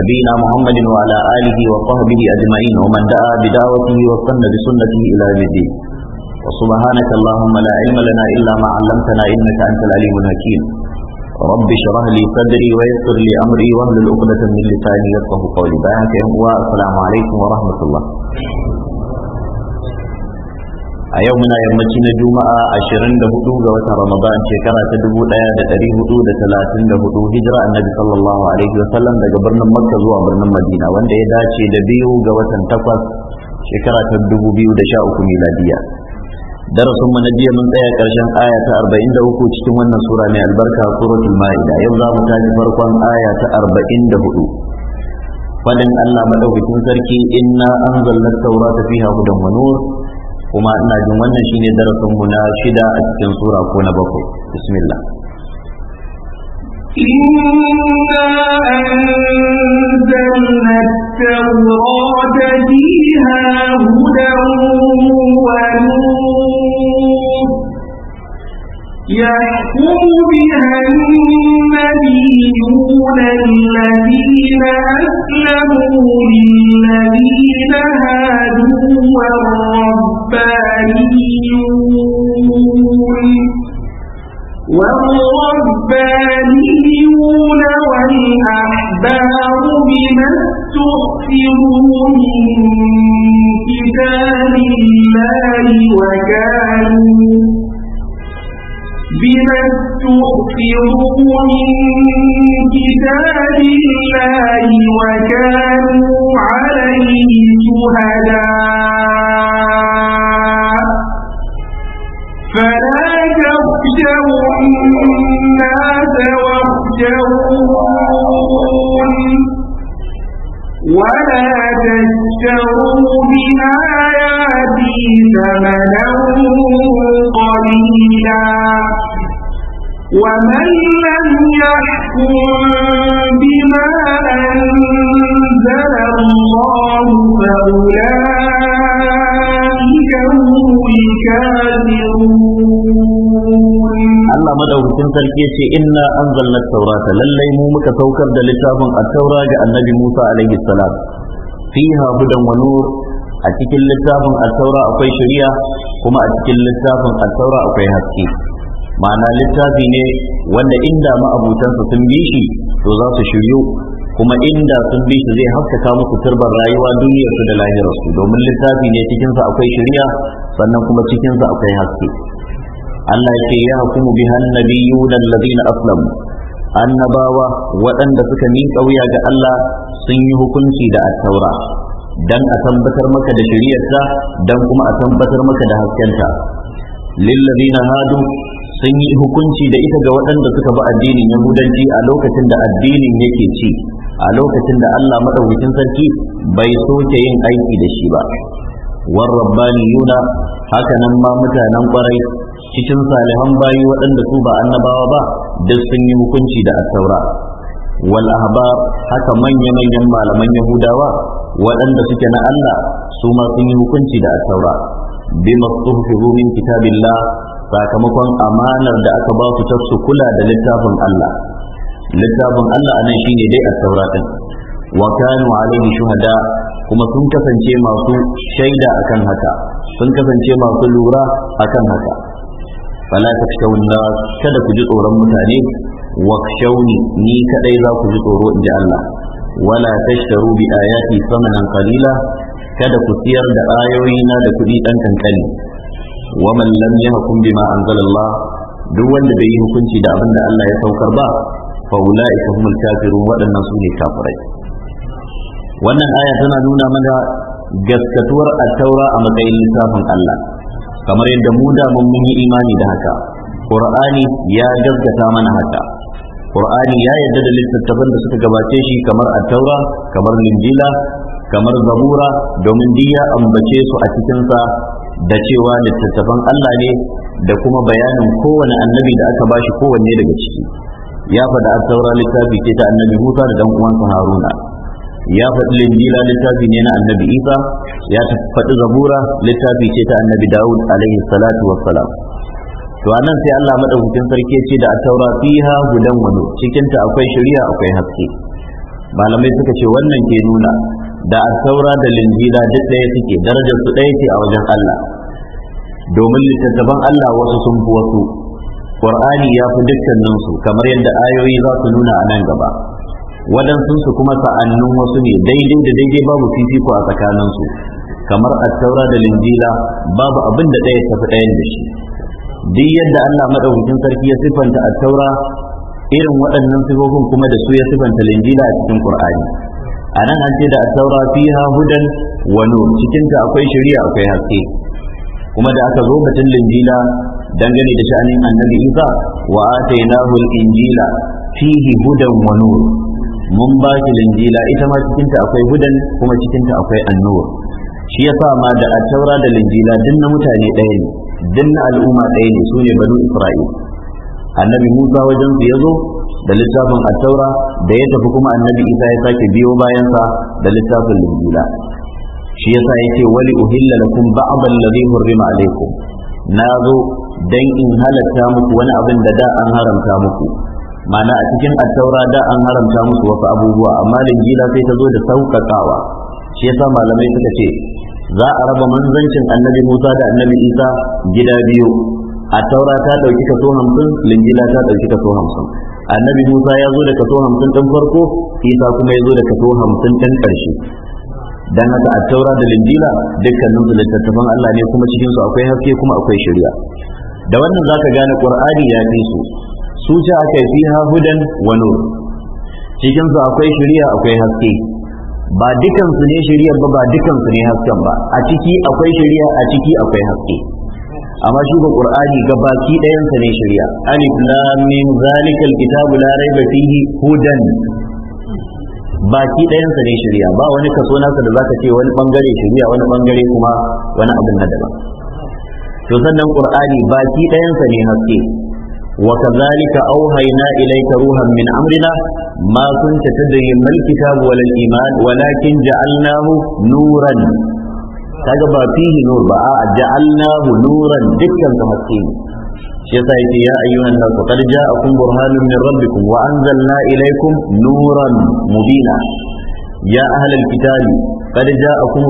نبينا محمد وعلى آله وصحبه أجمعين ومن دعا بدعوته وصن بسنته إلى الدين وسبحانك اللهم لا علم لنا إلا ما علمتنا إنك أنت العليم الحكيم رب اشرح لي صدري ويسر لي أمري واهل العقدة من لساني يفقه قولي بارك السلام عليكم ورحمة الله a yau muna yammaci na juma'a 24 ga watan ramadan shekara ta 1434 hijira annabi sallallahu alaihi wa sallam daga birnin makka zuwa birnin madina wanda ya dace da biyu ga watan takwas shekara ta 2013 miladiya darasin mu na jiya mun tsaya karshen aya ta 43 cikin wannan sura mai albarka suratul ma'ida yau za mu tashi farkon aya ta 44 fadin Allah madaukakin sarki inna anzalna at-taurata fiha hudan wa nur kuma ina jin wannan shine darasin mu na shida a cikin sura ko na bakwai bismillah إنا أنزلنا التوراة فيها هدى ونور يحكم بها النبيون الذين أسلموا للذين هادوا والربانيون والربانيون والأحبار بما استحفظوا من كتاب الله وَكَانُوا بما استحفظوا من كتاب وكانوا عليه شهداء ومن لم يحكم بما أنزل الله فأولئك هم الكافرون الله مدعوكين تركيش إنا أنزلنا التوراة للي مومك توكر دلتاب التوراة النبي موسى عليه السلام فيها هدى ونور a cikin littafin al-taura akwai shari'a kuma a cikin littafin al-taura ma'ana littafi ne wanda inda ma'abutansa sun bi shi to za su shiryu kuma inda sun bi shi zai haskaka musu turbar rayuwa duniyarsu da lahirarsu domin littafi ne cikinsa akwai shirya sannan kuma cikinsa akwai haske Allah ke ya hukumu bi hannabiyyun allazina Aslam. annabawa waɗanda suka miƙa wuya ga Allah sun yi hukunci da attaura dan a tabbatar maka da shiriyarta dan kuma a tabbatar maka da haskenta lillazina hadu sun yi hukunci da ita ga waɗanda suka bi addinin yahudanci a lokacin da addinin yake ci a lokacin da Allah madaukakin sarki bai soke yin aiki da shi ba war rabbaniyuna haka nan ma mutanen kwarai cikin salihan bayi waɗanda su ba annabawa ba duk sun yi hukunci da asaura wal ahbar haka manya manyan malaman yahudawa waɗanda suke na Allah su ma sun yi hukunci da asaura bima tuhfizu min kitabillah sakamakon amanar da aka ba su ta su kula da littafin Allah littafin Allah anan shine dai at-taura din wa kanu alaihi shuhada kuma sun kasance masu shaida akan haka sun kasance masu lura akan haka fala takshawun nas kada ku ji tsoron mutane wa ni kadai za ku ji tsoro inji Allah wala a bi ayati samanan kalila kada ku siyar da ayoyina da kuɗi ɗan kankani wa man lam yahkum bima anzalallah duk wanda bai yi hukunci da abin da Allah ya saukar ba fa ulaika humul kafirun waɗannan su ne kafirai wannan aya tana nuna mana gaskatuwar Attaura a matsayin lissafin Allah kamar yadda mu daman mun yi imani da haka Qur'ani ya gaskata mana haka Qur'ani ya yarda da littattafan da suka gabace shi kamar Attaura, kamar linjila kamar zabura domin duk ya ambace su a cikinsa da cewa littattafan Allah ne da kuma bayanin kowane annabi da aka bashi kowanne daga ciki ya faɗa a saura littafi ce ta annabi Musa da dan uwansa Haruna ya faɗi linjila littafi ne na annabi Isa ya faɗi zabura littafi ce ta annabi Dawud alaihi salatu wassalam to anan sai Allah madaukakin sarki ce da a taura fiha gudan wani cikin akwai shari'a akwai haske malamai suka ce wannan ke nuna da asaura da linjira duk ɗaya suke darajar su ɗaya ce a wajen Allah domin littattafan Allah wasu sun fi wasu Qur'ani ya fi dukkanin su kamar yadda ayoyi za su nuna a nan gaba waɗansu su kuma sa'annin wasu ne daidai da daidai babu fifiko a tsakanin su kamar asaura da linjira, babu abin da ɗaya tafi ɗayan da shi duk yadda Allah madaukakin sarki ya sifanta asaura irin waɗannan sifofin kuma da su ya sifanta linjira a cikin Qur'ani a nan an ce da saura fiha hudan wa nur cikin akwai shari'a akwai haske kuma da aka zo batun linjila dangane da sha'anin annabi isa wa atainahu al-injila fihi hudan wa nur mun ba shi linjila ita ma cikinta akwai hudan kuma cikinta akwai annur shi yasa ma da attaura da linjila din na mutane ɗaya ne din na al'umma ɗaya ne sune banu isra'ila annabi Musa wajen su ya zo da littafin attaura da ya tafi kuma annabi Isa ya sake biyo bayansa da littafin linjila shi yasa yake wali uhilla lakum ba'd alladhi hurrima alaykum na zo dan in halatta muku wani abin da da an haramta muku mana a cikin attaura da an haramta musu wasu abubuwa amma linjila sai ta zo da sauƙaƙawa shi yasa malamai suka ce za a raba manzancin annabi Musa da annabi Isa gida biyu a taura ta ɗauki kaso hamsin linjila ta ɗauki kaso hamsin annabi musa ya zo da kaso hamsin ɗin farko isa kuma ya zo da kaso hamsin ɗin ƙarshe dan haka a taura da linjila dukkanin su littattafan allah ne kuma cikin su akwai haske kuma akwai shirya da wannan zaka gane qur'ani ya fi su su ce aka yi fiha hudan wa nur cikin su akwai shirya akwai haske ba dukansu ne shirya ba ba dukansu ne hasken ba a ciki akwai shirya a ciki akwai haske amma shi ba qur'ani ga baki ɗayansa ne shari'a alif lam mim zalikal kitabu la raiba fihi hudan baki ɗayansa ne shari'a ba wani kaso nasa da zaka ce wani bangare shari'a wani bangare kuma wani abin na daban to sannan qur'ani baki ɗayansa ne haske وكذلك أوهينا إليك روحا من أمرنا ما كنت تدري ما الكتاب ولا الإيمان ولكن جعلناه nuran. kaga ba fihi nur ba a ja'alnahu nuran dukkan sa haske ne shi yasa yake ya ayyuhan nasu qad ja'akum burhanun min rabbikum wa anzalna ilaykum nuran mubina يا أهل الكتاب قد جاءكم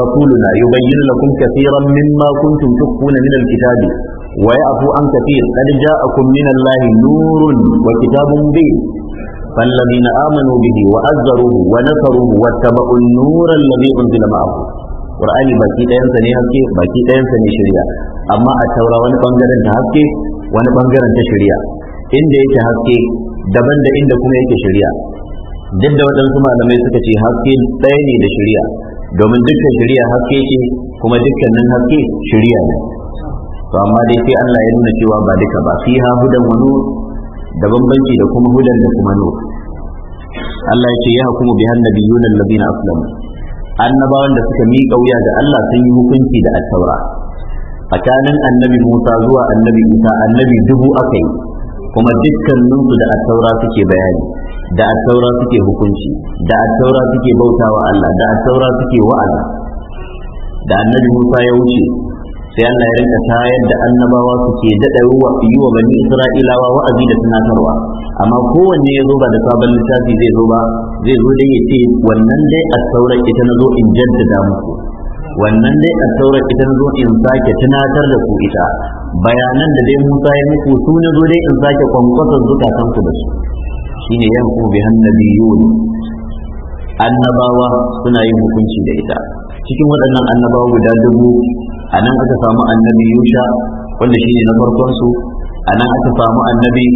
رسولنا يبين لكم كثيرا مما كنتم تخفون من الكتاب ويعفو عن كثير قد جاءكم من الله نور وكتاب مبين فالذين آمنوا به وأزروه ونصروه واتبعوا النور الذي أنزل معه qur'ani baki ɗayansa ne haske baki ɗayansa ne shirya amma a taura wani bangaren ta haske wani bangaren ta shirya inda yake haske daban da inda kuma yake shirya duk da waɗansu malamai suka ce haske ɗaya ne da shirya domin dukkan shirya haske ce kuma nan haske shirya ne to amma dai sai Allah ya nuna cewa ba duka ba fi ha hudan wa nur da bambanci da kuma hudan da kuma nur Allah ya ce ya hukumu bi hannabiyuna alladhina aslamu annabawan da suka miƙa wuya da Allah sun yi hukunci da attaura tsakanin annabi Musa zuwa annabi Isa annabi dubu akai kuma dukkaninsu da attaura suke bayani da attaura suke hukunci da attaura suke bautawa Allah da attaura suke wa'azi da annabi Musa ya wuce sai Allah ya rinka tayar da annabawa suke daɗa yi wa bani Isra'ilawa wa'azi da tunatarwa amma kowanne ya zo ba da sabon littafi zai zo ba zai zo dai ya ce wannan dai a sauran ita na zo in jaddada muku wannan dai a sauran ita na zo in sake tunatar da ku ita bayanan da dai Musa ya muku su na zo dai in sake kwankwatar zukatanku da su shine yanku bi hannabiyun annabawa suna yin hukunci da ita cikin waɗannan annabawa guda dubu a nan aka samu annabi yusha wanda shine na farkon su a nan aka samu annabi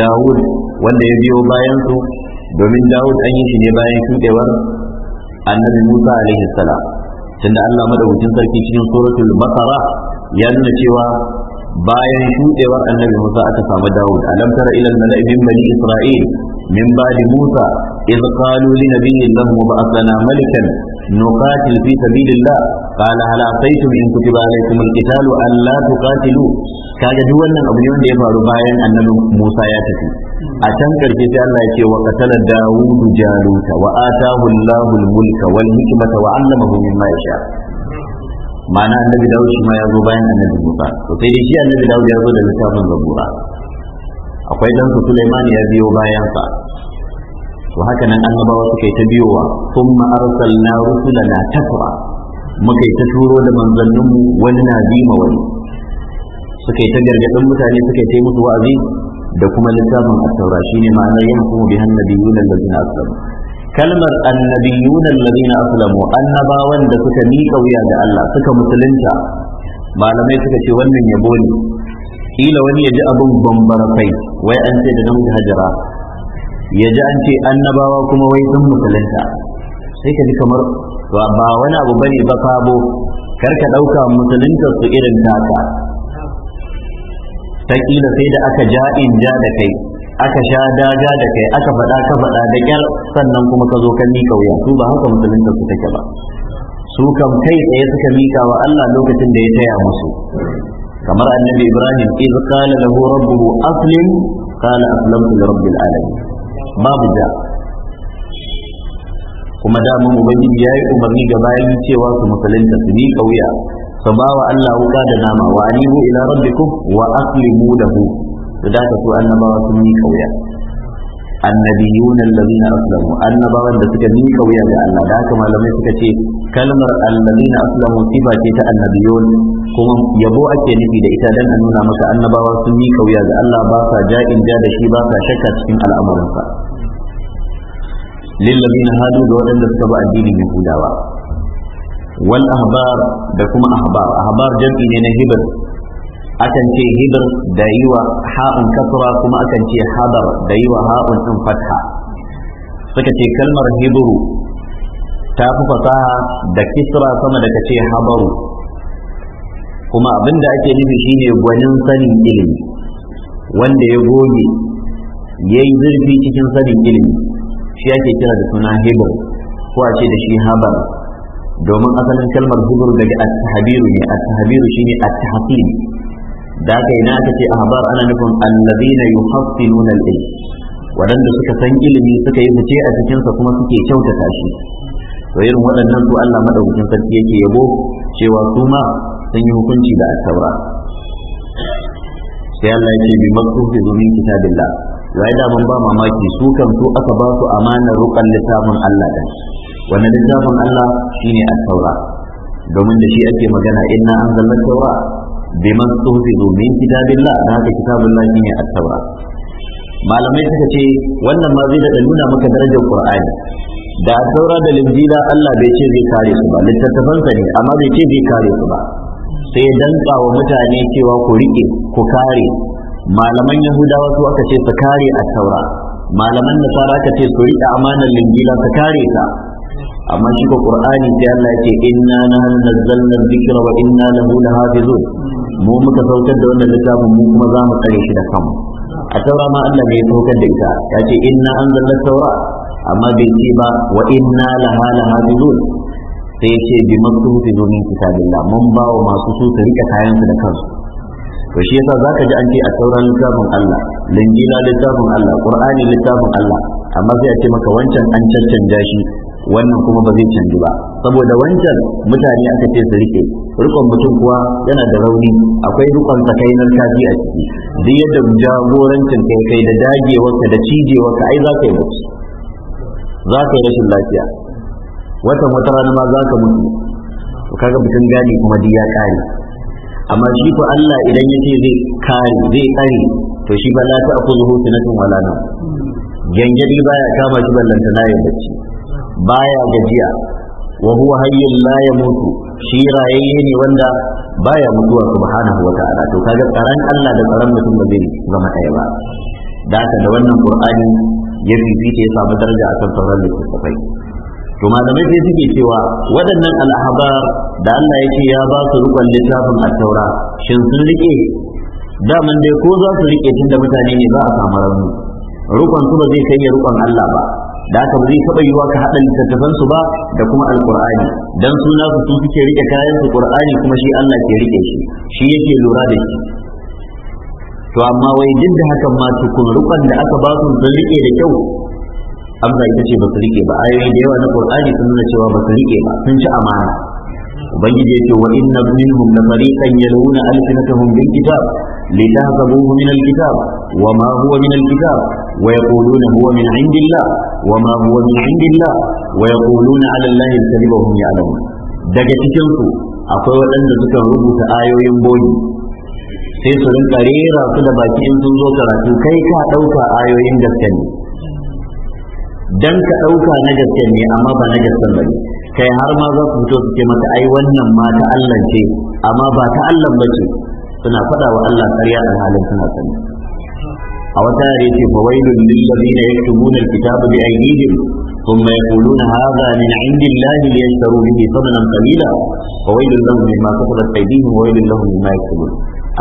dawud wanda ya biyo bayan su domin dawud an yi shi ne bayan shuɗewar annabi musa alaihi salam tunda allah madaukakin sarki cikin suratul baqara ya nuna cewa bayan shuɗewar annabi musa aka samu dawud alam tara ila al-mala'i min bani isra'il min ba'di musa idh qalu li nabiyyin lahum ba'athna malikan نقاتل في سبيل الله قال هل عصيتم إن كتب عليكم القتال ألا تقاتلوا kaga duk wannan abu ne wanda ya faru bayan annabi Musa ya tafi a can karshe sai Allah ya ce wa qatala Dawud Jaluta wa atahu Allahu al-mulka wal hikmata wa 'allamahu mimma yasha ma'ana annabi Dawud shi ma ya zo bayan annabi Musa to sai shi annabi Dawud ya zo da littafin Zabura akwai dan su Sulaiman ya biyo bayan sa to haka nan annabawa suka yi ta biyowa thumma arsalna rusulana takwa muka yi ta turo da manzanninmu wani na bi wani suka ta gargadin mutane suka yi ta musu wa'azi da kuma littafin at-taura shine ma'anar yahkumu bihan nabiyyuna allazina aslamu kalmar annabiyuna allazina aslamu annabawan da suka miƙa wuya da Allah suka musulunta malamai suka ce wannan yabo ne wani ya ji abin bambara wai an ce da namiji hajara ya ji an ce annabawa kuma wai sun musulunta sai ka ji kamar ba wani abu bane ba sabo karka ɗauka musulunta su irin taka ta kila sai da aka ja in ja da kai aka sha daga da kai aka faɗa ka faɗa da ƙyar sannan kuma ka zo ka mika wuya su ba haka musulunta su take ba su kam kai tsaye suka mika wa Allah lokacin da ya taya musu kamar annabi Ibrahim iz qala lahu rabbuhu aslim qala aslamtu li rabbil alamin babu da. kuma daman ubangiji ya yi umarni ga bayan cewa su musulunta su ni kauya su ba wa Allah wuka da nama wa alimu ila rabbikum wa aslimu lahu da daga su annabawa sun ni kauya annabiyun allazina aslamu annabawan da suka ni kauya ga Allah da haka malamai suka ce kalmar allazina aslamu sifa ce ta annabiyun kuma yabo ake nufi da ita dan a nuna maka annabawa sun yi kauya ga Allah ba sa ja'in ja da shi ba sa shakka cikin al'amuransa lillazina hadu ga waɗanda suka ba addinin yahudawa wal ahbar da kuma ahbar ahbar jam'i ne na hibar akan ce hibar da yiwa ha'un kasra kuma akan ce habar da yiwa ha'un din fatha suka ce kalmar hibru ta fi fasaha da kisra sama da ce habaru kuma abin da ake nufi shine gwanin sanin ilimi wanda ya goge ya yi zurfi cikin sanin ilimi shi ake kira da suna hebel ko a ce da shi habar domin asalin kalmar hubur daga at-tahbiru ne at-tahbiru shine at-tahsin da kai na aka ce ahbar ana nufin allazina yuhassinuna al-ilm Wadanda suka san ilimi suka yi fice a cikinsa kuma suke kyautata shi to irin waɗannan su Allah madaukakin sarki yake yabo cewa su ma sun yi hukunci da attaura sai Allah ya ce bi maktubi min kitabillah wai da mun ba mamaki su kan su aka ba su amanar rukan littafin Allah dan wannan littafin Allah shine attaura domin da shi ake magana inna anzalna tawra bi maktubi min kitabillah da haka kitabullah shine attaura malamai suka ce wannan ma zai da nuna maka darajar qur'ani da saura da linjila Allah bai ce zai kare su ba littattafansa ne amma bai ce zai kare su ba sai danka wa mutane cewa ku riƙe, ku kare malaman yahudawa su aka ce su kare a taura malaman nasara aka ce su rike amanar lingila su kare ta amma shi ko qur'ani sai Allah ya ce inna nahnu dhikra wa inna lahu lahafizun mu muka saukar da wannan littafin mu kuma za mu tsare shi da kanmu a taura ma Allah ne ya saukar da ita ya ce inna anzalna taura amma bai ce ba wa inna laha lahafizun sai ya ce bi masufi domin kitabillah mun ba wa masu su su rike kayan su da kansu to shi yasa zaka ji an ce a sauran littafin Allah linjila littafin Allah qur'ani littafin Allah amma sai a ce maka wancan an caccanja shi wannan kuma ba zai canji ba saboda wancan mutane aka ce su rike rikon mutum kuwa yana da rauni akwai rikon tsakainar kaji a ciki duk yadda jagorancin kai kai da dagewarka da cijewarka ai za ka yi mutu za ka yi rashin lafiya watan wata rana ma za ka mutu to kaga mutum gane kuma duk ya kare amma shi ko Allah idan yace zai kare zai kare to shi ba la ta akuzuhu sunatun wala nan gangadi baya kama shi ballanta na yin bacci baya gajiya wa huwa hayyul la yamutu shi rayayye ne wanda baya mutuwa subhanahu wa ta'ala to kaga tsaron Allah da tsaron mutum ba zai zama ɗaya ba da haka da wannan qur'ani ya fifita ya samu daraja akan sauran littattafai to malamai sai suke cewa waɗannan al'ahabar da Allah ya ce ya ba su rukun littafin a taura shin sun rike daman dai ko za su rike tunda mutane ne za a samu rauni rukun su ba zai kai ya rukun Allah ba da haka ba zai taɓa yiwuwa ka haɗa littattafan su ba da kuma alƙur'ani dan suna su suke rike kayan su ƙur'ani kuma shi Allah ke rike shi shi yake lura da shi to amma wai duk da hakan ma tukun rukun da aka ba su sun rike da kyau amsa ita ce ba su rike ba ayoyi da yawa na qur'ani sun nuna cewa ba su rike ba sun ci amana ubangiji ya ce wa inna minhum la fariqan yaluna alsinatahum bil kitab litahsabuhu min al kitab wa ma huwa min al kitab wa yaquluna huwa min indillah wa ma huwa min indillah wa yaquluna ala allahi kadhiba hum ya'lamun daga cikin su akwai waɗanda suka rubuta ayoyin boyi sai su rinka rera su da baki in sun zo karatu kai ka ɗauka ayoyin gaske dan ka ɗauka na gaske ne amma ba na gaske ba ne kai har ma za ku fito su ce mata ai wannan ma ta Allah ce amma ba ta Allah ba ce suna faɗa wa Allah ƙarya da halin suna sani a wata yare ce fa wailun lil ladina yaktubuna alkitaba bi aydihim thumma yaquluna hadha min indillahi liyashtaru bihi thamanan qalila fa wailun lahum mimma kasabat aydihim wa wailun lahum mimma yaktubun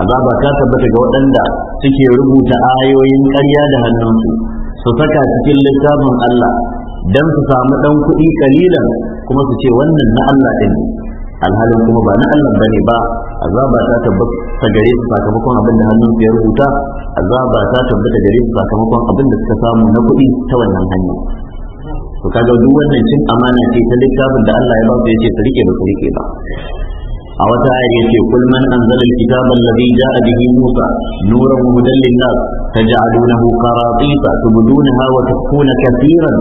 azaba ta tabbata ga waɗanda suke rubuta ayoyin ƙarya da hannunsu su saka cikin littafin Allah dan su samu dan kuɗi kalilan kuma su ce wannan na Allah ɗin alhalin kuma ba na Allah bane ba azaba ta tabbata gare su sakamakon abin da hannun ya rubuta azaba ta tabbata gare su sakamakon abin da suka samu na kuɗi ta wannan hanya to kaga duk wannan cin amana ce ta littafin da Allah ya ba su ce su rike ba su rike ba a wata ayar yace kul man anzala alkitaba alladhi jaa bihi musa nuran wa hudan lin-nas taj'alunahu qaratisa tubdunaha wa tukhuna katiran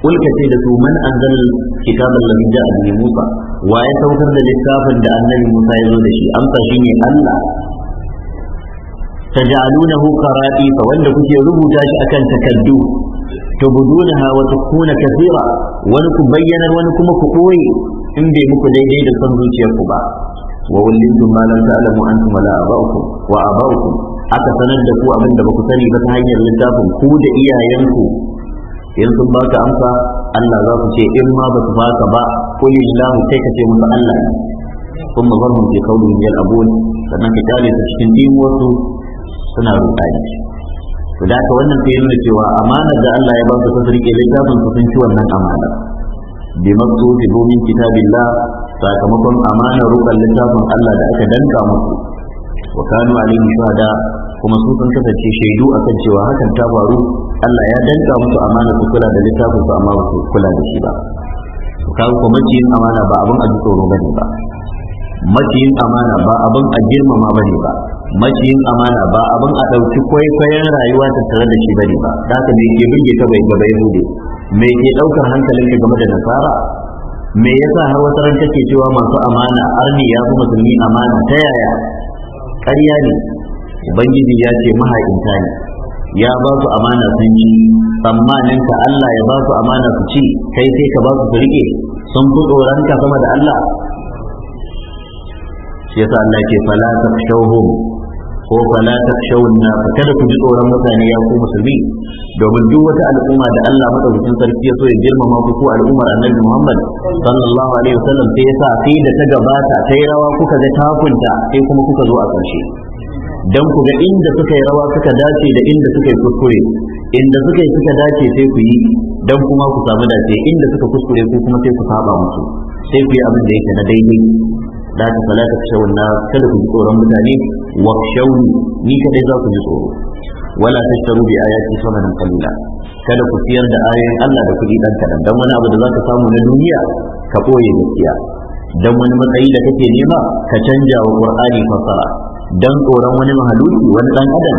kul kace da su man anzala alkitaba alladhi jaa bihi musa wa ya saukar da littafin da annabi musa ya zo da shi amsa shine Allah taj'alunahu qaratisa wanda kuke rubuta shi akan takaddu tubudunaha wa tukuna kathira wani ku bayyanar wani kuma ku koyi in bai muku daidai da son zuciyarku ba wa wallintum ma lam ta'lamu antum wala aba'ukum wa aba'ukum aka sanar da ku abin da baku sani ba ta hanyar littafin ku da iyayenku in sun baka amsa Allah za ku ce in ma ba su baka ba kulillahu sai ka ce musu Allah sun mazarhun ke kaunin yal abun sannan ka kyale su cikin dimuwarsu suna rudani to da haka wannan sai nuna cewa amana da Allah ya ba su sun rike littafin su sun ci wannan amana bi maktubi min kitabillah sakamakon amana rukan littafin Allah da aka danka musu wa kanu alayhi shahada kuma su sun kasance shaidu akan cewa hakan ta faru Allah ya danka musu amana su kula da littafin su amma ba su kula da shi ba kawo ko maciyin amana ba abin a ji tsoro bane ba maciyin amana ba abin a girmama bane ba maciyin amana ba abin a ɗauki kwaikwayon rayuwa tare da shi bane ba da ka me ke burge ka bai gaba yahudi me ke ɗaukar hankalin ka game da nasara me yasa har wata ran take cewa masu amana arni ya fi musulmi amana ta yaya Karya ne ubangiji ya ce mahaifinta ne ya ba su amana sun ci tsammanin ka Allah ya ba su amana su ci kai sai ka ba su su rike sun fi tsoron ka sama da Allah shi yasa Allah ke fala shauhu ko fala takshawun na kada ku ji tsoron mutane ya ku musulmi domin duk wata al'umma da Allah madaukakin sarki ya so ya girmama ku ko al'ummar Annabi Muhammad sallallahu alaihi wasallam sai ya sa sai da ta gabata ta yi rawa kuka ga takunta sai kuma kuka zo a ƙarshe dan ku ga inda suka yi rawa suka dace da inda suka yi kuskure inda suka yi suka dace sai ku yi dan kuma ku samu dace inda suka kuskure ku kuma sai ku saba musu sai ku yi abin da yake na daidai da ka fala ka kashe na kada ku ji tsoron mutane wa shauni ni kadai za ku ji tsoro wala tashtaru bi ayati samanan qalila kada ku siyar da ayoyin Allah da kuɗi dan kadan dan wani abu da za ka samu na duniya ka koye gaskiya dan wani matsayi da kake nema ka canja wa qur'ani fasara dan tsoron wani mahaluki wani dan adam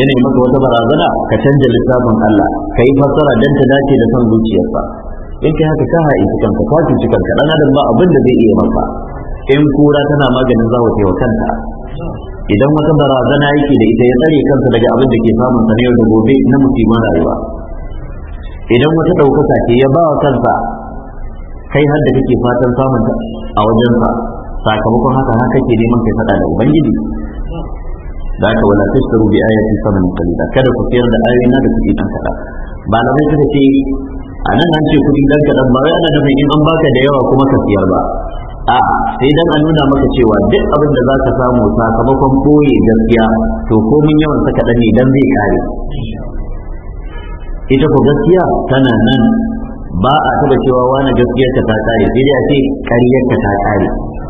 yana maka wata barazana ka canja lissafin Allah ka yi fassara dan ta dace da son zuciyarsa in kai haka ka haɗe cikin ka cuci kanka dan adam ba abin da zai iya maka in kura tana maganin za zawo wa kanta idan wata barazana yake da ita ya tsare kansa daga abin da ke samun sa yau da gobe na musulman rayuwa idan wata ɗaukaka ce ya ba wa kansa kai har da kake fatan samun a wajensa sakamakon haka haka ke neman kai faɗa da ubangiji da ka wala tashtaru bi ayati saman kalida kada ku sayar da ayoyi na da kuɗi ɗan kaɗan malamai suka ce a nan an ce kuɗi dan kaɗan ba wai ana da in an baka da yawa kuma ka siyar ba a sai dan a nuna maka cewa duk abin da zaka samu sakamakon koye gaskiya to komin yawan saka dan ne dan zai kare ita ko gaskiya tana nan ba a taba cewa wani gaskiyar ka ta kare sai dai a ce kariyar ta kare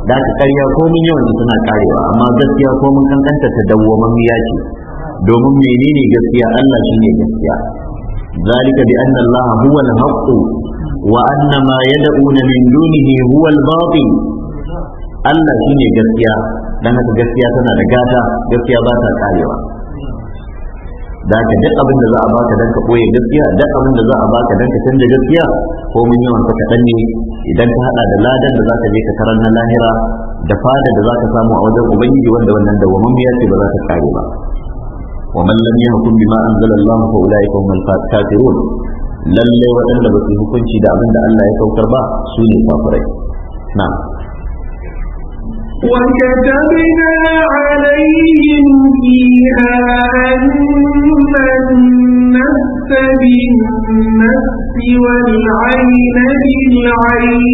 da ka ƙarya komin yawan ta tana karewa amma gaskiya komin kankanta ta dawwamammiya ce domin menene gaskiya Allah shine gaskiya ذلك بأن الله هو الحق وأن ما يدعون من دونه هو الباطل Allah shi ne gaskiya don haka gaskiya tana da gata gaskiya ba ta karewa da haka duk abin da za a baka don ka koye gaskiya duk abin da za a baka don ka canza gaskiya ko mun yawan ka kaɗan ne idan ka haɗa da ladan da za ka je ka na lahira da fada da za samu a wajen ubangiji wanda wannan dawwamammiya ce ba za ta kare ba ومن لم يحكم بما انزل الله فاولئك هم الكافرون lallai waɗanda ba su hukunci da abin da Allah ya saukar ba su ne kafirai na وكتبنا عليهم فيها أن النفس بالنفس والعين بالعين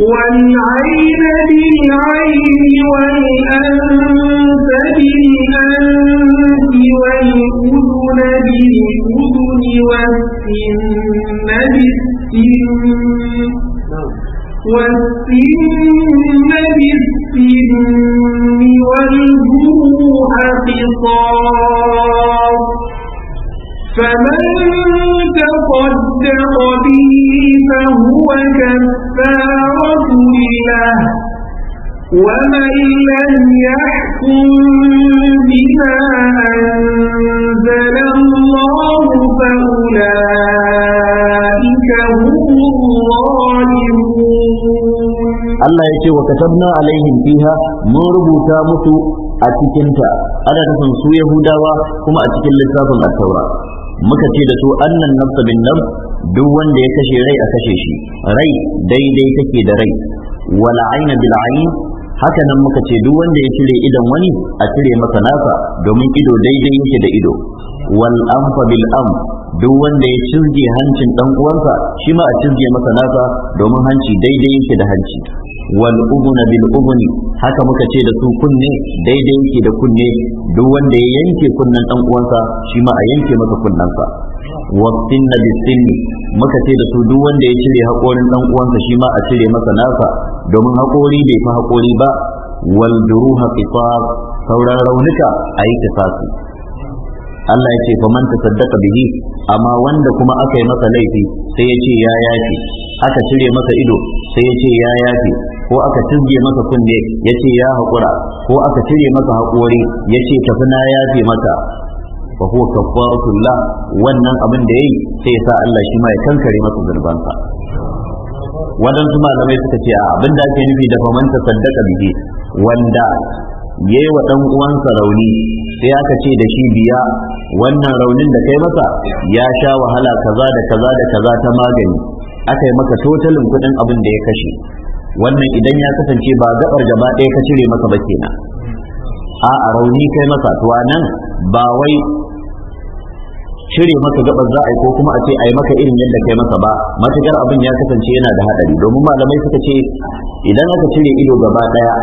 والعين بالعين والأنف بالأنف والأذن بالأذن والسن بالسن والسن بالسن والجروح قصاص فمن تصدق به فهو كفر وَمَنْ لَمْ يَحْكُمْ بِمَا أَنْزَلَ اللَّهُ فَأُولَئِكَ هُمُ الظَّالِمُونَ الله يكي وكتبنا عليهم فيها مربو تامت أتكنت أنا تسنسو يهوداوا كما أتكن لساف التوراة مكتيدة أن النفس بالنفس دوان دي كشي ري أتشيشي ري دي دي تكيد ري والعين بالعين haka nan muka ce duk wanda ya cire idon wani a cire masa nasa domin ido daidai yake da ido wal anfa bil am duk wanda ya cirge hancin dan uwansa shi ma a cirge masa nasa domin hanci daidai yake da hanci wal ubuna bil ubuni haka muka ce da su kunne daidai yake da kunne duk wanda ya yanke kunnen dan uwansa shi ma a yanke masa kunnensa wasinna bisinni muka ce da su duk wanda ya cire haƙorin ɗan uwansa shi ma a cire masa nasa domin haƙori bai fi haƙori ba wal duruha qisas sauran raunuka a yi kisasi Allah ya ce fa man tasaddaqa bihi amma wanda kuma aka yi masa laifi sai ya ce ya yafi aka cire masa ido sai ya ce ya yafi ko aka cizge masa kunne ya ce ya haƙura ko aka cire masa haƙori ya ce tafi na yafe mata Baho huwa kafaratul wannan abin da yayi sai sa Allah shi ma ya kankare masa zunubansa wadansu malamai suka ce a abin da ake nufi da faman tasaddaqa bihi wanda ya yi wa dan uwansa rauni sai aka ce da shi biya wannan raunin da kai masa ya sha wahala kaza da kaza da kaza ta magani aka yi maka totalin kuɗin abin da ya kashe wannan idan ya kasance ba gabar gaba ɗaya ka cire masa ba kenan A'a rauni kai masa to nan ba wai cire maka gabar za a yi ko kuma a ce a yi maka irin yadda kai masa ba matukar abin ya kasance yana da haɗari domin malamai suka ce idan aka cire ido gaba ɗaya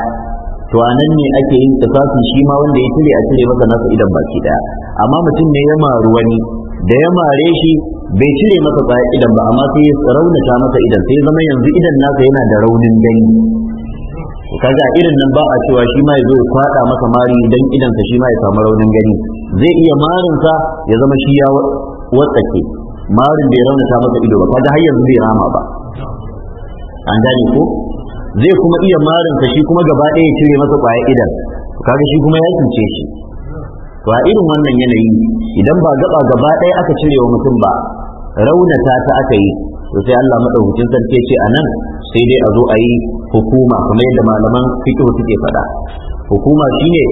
to a nan ne ake yin tsafafi shi ma wanda ya cire a cire masa nasa idan baki ɗaya amma mutum ne ya maru wani da ya mare shi bai cire masa kwaya idan ba amma sai ya raunata masa idan sai zama yanzu idan nasa yana da raunin gani kaga irin nan ba a cewa shi ma ya zo ya masa mari dan idan sa shi ma ya samu raunin gani zai iya marinsa ya zama shi ya watsake marin bai raunata masa ido ba kaga har yanzu bai rama ba an gane ko zai kuma iya marinsa shi kuma gaba ɗaya ya cire masa ƙwaya idan kaga shi kuma ya cince shi to a irin wannan yanayi idan ba gaba gaba ɗaya aka cire wa mutum ba raunata ta aka yi to sai Allah madaukakin sarki ce a nan sai dai a zo a yi hukuma kuma yadda malaman fiqh suke faɗa hukuma shine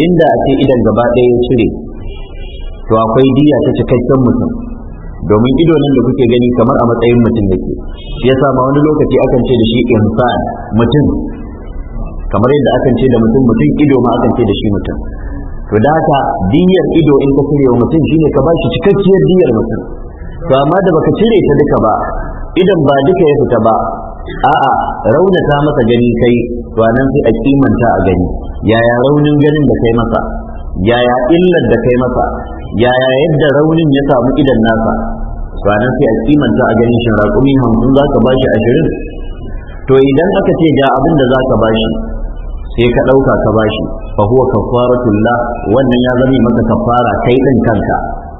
inda a ce idan gaba ɗaya ya cire to akwai diya ta cikakken mutum domin ido nan da kuke gani kamar a matsayin mutum yake shi ya sama wani lokaci akan ce da shi insan mutum kamar yadda akan ce da mutum mutum ido ma akan ce da shi mutum to da haka diyar ido in ka cire wa mutum shine ka bashi cikakkiyar diyar mutum to amma da baka cire ta duka ba idan ba duka ya fita ba a'a raunata masa gani kai to nan sai a kimanta a gani yaya raunin ganin da kai masa yaya illar da kai masa yaya yadda raunin ya samu idan nasa to nan sai a kimanta a ganin shin raƙumi hamsin za ka bashi ashirin to idan aka ce ga abin da za ka bashi sai ka ɗauka ka bashi fa huwa kafaratullah wannan ya zama maka kafara kai ɗin kanka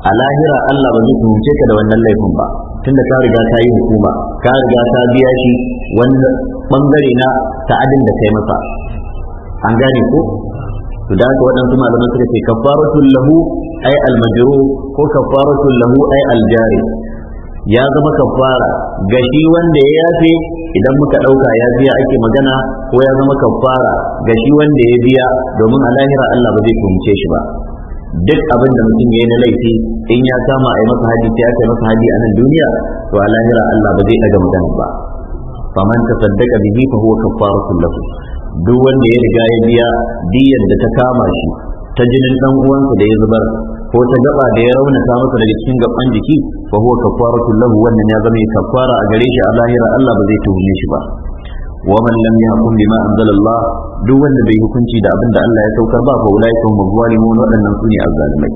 a lahira Allah ba zai tuhumce ka da wannan laifin ba tunda ka riga ka yi hukuma ka riga ka biya shi wani bangare na ta'adin da kai masa an gane ko to da haka waɗansu malaman suka ce kafaratul lahu ay al ko kafaratul lahu ay al jari ya zama kafara ga shi wanda ya yafe idan muka ɗauka ya biya ake magana ko ya zama kafara ga shi wanda ya biya domin a lahira Allah ba zai kumce shi ba duk abin da mutum yayi na laifi in ya kama a yi masa haji sai aka yi masa haji a nan duniya to a lahira Allah ba zai daga magana ba faman saddaka bihi fa huwa kafaratul lahu duk wanda ya riga ya biya diyan da ta kama shi ta jinin dan uwansa da ya zubar ko ta gaba da ya rauna raunata masa daga cikin gaban jiki fa huwa kafaratul lahu wannan ya zama kafara a gare shi a lahira Allah ba zai tuhume shi ba wa man lam yahkum bima anzalallah duk wanda bai hukunci da abinda Allah ya sauka ba fa ulaika hum zalimun waɗannan su ne azzalimai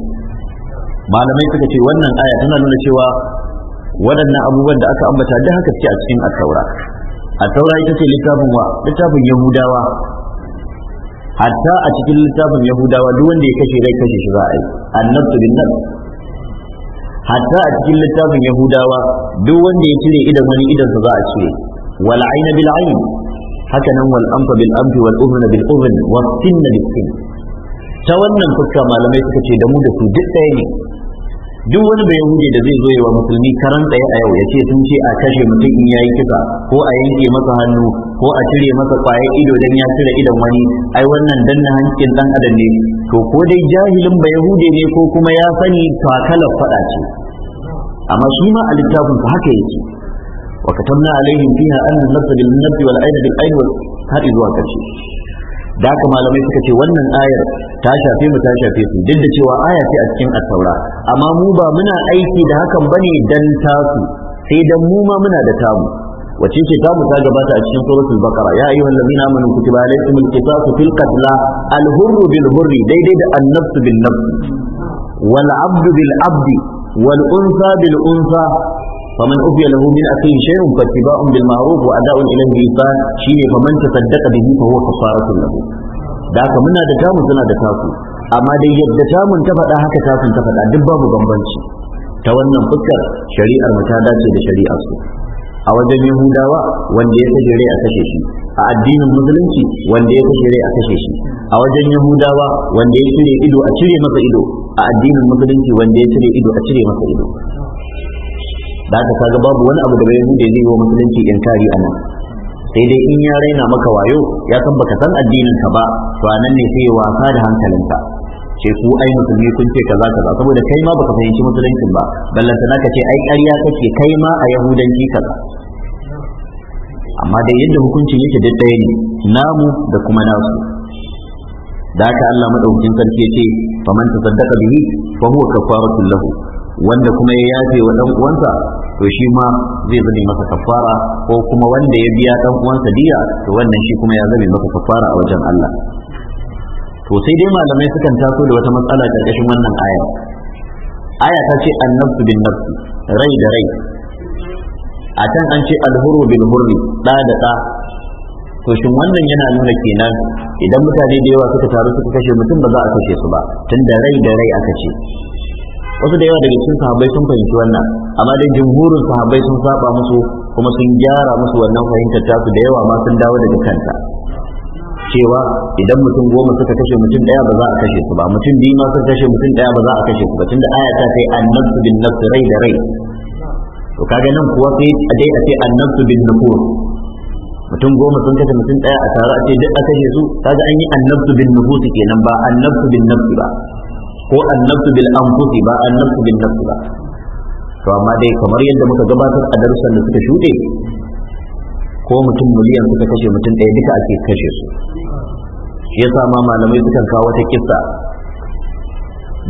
malamai suka ce wannan aya tana nuna cewa waɗannan abubuwan da aka ambata da haka ce a cikin at-taura taura ita ce littafin wa littafin yahudawa hatta a cikin littafin yahudawa duk wanda ya kashe rai kashe shi za annabtu bin hatta a cikin littafin yahudawa duk wanda ya cire idan wani cire wal haka nan wal amfa bil amfi wal umna bil uhn was sinna bis sin ta wannan fuska malamai suka ce da mu da su duk ɗaya ne duk wani bai hude da zai zo yawa musulmi karan tsaye a yau ya ce sun ce a kashe mutum in yi kisa ko a yanke masa hannu ko a cire masa kwayan ido dan ya cire idon wani ai wannan danna hankin dan adam ne to ko dai jahilin bai hude ne ko kuma ya sani takalar faɗa ce amma shi ma a littafin haka yake وكتبنا عليهم فيها أن النفس بالنفس والعين بالعين هذه زوا كرشي da haka malamai suka ce wannan ayar ta shafe mu ta shafe su duk da cewa aya ce a cikin attaura amma mu ba muna aiki da hakan bane dan tasu sai dan mu ma muna da tamu wace ce tamu ta gabata a cikin suratul bakara? ya ayyuhal ladina amanu kutiba alaykumul qisasu fil qatla al hurru bil hurri daidai da an nafsu bin nafs wal abdu bil abdi unsa bil فمن أفي له من أخيه شيء فاتباع بالمعروف وأداء إليه بإحسان شيء فمن تصدق به فهو كفارة له da haka muna da tamu suna da tasu amma dai yadda tamun ta faɗa haka tasun ta faɗa duk babu bambanci ta wannan fuskar shari'ar mu ta dace da shari'ar su a wajen yahudawa wanda ya kashe rai a kashe shi a addinin musulunci wanda ya kashe rai a kashe shi a wajen yahudawa wanda ya cire ido a cire masa ido a addinin musulunci wanda ya cire ido a cire masa ido da aka kaga babu wani abu da bai bude zai yi wa musulunci inkari a nan sai dai in ya raina maka wayo ya san baka san addinin ka ba to anan ne sai ya wasa da hankalinka ce ku ai musulmi kun ce kaza kaza saboda kai ma baka fahimci musuluncin ba ballanta naka ce ai ƙarya kake kai ma a yahudanci kaza amma dai yadda hukuncin yake duk ɗaya ne namu da kuma nasu da haka Allah madaukakin sarki ya ce faman tasaddaqa bihi fa huwa kafaratul lahu wanda kuma ya yafe wa dan uwansa to shi ma zai zame masa kafara ko kuma wanda ya biya dan uwansa diya to wannan shi kuma ya zame masa kafara a wajen Allah to sai dai malamai sukan taso da wata matsala karkashin wannan aya aya ta ce annabtu bin nafsi rai da rai a can an ce alhuru bil hurri da da da to shin wannan yana nuna kenan idan mutane da yawa suka taru suka kashe mutum ba za a kashe su ba tunda rai da rai aka ce wasu da yawa daga cikin sahabbai sun fahimci wannan amma dai jumhurin sahabbai sun saba musu kuma sun gyara musu wannan fahimtar ta su, da yawa ma sun dawo daga kanta cewa idan mutum goma suka kashe mutum daya ba za a kashe su ba mutum biyu ma suka kashe mutum daya ba za a kashe su ba tunda aya ta kai annabtu bin nafsi rai da rai to kaga nan kuwa sai a dai a ce annabtu bin nufur mutum goma sun kashe mutum daya a tare a ce duk a kashe su kaga an yi annabtu bin nufur kenan ba annabtu bin nafsi ba ko annabtu bil anfusi ba annabtu bin nafsi ba to amma dai kamar yadda muka gabatar a darussan da suka shuɗe ko mutum miliyan suka kashe mutum ɗaya duka ake kashe su shi yasa ma malamai sukan kawo wata kissa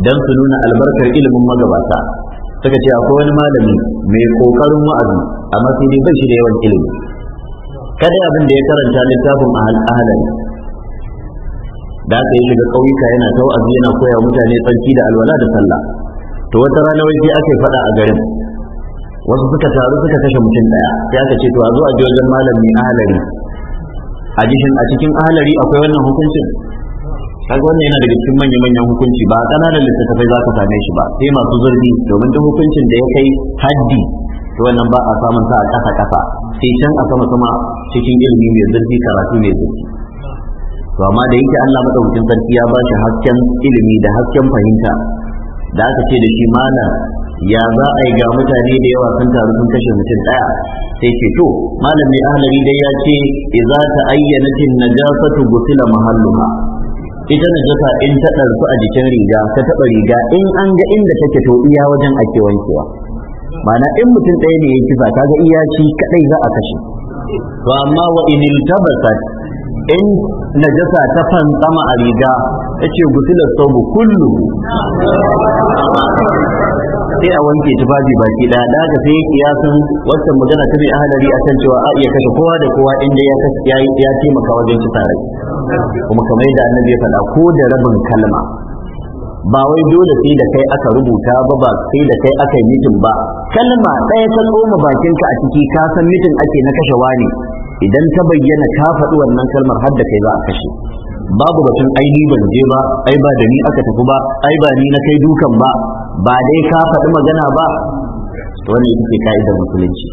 dan su nuna albarkar ilimin magabata suka ce akwai wani malami mai kokarin wa'azi amma sai dai bai shi da yawan ilimi kada abin da ya karanta littafin ahalari da aka yi shiga ƙauyuka yana ta yana koya mutane tsarki da alwala da sallah to wata rana wai sai aka faɗa a garin wasu suka taru suka kashe mutum ɗaya sai aka ce to a zo a je wajen malam mai ahalari a jishin a cikin ahalari akwai wannan hukuncin kaga wannan yana daga cikin manyan manyan hukunci ba kananan littattafai za ka same shi ba sai masu zurfi domin duk hukuncin da ya kai haddi to wannan ba a samun sa a ƙasa ƙasa sai can a sama sama cikin ilimi mai zurfi karatu mai zurfi to amma da yake Allah madaukakin sarki ya ba shi hasken ilimi da hasken fahimta da aka ce da shi mana ya za a yi ga mutane da yawa sun taru sun kashe mutum daya sai ce to malam mai ahlari dai ya ce idza ta ayyana tin najasatu gusila mahalluha ita najasa in ta ɗarsu a jikin riga ta taɓa riga in an ga inda take to iya wajen ake wankewa mana in mutum ɗaya ne ya kisa kaga iya shi kaɗai za a kashe to amma wa in in najasa ta fantsama a riga ya ce gusilar saubu kullu sai a wanke tufafi baki ɗaya, da sai kiyasin wata magana ta mai ahalari akan cewa a iya kashe kowa da kowa inda ya ya taimaka wajen ci tare kuma kamar yadda annabi ya faɗa ko da rabin kalma ba wai dole sai da kai aka rubuta ba ba sai da kai aka yi mitin ba kalma ɗaya ta tsoma bakinka a ciki kasan mitin ake na kashewa ne. idan ta bayyana ka faɗi wannan kalmar har da kai za a kashe babu batun ai ni ban je ba ai ba da ni aka tafi ba ai ba ni na kai dukan ba ba dai ka faɗi magana ba wannan ita ka'idar musulunci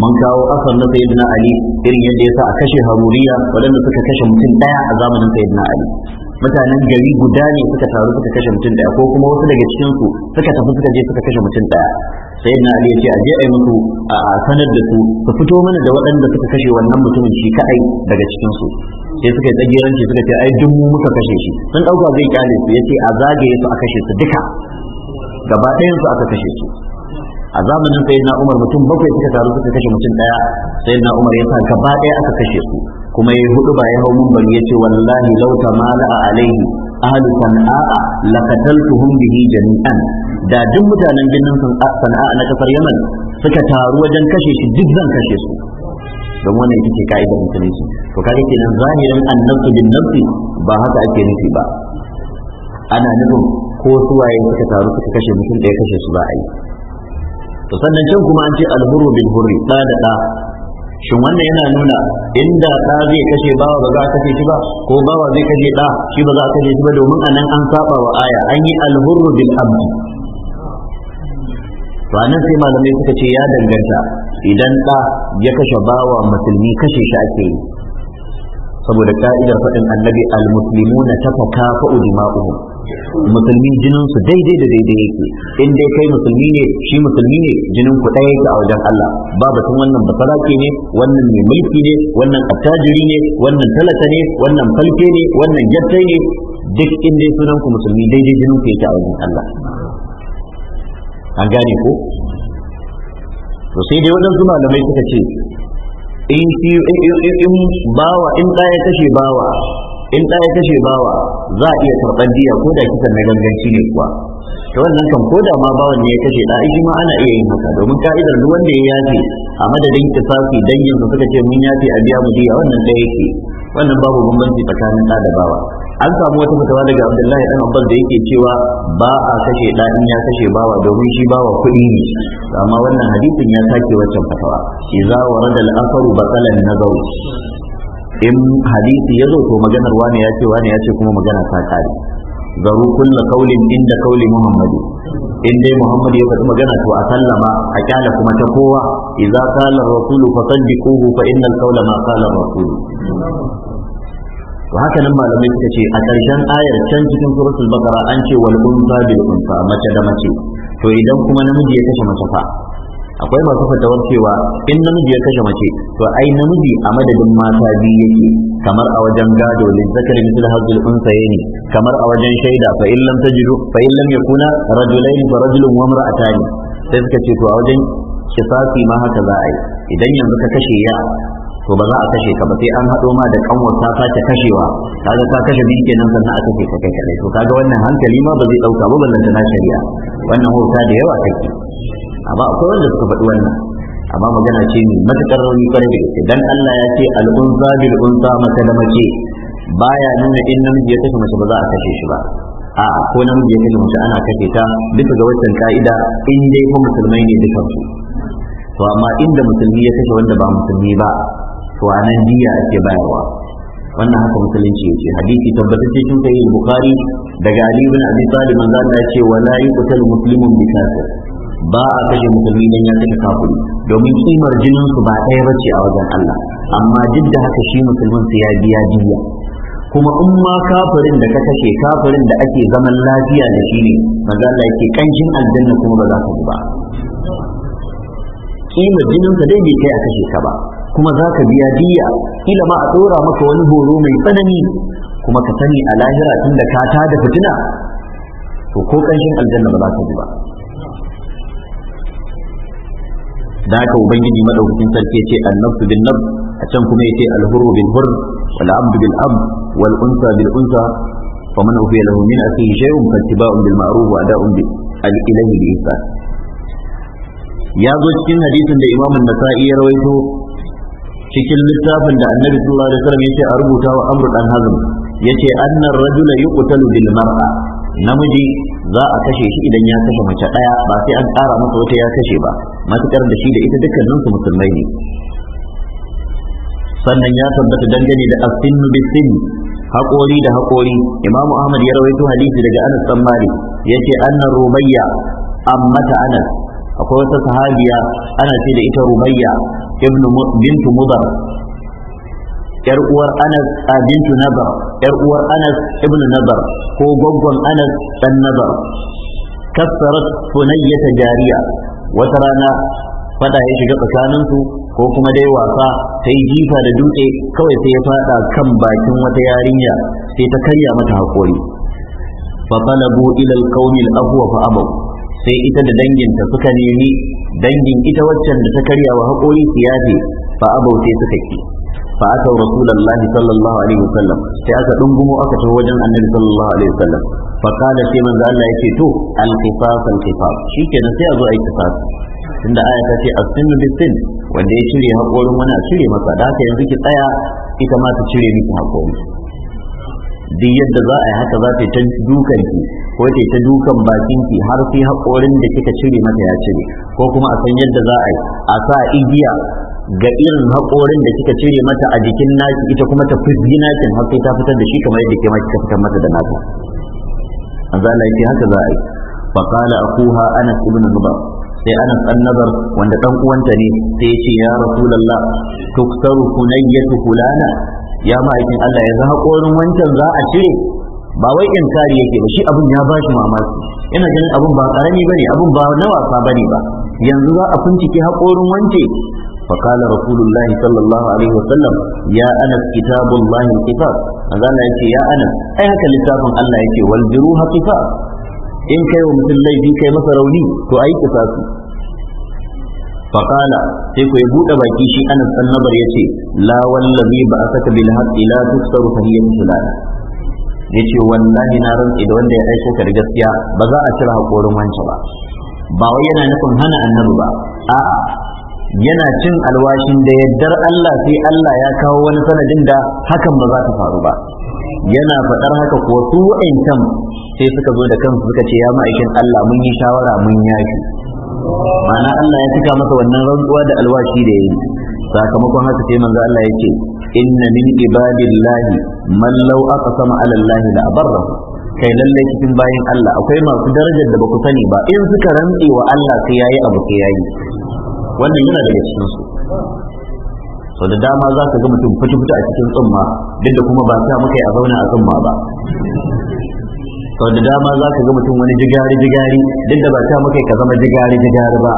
mun kawo asar na sayyidina ali irin yadda yasa a kashe haruriya waɗanda suka kashe mutum ɗaya a zamanin sayyidina ali mutanen gari guda ne suka taru suka kashe mutum daya ko kuma wasu daga cikin su suka tafi suka je suka kashe mutum daya sai na ali yace aje ai musu a sanar da su su fito mana da waɗanda suka kashe wannan mutumin shi kadai daga cikin su sai suka yi tsagiranci suka ce ai duk muka kashe shi sun dauka zai kyale su yace a zagaye su a kashe su duka gaba ɗayan su aka kashe su a zamanin sayyidina umar mutum bakwai suka taru suka kashe mutum daya sayyidina umar ya sa gaba ɗaya aka kashe su kuma ya hudu ba ya hau mimbar ya ce wallahi lauta a alaihi ahlu sana'a lakataltuhum bihi jami'an da duk mutanen birnin sana'a na kasar yaman suka taru wajen kashe shi duk zan kashe su don wannan ita ce ka'idar su to kaga kenan zahirin annabtu bin nafsi ba haka ake nufi ba ana nufin ko suwaye suka taru suka kashe mutum da ya kashe su ba a yi to sannan can kuma an ce alhuru bil hurri da da shin wannan yana nuna inda ɗa zai kashe bawa ba za a kashe shi ba ko bawa zai kashe ɗa shi ba za a kashe shi ba domin a nan an saba wa aya an yi alhurru bil abdi to anan sai malamai suka ce ya danganta idan ɗa ya kashe bawa musulmi kashe shi ake yi saboda ka'idar faɗin annabi al-muslimuna tafakafa'u dima'uhum musulmi jinin su daidai da daidai yake in dai kai musulmi ne shi musulmi ne jinin ku ɗaya yake a wajen Allah ba batun wannan basarake ne wannan ne mulki ne wannan attajiri ne wannan talata ne wannan falke ne wannan jattai ne duk in dai sunan ku musulmi daidai jinin ku yake a wajen Allah an gane ko to sai dai da malamai suka ce in bawa in ɗaya kashe bawa in ɗaya kashe bawa za a iya karɓar diya ko da kisan na ganganci ne kuwa ta wannan kan ko da ma bawan ne ya kashe da shi ma ana iya yin haka domin ka'idar duk wanda ya yafe a madadin kisasi dangin su suka ce mun yafe a biya mu diya wannan ɗaya yake wannan babu bambanci tsakanin ɗa da bawa an samu wata fatawa daga abdullahi ɗan abbas da yake cewa ba a kashe ɗa, in ya kashe bawa domin shi bawa kuɗi ne amma wannan hadisin ya sake wancan fatawa idza warada al-asaru batalan nazaru in hadisi ya zo ko maganar wani ya ce wani ya ce kuma magana ta kare Garu kulla kaulin inda kauli muhammadi in dai muhammad ya faɗi magana to a sallama a kyala kuma ta kowa idza qala rasulu fa saddiquhu fa innal qawla ma qala rasulu to haka nan malamai suka ce a ƙarshen ayar can cikin suratul baqara an ce wal unsa bil unsa mace da mace to idan kuma namiji ya kashe mace fa akwai masu fatawar cewa in namiji ya kashe mace to ai namiji a madadin mata biyu yake kamar a wajen gado lil zakari misal hazil unsayni kamar a wajen shaida fa in lam tajidu fa in lam yakuna rajulain fa rajulun wa imra'atani sai suka ce to a wajen kisasi ma haka za a yi idan yanzu ka kashe ya to ba za a kashe ka ba sai an haɗo ma da kanwar ta sace kashewa kaga ka kashe biyu kenan sannan a kashe ka kai kadai to kaga wannan hankali ma ba zai ɗauka ba ballanta na shari'a wannan hota da yawa take amma akwai wanda suka faɗi wannan amma magana ce mai matuƙar rauni kwarai da gaske dan Allah ya ce al'unsa bil unsa mata da mace baya nuna in namiji ya kashe mace ba za a kashe shi ba a ko namiji ya kashe mace ana kashe ta bisa ga wancan ka'ida in dai ko musulmai ne dukan su to amma inda musulmi ya kashe wanda ba musulmi ba to anan nan diya ake bayarwa wannan haka musulunci yake hadisi tabbatar ce cikin sahih bukhari daga ali ibn abi talib manzo Allah ya ce wala yuqtalu muslimun bi kafir ba a kashe musulmi dan ya saka kafuri, domin kimar jinin su ba ɗaya ba ce a wajen Allah amma duk da haka shi musulmin su ya biya diya kuma in ma kafirin da ka kashe kafirin da ake zaman lafiya da shi ne maza Allah yake kanshin aljanna kuma ba za ka ji ba kimar jinin sa dai bai kai a kashe ka ba kuma za ka biya diya kila ma a tsora maka wani horo mai tsanani kuma ka sani a lahira tunda ka tada fitina to ko kanshin aljanna ba za ka ji ba da haka ubangiji madaukakin sarki yace annafsu bin nafs a can kuma yace alhurru bil Hur, wal abdu bil abd wal unsa bil unsa faman ufiya lahu min akhihi shay'un fattiba'un bil ma'ruf wa ada'un bi ilayhi bi ihsan ya zo cikin hadisin da imamun nasa'i ya rawaito cikin littafin da annabi sallallahu alaihi wasallam yace a rubuta wa amru dan hazm yace annar rajula yuqtalu bil mar'a namiji za a kashe shi idan ya kashe mace daya ba sai an ƙara masa wata ya kashe ba matukar da shi da ita dukkanin su musulmai ne sannan ya tabbata dangane da asinnu bisin haƙori da haƙori imamu ahmad ya rawaito hadisi daga anas dan ya ce Annan rubayya ammata anas akwai wata sahabiya ana ce da ita rubayya bintu mudar yar uwar anas a bintu nazar yar uwar anas ibn nazar ko gwaggon anas dan nazar kassarat funayya jariya wata rana fada ya shiga tsakanin su ko kuma dai wasa ta yi jifa da dutse kawai sai ya fada kan bakin wata yarinya sai ta karya mata haƙori fatalabu ilal qaumil afwa fa abaw sai ita da danginta suka nemi dangin ita waccan da ta karya wa haƙori su yafe fa abaw sai suka ki fa aka rasulullahi sallallahu alaihi wasallam sai aka dungumo aka tafi wajen annabi sallallahu alaihi wasallam fa kana sai manzo Allah yake to al-qisas al-qisas shikenan sai a zo ai qisas tunda aya ta ce as-sinu wanda ya cire haƙorin wani a cire masa da haka yanzu ki tsaya ita ma ta cire miki haƙorin. duk yadda za a yi haka za ta dukan ki ko ta ta dukan bakin ki har sai haƙorin da kika cire mata ya cire ko kuma a san yadda za a yi a sa igiya ga irin haƙorin da kika cire mata a jikin naki ita kuma ta fizgi nakin har sai ta fitar da shi kamar yadda ke maki ka fitar mata da naka an za a haka za a yi faƙala akuha anas ibn zubar sai anas annabar wanda ɗan uwanta ne sai ya ce ya rasulallah tuktaru kunayyatu fulana ya ma'aikin Allah yanzu hakorin wancan za a cire ba wai inkari yake ba shi abun ya bashi mamaki ina ganin abun ba karami bane abun ba na wasa bane ba yanzu za a bincike haƙorin wance فقال رسول الله صلى الله عليه وسلم يا أنس كتاب الله القفاق هذا لا يكي يا أنس أي هكا لتاب الله يكي والجروح قفاق إن كي ومثل لي دي كي مسروني تو أي قفاقي faƙala sai ku ya buɗe baki shi anas ɗan nabar ya ce la ba a saka bil haqqi la tusaru fa hiya ya ce wallahi na rantsi da wanda ya aiko ka da gaskiya ba za a cire haƙorin wancan ba ba wai yana nufin hana annabi ba a'a yana cin alwashin da yaddar Allah sai Allah ya kawo wani sanadin da hakan ba za ta faru ba yana faɗar haka kuwa su wa'ancan sai suka zo da kansu suka ce ya ma'aikin Allah mun yi shawara mun yafi ma'ana Allah ya cika masa wannan rantsuwa da alwashi da yayi sakamakon haka sai manzo Allah ya ce inna min ibadillahi man law aqsama ala Allah la abarra kai lalle cikin bayin Allah akwai masu darajar da baku sani ba in suka rantsi wa Allah sai yayi abu sai yayi wannan yana daga cikin su sau da dama za ka ga mutum fito-fito a cikin tsumma duk da kuma ba sa muka yi a zauna a tsumma ba sau da dama za ka ga mutum wani jigari jigari duk da ba ta muka ka zama jigari jigari ba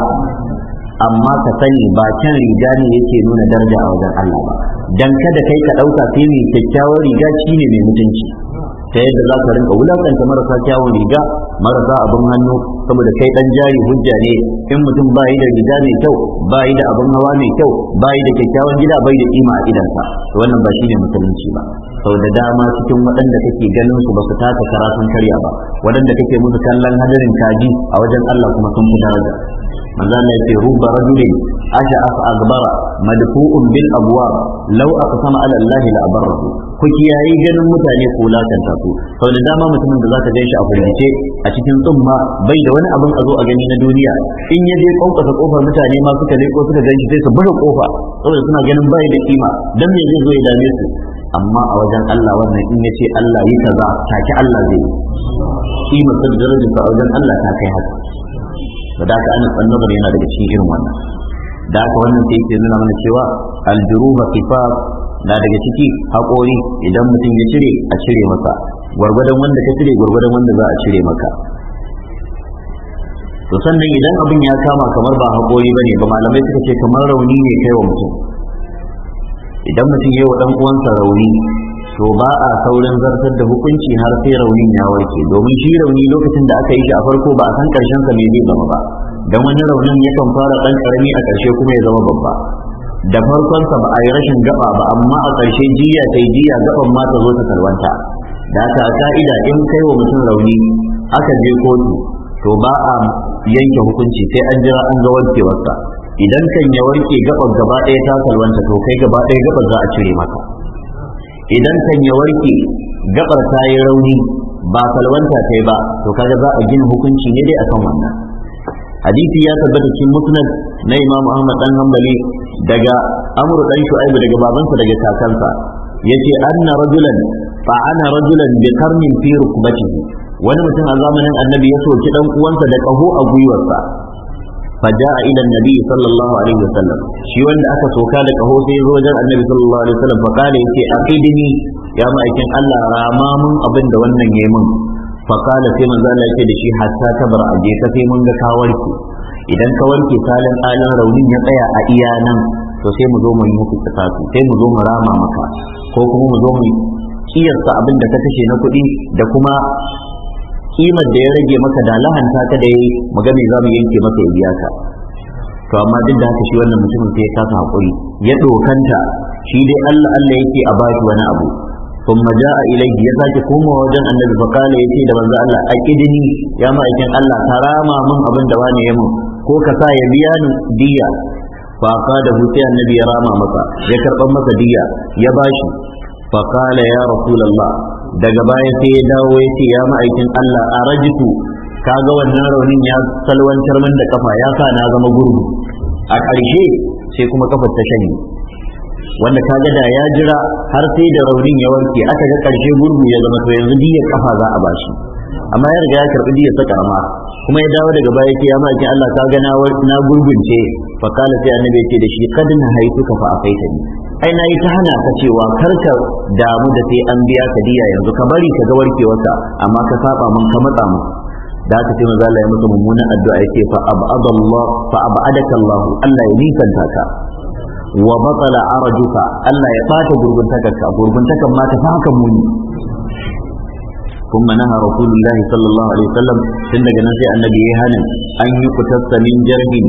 amma ka sani ba can riga ne yake nuna daraja a wajen Allah ba dan kada kai ka ɗauka sai mai kyakkyawar riga shi ne mai mutunci ta yadda za ka rinka wulakanta marasa kyawun riga marasa abin hannu saboda kai ɗan jari hujja ne in mutum bayi da riga mai kyau bayi da abin hawa mai kyau bayi da kyakkyawan gida bai da kima a idansa wannan ba shi ne musulunci ba sau da dama cikin waɗanda kake ganin su ba su taka karatun karya ba waɗanda kake musu kallon hadarin kaji a wajen Allah kuma sun fi daraja manzo Allah yace ruba asha ash'af agbara madfu'un bil abwab law aqsama ala Allah la abarrahu ku kiyayi ganin mutane ko lakanta su sau da dama mutumin da zaka ganshi a furgice a cikin tsumma bai da wani abin a zo a gani na duniya in ya je kwankwasa kofar mutane ma suka leko suka ganshi sai su buga kofa saboda suna ganin bai da kima dan me zai zo ya dame su amma a wajen Allah wannan in yace Allah yi kaza take Allah zai yi kima da darajar sa wajen Allah ta kai haka da haka tsanna annabar yana daga cikin irin wannan da haka wannan sai yake nuna mana cewa aljuruha kifaf na daga ciki haƙori idan mutum ya cire a cire masa gwargwadon wanda ka cire gwargwadon wanda za a cire maka to sannan idan abin ya kama kamar ba haƙori bane ba malamai suka ce kamar rauni ne kai wa mutum idan mutum ya yi wa ɗan uwansa rauni to ba a saurin zartar da hukunci har sai raunin ya warke domin shi rauni lokacin da aka yi shi a farko ba a san karshen sa mai zai zama ba dan wani raunin yakan fara dan karami a karshe kuma ya zama babba da farkon sa ba a yi rashin gaba ba amma a karshe jiya sai jiya gaban ma ta zo ta salwanta da ta ka'ida in kai wa mutum rauni aka je kotu to ba a yanke hukunci sai an jira an ga warkewarsa idan kan ya warke gaban gaba ɗaya ta salwanta to kai gaba ɗaya gaban za a cire maka idan kan ya warke gabar ta yi rauni ba salwanta ta yi ba to kaga za a gina hukunci ne dai kan wannan hadisi ya tabbata cikin musnad na imam ahmad dan hanbali daga amru dan Shu'aibu, daga babansa daga kakansa yace anna rajulan fa ana rajulan bi karnin fi rukbatihi wani mutum a zamanin annabi ya soki dan uwansa da kaho a gwiwarsa فجاء إلى النبي صلى الله عليه وسلم شي wanda aka soka da kaho sai zo wajen Annabi sallallahu alaihi wasallam fa kale yace aqidni ya ma'aikin Allah rama mun abin da wannan yayi mun fa kale sai manzo yace da shi hatta tabar aje ka sai mun ga kawarku idan ka wanke salin alin raunin ya tsaya a iya nan to sai mu zo mu yi muku tsatu sai mu zo mu rama maka ko kuma mu zo mu kiyasta abin da ka kashe na kuɗi da kuma kimar da ya rage maka da lahanta ka da ya mu ga za mu yanke maka ya biya ka to amma duk da haka shi wannan mutumin sai ya kasa hakuri ya dokanta shi dai Allah Allah yake a bashi wani abu a ya wajen جاء إليه ya ce da banza فقال A دبن ya أكدني Allah. ta rama mun abin da أبن ya mun. ko ka sa ya biya ni diya fa da sai annabi ya rama masa ya karban masa diya ya bashi Fakala ya rasulallah daga baya sai ya dawo ya ce ya ma'aikin Allah a rajitu kaga wannan raunin ya salwantar min da kafa ya sa na zama gurgu a ƙarshe sai kuma kafar ta shanye wanda kaga da ya jira har sai da raunin ya wanke aka ga ƙarshe gurgu ya zama to yanzu diyar kafa za a bashi amma ya riga ya karɓi diyar ta karama kuma ya dawo daga baya ya ma'aikin Allah kaga na gurgunce fakala sai annabi ce da shi kadin haitu ka fa afaita ni ai na yi ta hana ka cewa kar ka damu da sai an biya ka diya yanzu ka bari ka ga warkewarka amma ka saba mun ka matsa mu da aka ce manzo Allah ya masa mummunan addu'a yake fa abadallah fa abadaka Allah Allah ya nisanta ka wa batala arajuka Allah ya fata gurguntaka ka gurguntaka ma ta faka muni kuma naha rasulullahi sallallahu alaihi wasallam tun daga nan sai annabi ya hana an yi kutasta min jarhin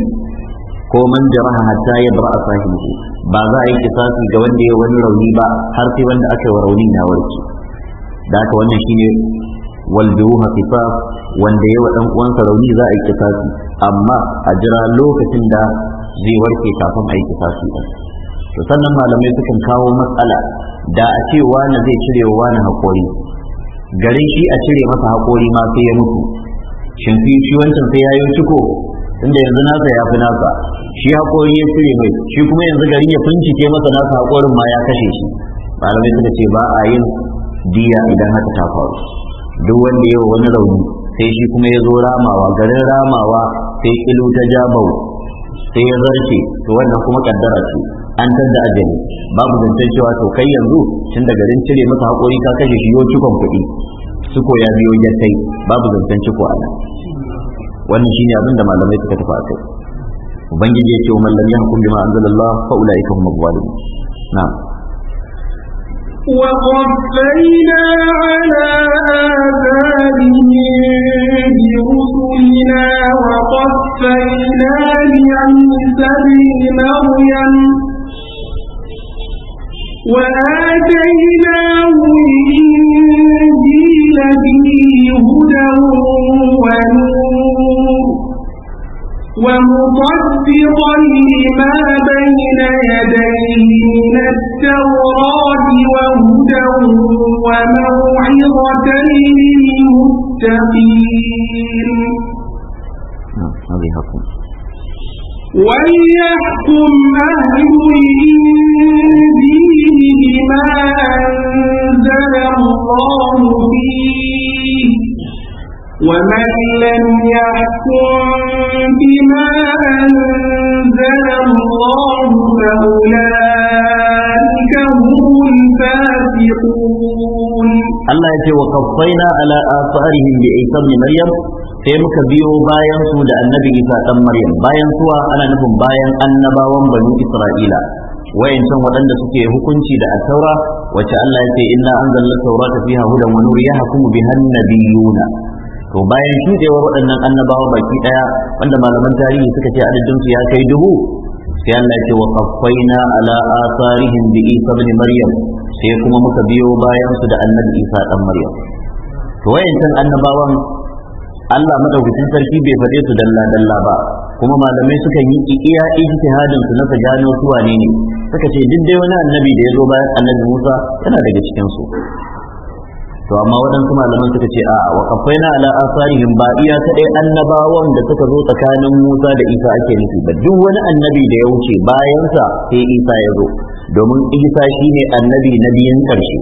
ko man jaraha hatta ya bara sahibi ba za a yi kisasi ga wanda ya wani rauni ba har sai wanda aka yi raunin ya warke da haka wannan shine wal juruha qisas wanda ya wa dan uwansa rauni za a yi kisasi amma a jira lokacin da zai warke kafin a yi kisasi ba. to sannan malamai sukan kawo matsala da a ce wani zai cire wa wani haƙori, garin shi a cire masa hakori ma sai ya mutu shin shi wancan sai ya yi ciko tunda yanzu nasa ya fi nasa shi haƙorin ya cire mai shi kuma yanzu gari ya fincike masa nasa haƙorin ma ya kashe shi malamai suka ce ba a yin biya idan haka ta faru duk wanda ya wani rauni sai shi kuma ya zo ramawa garin ramawa sai ilu ta jabau sai ya zarce to wannan kuma kaddara ce an tadda ajali babu zancen cewa to kai yanzu tun da garin cire masa haƙori ka kashe shi yau cikon kuɗi suko ya biyo kai babu zancen ciko a nan wannan shine abin da malamai suka tafi a kai ubangiji yake wa mallam yahkum bima anzalallah fa ulaika humuz zalimun na'am وقفينا على آثارهم برسلنا وقفينا بعيسى بن مريم وآتيناه الإنجيل به هدى ونور ومصدقا لما بين يديه من التوراة وهدى وموعظة للمتقين نعم، وليحكم أهل الإنجيل بما أنزل الله فيه ومن لم يحكم بما أنزل الله فأولئك هم الفاسقون الله يتي وقفينا على آثارهم بعيسى بن مريم sai muka biyo bayan su da annabi isa dan maryam bayan suwa ana nufin bayan annabawan banu isra'ila wayancan waɗanda suke hukunci da attaura wacce Allah ya ce inna anzalna tawrata fiha hudan wa nur yahkumu bihan nabiyuna to bayan shudewar waɗannan annabawa baki ɗaya, wanda malaman tarihi suka ce adadin su ya kai dubu sai Allah ya ce wa qaffayna ala atharihim bi Isa ibn Maryam sai kuma muka biyo bayan su da annabi Isa dan Maryam to wayancan annabawan Allah madaukakin sarki bai fade su dalla dalla ba kuma malamai suka yi iya ijtihadin su na su gano su wane ne suka ce duk dai wani annabi da ya zo bayan annabi Musa yana daga cikin su to amma waɗansu malaman suka ce a wa kafaina ala asarihim ba iya kadai annabawan da suka zo tsakanin Musa da Isa ake nufi ba duk wani annabi da ya wuce bayan sa sai Isa ya zo domin Isa shine annabi na biyun karshe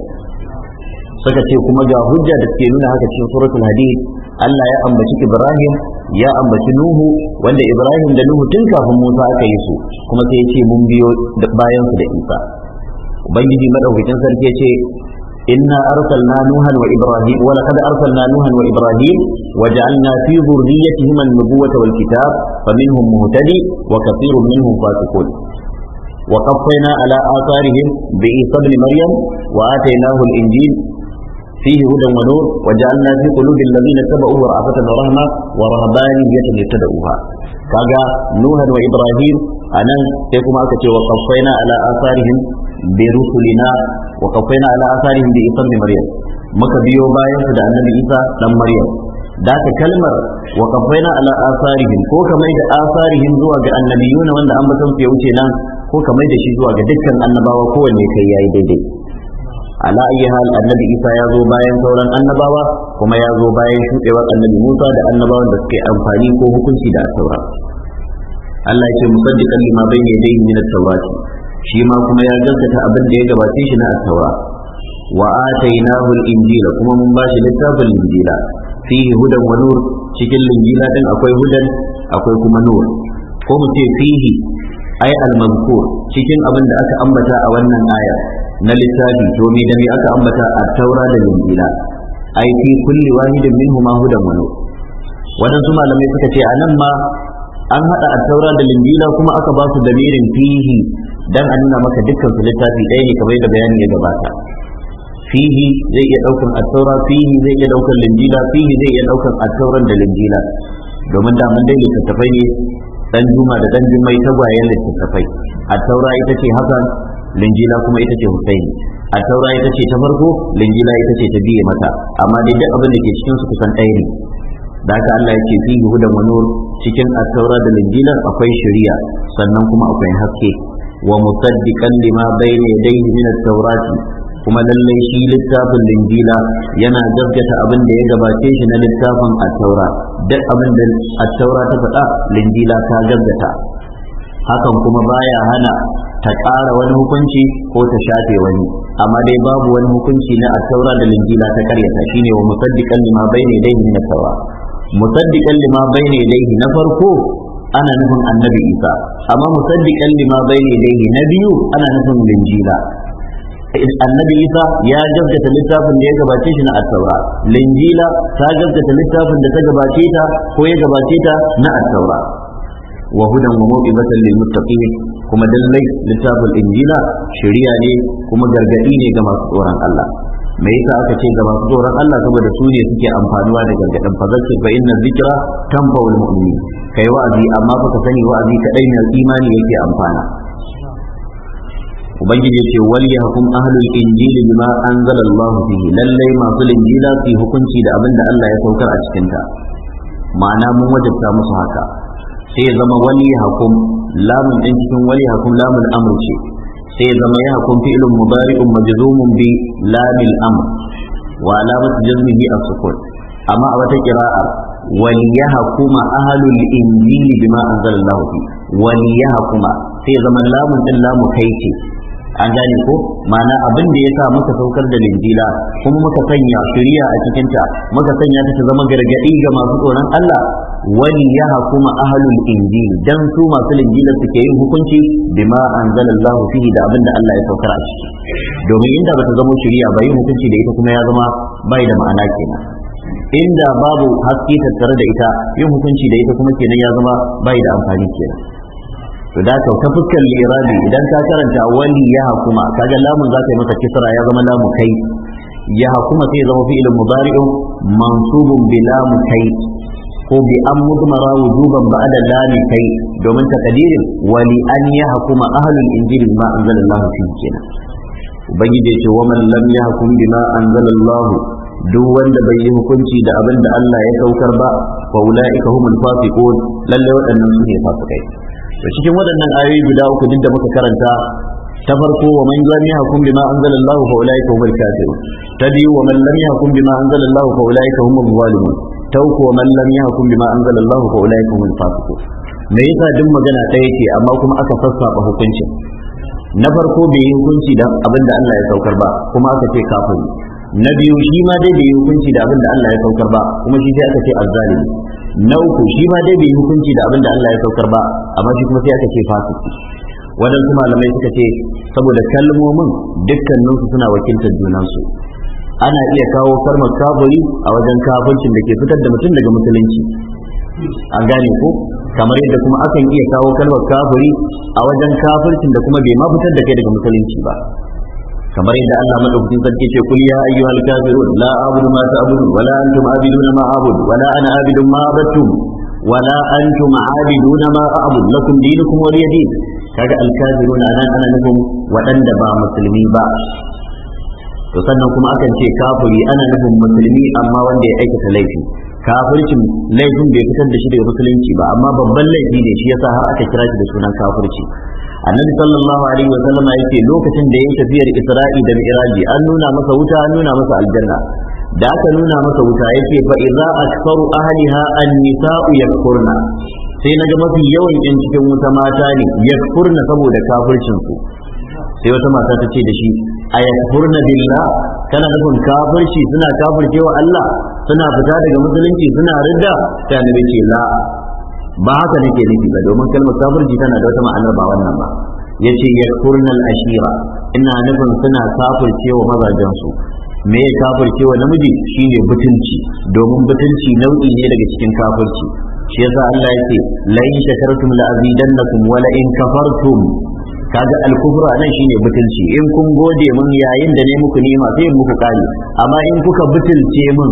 suka ce kuma ga hujja da suke nuna haka cikin suratul hadid Allah ya ambaci Ibrahim ya ambaci Nuhu wanda Ibrahim da Nuhu tun kafin Musa aka yi su kuma sai ya ce mun biyo bayan su da Isa ubangiji madaukakin sarki ya ce إنا أرسلنا نوحا وإبراهيم ولقد أرسلنا نوحا وإبراهيم وجعلنا في ذريتهما النبوة والكتاب فمنهم مهتدي وكثير منهم فاسقون وقفينا على آثارهم بعيسى ابن مريم وآتيناه الإنجيل فيه هدى ونور وجعلنا في قلوب الذين اتبعوه رأفة ورحمة ورهبانية ابتدأوها كاجا نوحا وإبراهيم أنا تكما كتي وقفينا على آثارهم برسلنا وقفينا على آثارهم بإيسى ابن مريم مكة بيو بايا فدا النبي إيسى دم مريم ذات كلمة وقفينا على آثارهم كو كما إذا آثارهم زوا النبيون وأن أمتهم في وجهنا كو كما إذا شي زوا دكا النبوة كو الميكي ياي ديدي ala ayi hal annabi isa ya zo bayan sauran annabawa kuma ya zo bayan shudewar annabi musa da annabawan da suke amfani ko hukunci da taura Allah ya ce musaddiqan lima bayna yadayhi min at-taurati shi ma kuma ya gaskata abin da ya gabace shi na at-taura wa atainahu al-injila kuma mun shi littafin injila fihi hudan wa nur cikin injila din akwai hudan akwai kuma nur ko mu ce fihi ay al-mazkur cikin abin da aka ambata a wannan aya na littafi to me da aka ambata at-taura da injila ai fi kulli wahidin minhuma hudan wa nur waɗansu malamai suka ce a nan ma an haɗa attaura da linjila kuma aka ba su damirin fihi dan a nuna maka dukkan su littafi ɗaya ne kamar da bayani ya gabata fihi zai iya daukan attaura, fihi zai iya daukan linjila fihi zai iya daukan attauran da linjila domin da mun dai littattafai ne dan juma da dan jumai tagwayen littattafai Attaura ita ce hasan linjila kuma ita ce husaini attaura ita ce ta farko linjila ita ce ta biye mata amma dai duk abin da ke cikin su kusan ɗaya ne da haka Allah ya ce fihi hudan wa nur cikin attaura da linjila akwai shari'a sannan kuma akwai haske ومصدقا لما بين يديه من التوراة kuma lallai shi littafin linjila yana gaskata abinda ya gabace shi na littafin attaura duk abin attaura ta faɗa linjila ta gaskata hakan kuma baya hana ta ƙara wani hukunci ko ta shafe wani amma dai babu wani hukunci na attaura da linjila ta karyata shine wa musaddiqan lima bayna yadayhi na at musaddiqan lima bayna yadayhi na farko ana nufin annabi isa amma musaddiqan lima bayna yadayhi biyu? ana nufin linjila annabi isa ya gaskata littafin da ya gabace shi na attaura linjila ta gaskata littafin da ta gabace ta ko ya gabace ta na attaura wa hudan wa mawqibatan lil muttaqin kuma dallai littafin injila shari'a ne kuma gargadi ne ga masu tsoron Allah me yasa aka ce ga masu tsoron Allah saboda su ne suke amfanuwa da gargadin fazarci fa inna zikra tanfa'ul mu'minin kai wa'azi amma baka sani wa'azi kadai ne imani yake amfana ubangiji ce wal yahkum ahlul injili bima anzala Allah fihi lallai masu injila su hukunci da abin da Allah ya saukar a cikin ta ma'ana mun wajabta musu haka sai ya zama wal yahkum lamun din cikin wal yahkum lamun amr ce sai zama ya hakun fi'ilun mudari'un majzumun bi lamil amr wa alamatu jazmihi as-sukun amma a wata qira'a wal yahkuma ahlul injili bima anzalallahu fi wal yahkuma sai zama lamun din lamu kai ce an gane ko ma'ana abin da ya sa muka saukar da linjila kuma muka sanya shari'a a cikinta muka sanya ta ta zama gargaɗi ga masu tsoron Allah wani ya hakuma ahalul injil dan su masu linjila suke yin hukunci bima anzalallahu fihi da abin da Allah ya saukar a ciki domin inda bata zama shiriya, ba yin hukunci da ita kuma ya zama bai da ma'ana kenan inda babu haske tattare da ita yin hukunci da ita kuma kenan ya zama bai da amfani kenan to da ka ta fuskar lirabi idan ka karanta wali ya hakuma kaga lamun za ta yi masa kisra ya zama lamu kai ya hakuma sai zama fi'ilun mudari'un mansubun bi lamu kai ko bi an mudmara wujuban da lamu kai domin takadirin wali an ya hakuma ahlul injili ma anzalallahu fi kenan ubangiji ce wa man lam yahkum bima anzalallahu duk wanda bai yi hukunci da abin da Allah ya saukar ba fa ulaika humul fasiqun lalle waɗannan su ne fasikai to cikin waɗannan ayoyi guda uku duk da muka karanta ta farko wa man lam yahkum bima anzalallahu fa ulaika humul kafirun ta biyu wa man lam yahkum bima anzalallahu fa ulaika humul zalimun ta uku wa man lam yahkum bima anzalallahu fa ulaika humul fasiqun me yasa duk magana ɗaya ce amma kuma aka fassaba hukuncin na farko bai yi hukunci da abin da Allah ya saukar ba kuma aka ce kafiri na biyu shi ma dai bai yi hukunci da abin da Allah ya saukar ba kuma shi sai aka ce azzalimi na uku shi ma dai bai hukunci da abin da Allah ya saukar ba amma shi kuma sai aka ce fasiki kuma malamai suka ce saboda kalmomin dukkaninsu suna wakiltar junansu ana iya kawo kalmar kafiri a wajen kafircin da ke fitar da mutum daga musulunci an gane ko kamar yadda kuma akan iya kawo kalmar kafiri a wajen kafircin da kuma bai ma fitar da kai daga musulunci ba kamar yadda Allah madaukakin sarki ce kul ya ayyuhal kafirun la a'budu ma ta'budun wala antum a'biduna ma a'budu wala ana a'budu ma abattum wala antum a'biduna ma a'budu lakum dinukum waliya din kaga al kafirun anan ana nufin wadanda ba musulmi ba to sannan kuma akan ce kafiri ana nufin musulmi amma wanda ya aikata laifi kafircin laifin bai fitar da shi daga musulunci ba amma babban laifi ne shi yasa har aka kira shi da sunan kafirci annabi sallallahu alaihi wa sallama yake lokacin da yi tafiyar isra'i da mi'raji an nuna masa wuta an nuna masa aljanna da aka nuna masa wuta yake fa idza aktaru ahliha an-nisa'u yakfurna sai naga mafi yawan yan cikin wuta mata ne yakfurna saboda kafircin su sai wata mata ta ce da shi a yakfurna billah kana nufin kafirci suna kafircewa Allah suna fita daga musulunci suna ridda ta ce la ba haka nake nufi ba domin kalmar kafirci tana da wata ma'anar ba wannan ba yace yakfurna al-ashira ina nufin suna kafirce mazajensu. me ya wa namiji shine butunci domin butunci nau'i ne daga cikin kafirci shi yasa Allah yake la in shakartum la azidannakum wa la in kafartum kaga al nan shine butunci. in kun gode mun yayin da ne muku nima sai muku kare amma in kuka butulce mun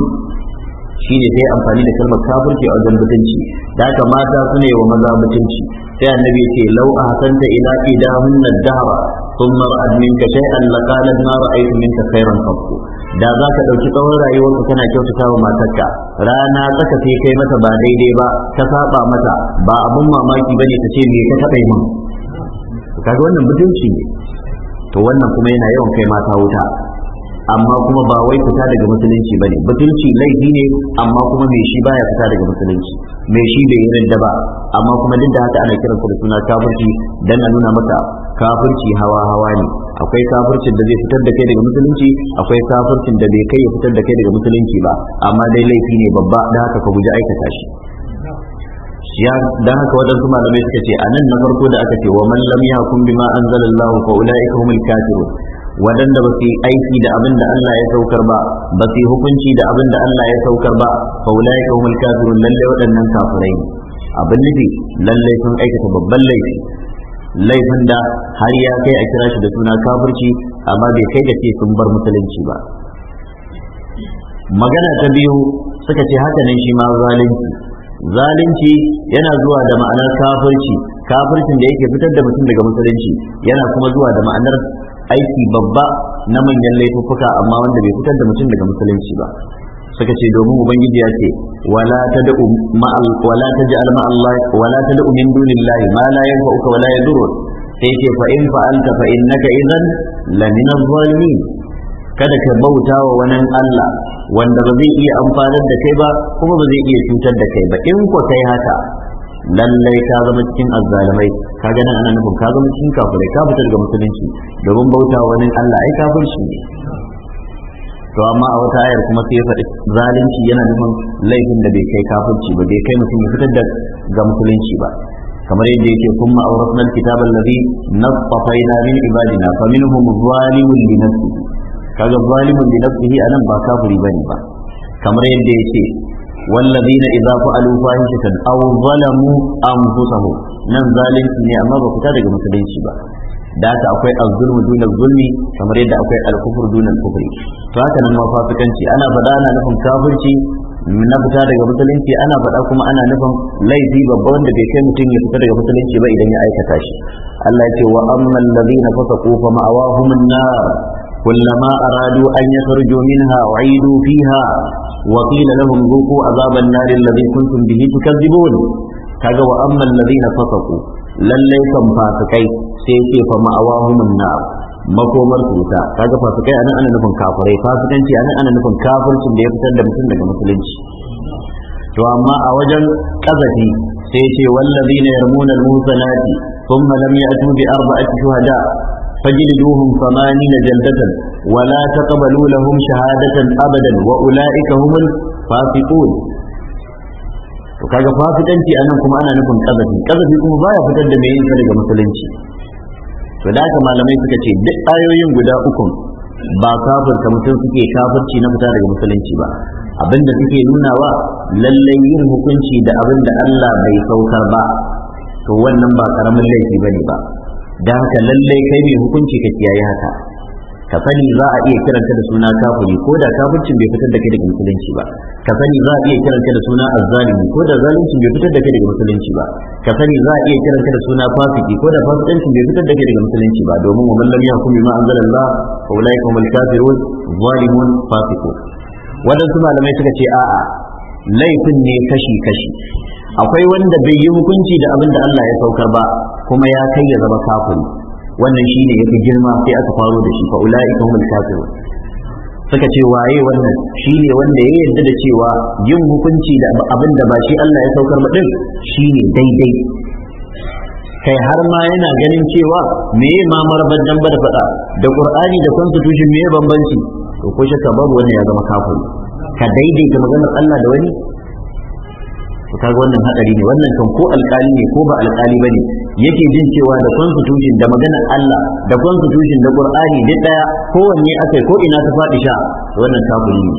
shine sai amfani da kalmar kafirci a wajen mutunci da haka mata su ne wa maza mutunci sai annabi ya ce lau a hasanta ila idahunna dahra ka رأت منك شيئا لقالت ما رأيت منك sairan kanku da za ka ɗauki tsawon rayuwarka kana kyautata wa matarka rana tsaka sai kai mata ba daidai ba ta saba mata ba abun mamaki ba ne ta ce me ka taɓa min kaga wannan mutunci ne to wannan kuma yana yawan kai mata wuta amma kuma ba wai fita daga musulunci ba ne, butulci laifi ne amma kuma mai shi baya fita daga musulunci mai shi bai yi yarda ba amma kuma duk da haka ana kiran da suna kafirci dan a nuna mata, kafirci hawa hawa ne akwai kafircin da zai fitar da kai daga musulunci akwai kafircin da bai kai ya fitar da kai daga musulunci ba amma dai laifi ne babba da haka ka guji aikata shi ya dan haka waɗansu malamai suka ce anan na farko da aka ce wa man lam yahkum bima anzalallahu fa ulaika humul kafirun waɗanda ba su yi aiki da abin da Allah ya saukar ba ba su yi hukunci da abin da Allah ya saukar ba faulai ka humul kafirun lalle waɗannan kafirai ne abin nufi lallai sun aikata babban laifi laifin da har ya kai a kira shi da suna kafirci amma bai kai da ce sun bar musulunci ba magana ta biyu suka ce haka nan shi ma zalunci zalunci yana zuwa da ma'anar kafirci kafircin da yake fitar da mutum daga musulunci yana kuma zuwa da ma'anar aiki babba na manyan laifuffuka amma wanda bai fitar da mutum daga musulunci ba suka ce domin ubangiji ya ce wala tad'u ma'al wala taj'al ma'allahi wala tad'u min dunillahi ma la yanfa'uka wala yadurruk sai ce fa in fa'alta fa innaka idan lamina kada ka bauta wa wani Allah wanda ba zai iya amfanar da kai ba kuma ba zai iya cutar da kai ba in ko kai haka lallai ka zama cikin azzalumai ka gani ana nufin ka zama cikin kafirai ka fitar ga musulunci domin bauta wani Allah ai shi ne to amma a wata ayar kuma sai ya faɗi zalunci yana nufin laifin da bai kai kafirci ba bai kai mutum ya fitar da ga musulunci ba kamar yadda yake kuma auratna alkitab allazi nasfaina min ibadina faminhum zalimun li nafsihi kaga zalimun li nafsihi anan ba kafiri bane ba kamar yadda yake والذين إذا فعلوا فاحشة أو ظلموا أنفسهم nan zalunci ne amma ba fita daga musulunci ba da haka akwai azzulmu dunal zulmi kamar yadda akwai alkufur dunal kufri to haka nan mafafikanci ana faɗa ana nufin kafirci na fita daga musulunci ana faɗa kuma ana nufin laifi babba wanda bai kai mutum ya fita daga musulunci ba idan ya aikata shi Allah ya ce wa amman ladina fasaqu fa ma'awahum an-nar كلما أرادوا أن يخرجوا منها أعيدوا فيها وقيل لهم ذوقوا عذاب النار الذي كنتم به تكذبون kaga wa amman ladina fasaqu lallai kan fasikai sai ce fa ma'awahumun nar makomar wuta kaga fasikai anan ana nufin kafirai fasikanci anan ana nufin kafircin da ya fitar da mutum daga musulunci to amma a wajen kazafi sai ce wallazina yarmuna almusanati thumma lam ya'tu bi arba'ati shuhada فجلدوهم ثمانين جلدة ولا تقبلوا لهم شهادة أبدا وأولئك هم الفاسقون to kaga fasikanci anan kuma ana nufin kazafi kazafi kuma baya fitar da mai yin daga musulunci to da haka malamai suka ce duk ayoyin guda uku ba ka mutum suke kafirci na fita daga musulunci ba abinda suke nuna wa lallai yin hukunci da abin da Allah bai saukar ba to wannan ba karamin laifi bane ba Dan haka lallai kai mai hukunci ka kiyaye haka ka sani za a iya kiranta da suna kafiri ko da kafircin bai fitar da kai daga musulunci ba ka sani za a iya kiranta da suna azzalimi ko da zalincin bai fitar da kai daga musulunci ba ka sani za a iya kiranta da suna fasiki ko da fasikancin bai fitar da kai daga musulunci ba domin wa man lam yahkum bima anzalallah fa ulaika humul kafirun zalimun fasiqun wadansu malamai suka ce a'a laifin ne kashi kashi akwai wanda bai yi hukunci da abin da Allah ya saukar ba kuma ya kai ya zama kafiri wannan shine yafi girma sai aka faro da shi fa ulaika humul kafirun suka ce waye wannan ne wanda ya yarda da cewa yin hukunci da abin da ba shi Allah ya saukar ba din shine daidai kai har ma yana ganin cewa me ma marabar dan da faɗa da ƙur'ani da constitution me bambanci to ko shakka babu wanda ya zama kafin. ka daidaita maganar Allah da wani to kaga wannan hadari ne wannan kan ko alkali ne ko ba alkali bane yake jin cewa da constitution da maganar Allah da constitution da Qur'ani duk daya kowanne akai ko ina ta faɗi sha wannan kafiri ne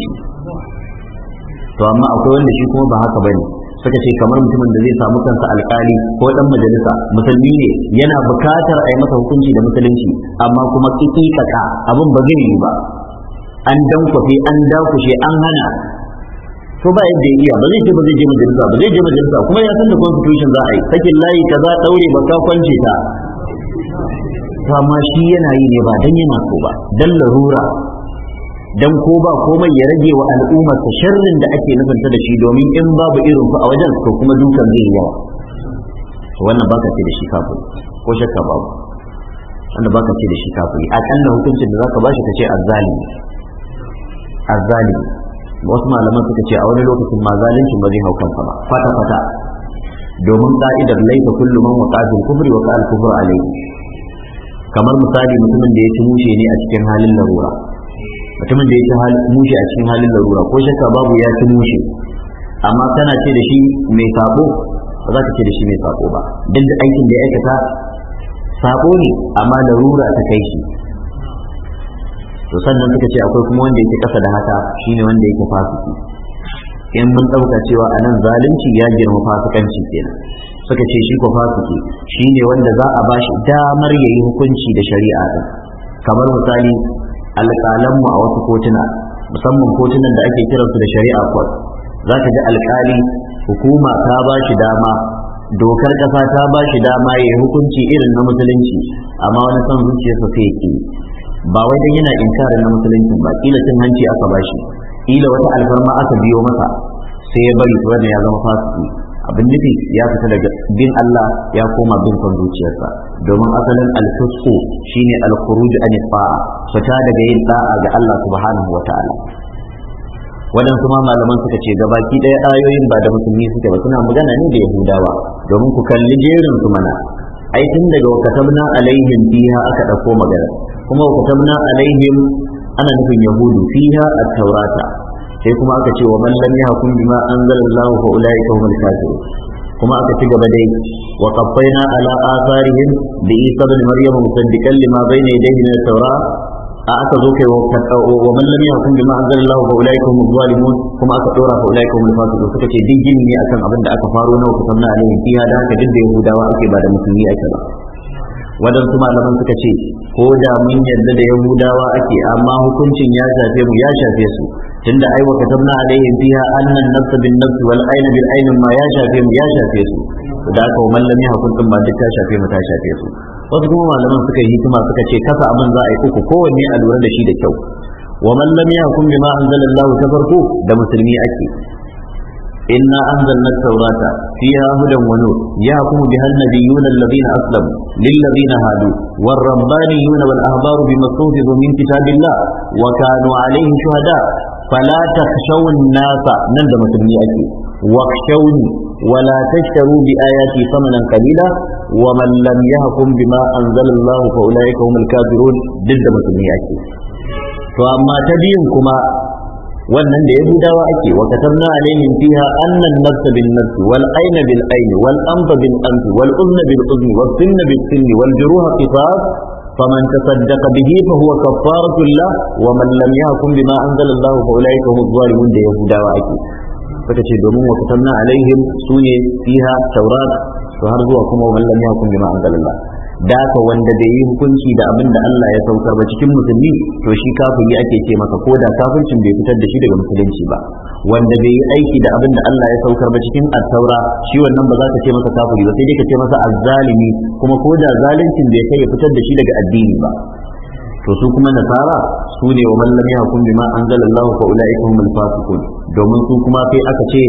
to amma akwai wanda shi kuma ba haka bane suka ce kamar mutumin da zai samu kansa alkali ko dan majalisa musulmi ne yana bukatar a yi masa hukunci da musulunci amma kuma kikikaka abin ba zai yi ba an dankwafe an dakushe an hana to ba yadda ya iya ba zai ce ba zai je majalisa ba zai je majalisa kuma ya san da constitution za a yi sakin layi ka za daure ba ka kwance ta amma shi yana yi ne ba dan yana so ba dan larura dan ko ba komai ya rage wa al'ummar ta sharrin da ake nufin da shi domin in babu irin su a wajen to kuma dukan zai yawa wannan baka ce da shi kafiri ko shakka babu wanda baka ce da shi kafiri a kan hukuncin da zaka bashi kace azzalimi azzalimi wasu malaman suka ce a wani lokacin ma zalincin ba zai hau kansa ba fata fata domin ka'idar laifa kullu man kufuri bil kufri wa qal kufru alayhi kamar misali mutumin da ya ci mushe ne a cikin halin larura mutumin da ya ci mushe a cikin halin larura ko shakka babu ya ci mushe amma tana ce da shi mai sabo ba za ka ce da shi mai sabo ba duk da aikin da ya aikata saƙo ne amma larura ta kai shi to sannan suka ce akwai kuma wanda yake kasa da haka shine wanda yake fasiki in mun dauka cewa a nan zalunci ya girma fasikanci kenan suka ce shi ko fasiki shine wanda za a bashi damar ya yi hukunci da shari'a din kamar misali mu a wasu kotuna musamman kotunan da ake kiransu da shari'a court za ji alƙali hukuma ta bashi dama dokar ƙasa ta ba shi dama ya hukunci irin na musulunci amma wani son zuciyarsa sai ke ba wai dan yana inkarin na musulunci ba kila cin hanci aka bashi kila wata alfarma aka biyo masa sai ya bari to ya zama fasiki abin nufi ya fita daga bin Allah ya koma bin son zuciyarsa domin asalin alfisku shine alkhuruj an fa'a fita daga yin da'a ga Allah subhanahu wataala waɗansu ma malaman suka ce gabaki ɗaya ayoyin ba da musulmi suke ba suna magana ne da yahudawa domin ku kalli jerin su mana ai tun daga wa katabna alaihim fiha aka ɗauko magana kuma wa katabna alaihim ana nufin yahudu fiha at-taurata sai kuma aka ce wa man lam yahkum bima anzalallahu fa ulaika humul kafirun kuma aka ci gaba dai wa qaffayna ala atharihim bi isa ibn maryam musaddiqan lima bayna yadayhi min at-taura a aka zo kai wa man lam yahkum bima anzalallahu fa ulaika humul zalimun kuma aka dora fa ulaika humul fasiqun suka ce din ne akan abin da aka faro na wa katabna alaihim fiha da haka duk da yahudawa ake ba da musulmi ake ba wadansu malaman suka ce ko da mun yarda da yahudawa ake amma hukuncin ya shafe mu ya shafe su tunda ai wakatabna alaihim fiha annan nafs bin nafs wal ayn bil ayn ma ya shafe mu ya shafe su da ka wa mallami hukuncin ba duk ta shafe mu ta shafe su wasu kuma malaman suka yi hikima suka ce kasa abin za a yi uku kowanne a lura da shi da kyau wa mallami hukuncin yahkum bima anzalallahu ta farko da musulmi ake إنا أنزلنا التوراة فيها هدى ونور يحكم بها النبيون الذين أسلموا للذين هادوا والربانيون والأحبار بما استوفوا من كتاب الله وكانوا عليه شهداء فلا تخشوا الناس نندم تبنيئتي واخشوني ولا تشتروا بآياتي ثمنا قليلا ومن لم يحكم بما أنزل الله فأولئك هم الكافرون ضد مسلمياتي فأما تبين كما wannan da yahudawa ake wa katabna alaihim fiha anna an-nafs bin nafs wal ayna bil ayn wal anfa bil anf wal udhna bil udhn wal sinna bil sinn wal juruha qisas فمن تصدق به فهو كفارة له ومن لم يحكم بما أنزل الله فأولئك هم الظالمون ده يهودا وأكي فتشي دومون وكتبنا عليهم سوني فيها تورات فهرزوا ومن لم يحكم بما أنزل الله da wanda bai yi hukunci da abin da Allah ya saukar ba cikin musulmi to shi kafiri ake ce masa ko da kafircin bai fitar da shi daga musulunci ba wanda bai yi aiki da abin da Allah ya saukar ba cikin at shi wannan ba za ka ce masa kafiri ba sai dai ka ce masa azzalimi kuma ko da zaluncin bai kai ya fitar da shi daga addini ba to su kuma nasara su ne wa mallam ya hukum bima anzalallahu fa ulaika humul fasiqun domin su kuma sai aka ce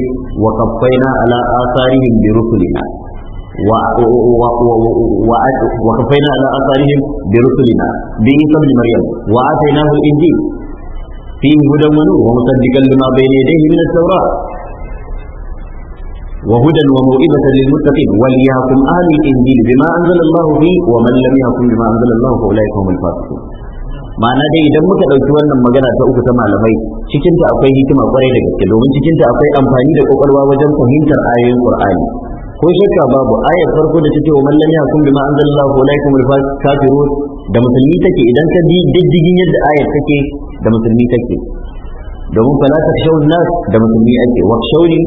wa qaffayna ala asarihim bi rusulina وكفينا على اثارهم برسلنا بعيسى ابن مريم وآتيناه الإنجيل فيه هدى ونور ومصدقا لما بين يديه من التوراه وهدى وموئبة للمتقين وليهكم أهل الإنجيل بما أنزل الله فيه ومن لم يهكم بما أنزل الله فأولئك هم الفاسقون ma'ana dai idan muka ɗauki wannan magana ta uku ta malamai cikinta akwai hikima kwarai da gaske domin cikinta akwai amfani da kwakwalwa wajen fahimtar ayoyin qur'ani ko shakka babu ayar farko da take wa man lam yakum bima anzalallahu alaikum kafirun da musulmi take idan ka bi diddigin yadda ayar take da musulmi take domin fala ta shawun nas da musulmi ake wa shawli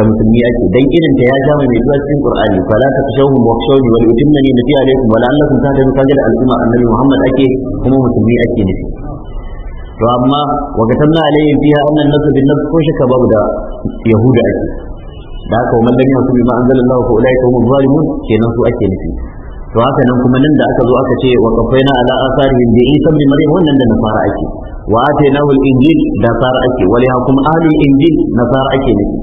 da musulmi ake dan irin ta ya ja mai zuwa cikin qur'ani fala ta shawun wa shawli wal utimma ni nabi alaikum wa la'allakum tahtadun kaga da al'umma annabi muhammad ake kuma musulmi ake nufi to amma wa katanna alaihim fiha annan nasu bin nafs ko shakka babu da yahuda ake da haka wa mallan yasu bima anzalallahu fa ulaika humuz zalimun kenan su ake nufi to haka nan kuma nan da aka zo aka ce wa qafaina ala asarihim bi isa ibn maryam wannan da na nasara ake wa atainahu al-injil da nasara ake wa liha kuma ahli na nasara ake nufi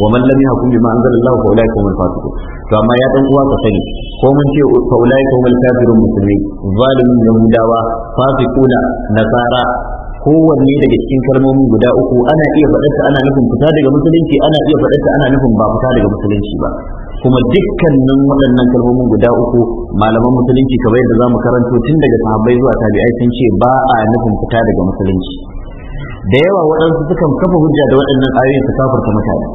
wa man lam yahkum bima anzalallahu fa ulaika humul fasiqun to amma ya dan uwa ka sani ko mun ce fa ulaika humul kafirun muslimin zalimun yahudawa fasiquna nasara kowanne daga cikin kalmomi guda uku ana iya faɗarsa ana nufin fita daga musulunci ana iya faɗarsa ana nufin ba fita daga musulunci ba kuma dukkanin waɗannan kalmomin guda uku malaman musulunci kamar yadda mu karanto tun daga sahabbai zuwa tabi'ai sun ce ba a nufin fita daga musulunci da yawa waɗansu sukan kafa hujja da waɗannan ayoyin su kafarta mutane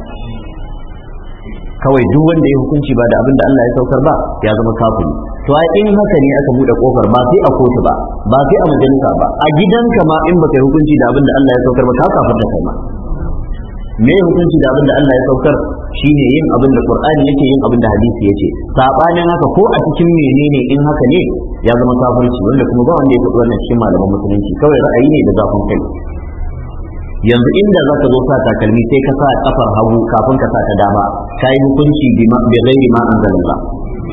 kawai duk wanda ya hukunci ba da abin da Allah ya saukar ba ya zama kafiri to ai in haka ne aka bude kofar ba sai a kotu ba ba sai a majalisa ba a gidanka ma in baka hukunci da abin da Allah ya saukar ba ka da kai ma me hukunci da abin da Allah ya saukar shine yin abin da Qur'ani yake yin abin da hadisi yake sabanin haka ko a cikin menene in haka ne ya zama kafirci wanda kuma ba wanda ya faɗi wannan cikin malaman musulunci kawai ra'ayi ne da zafin kai yanzu inda za ka zo sa takalmi sai ka sa kafar hagu kafin ka sa ta dama ka yi hukunci bi ghairi ma anzalallah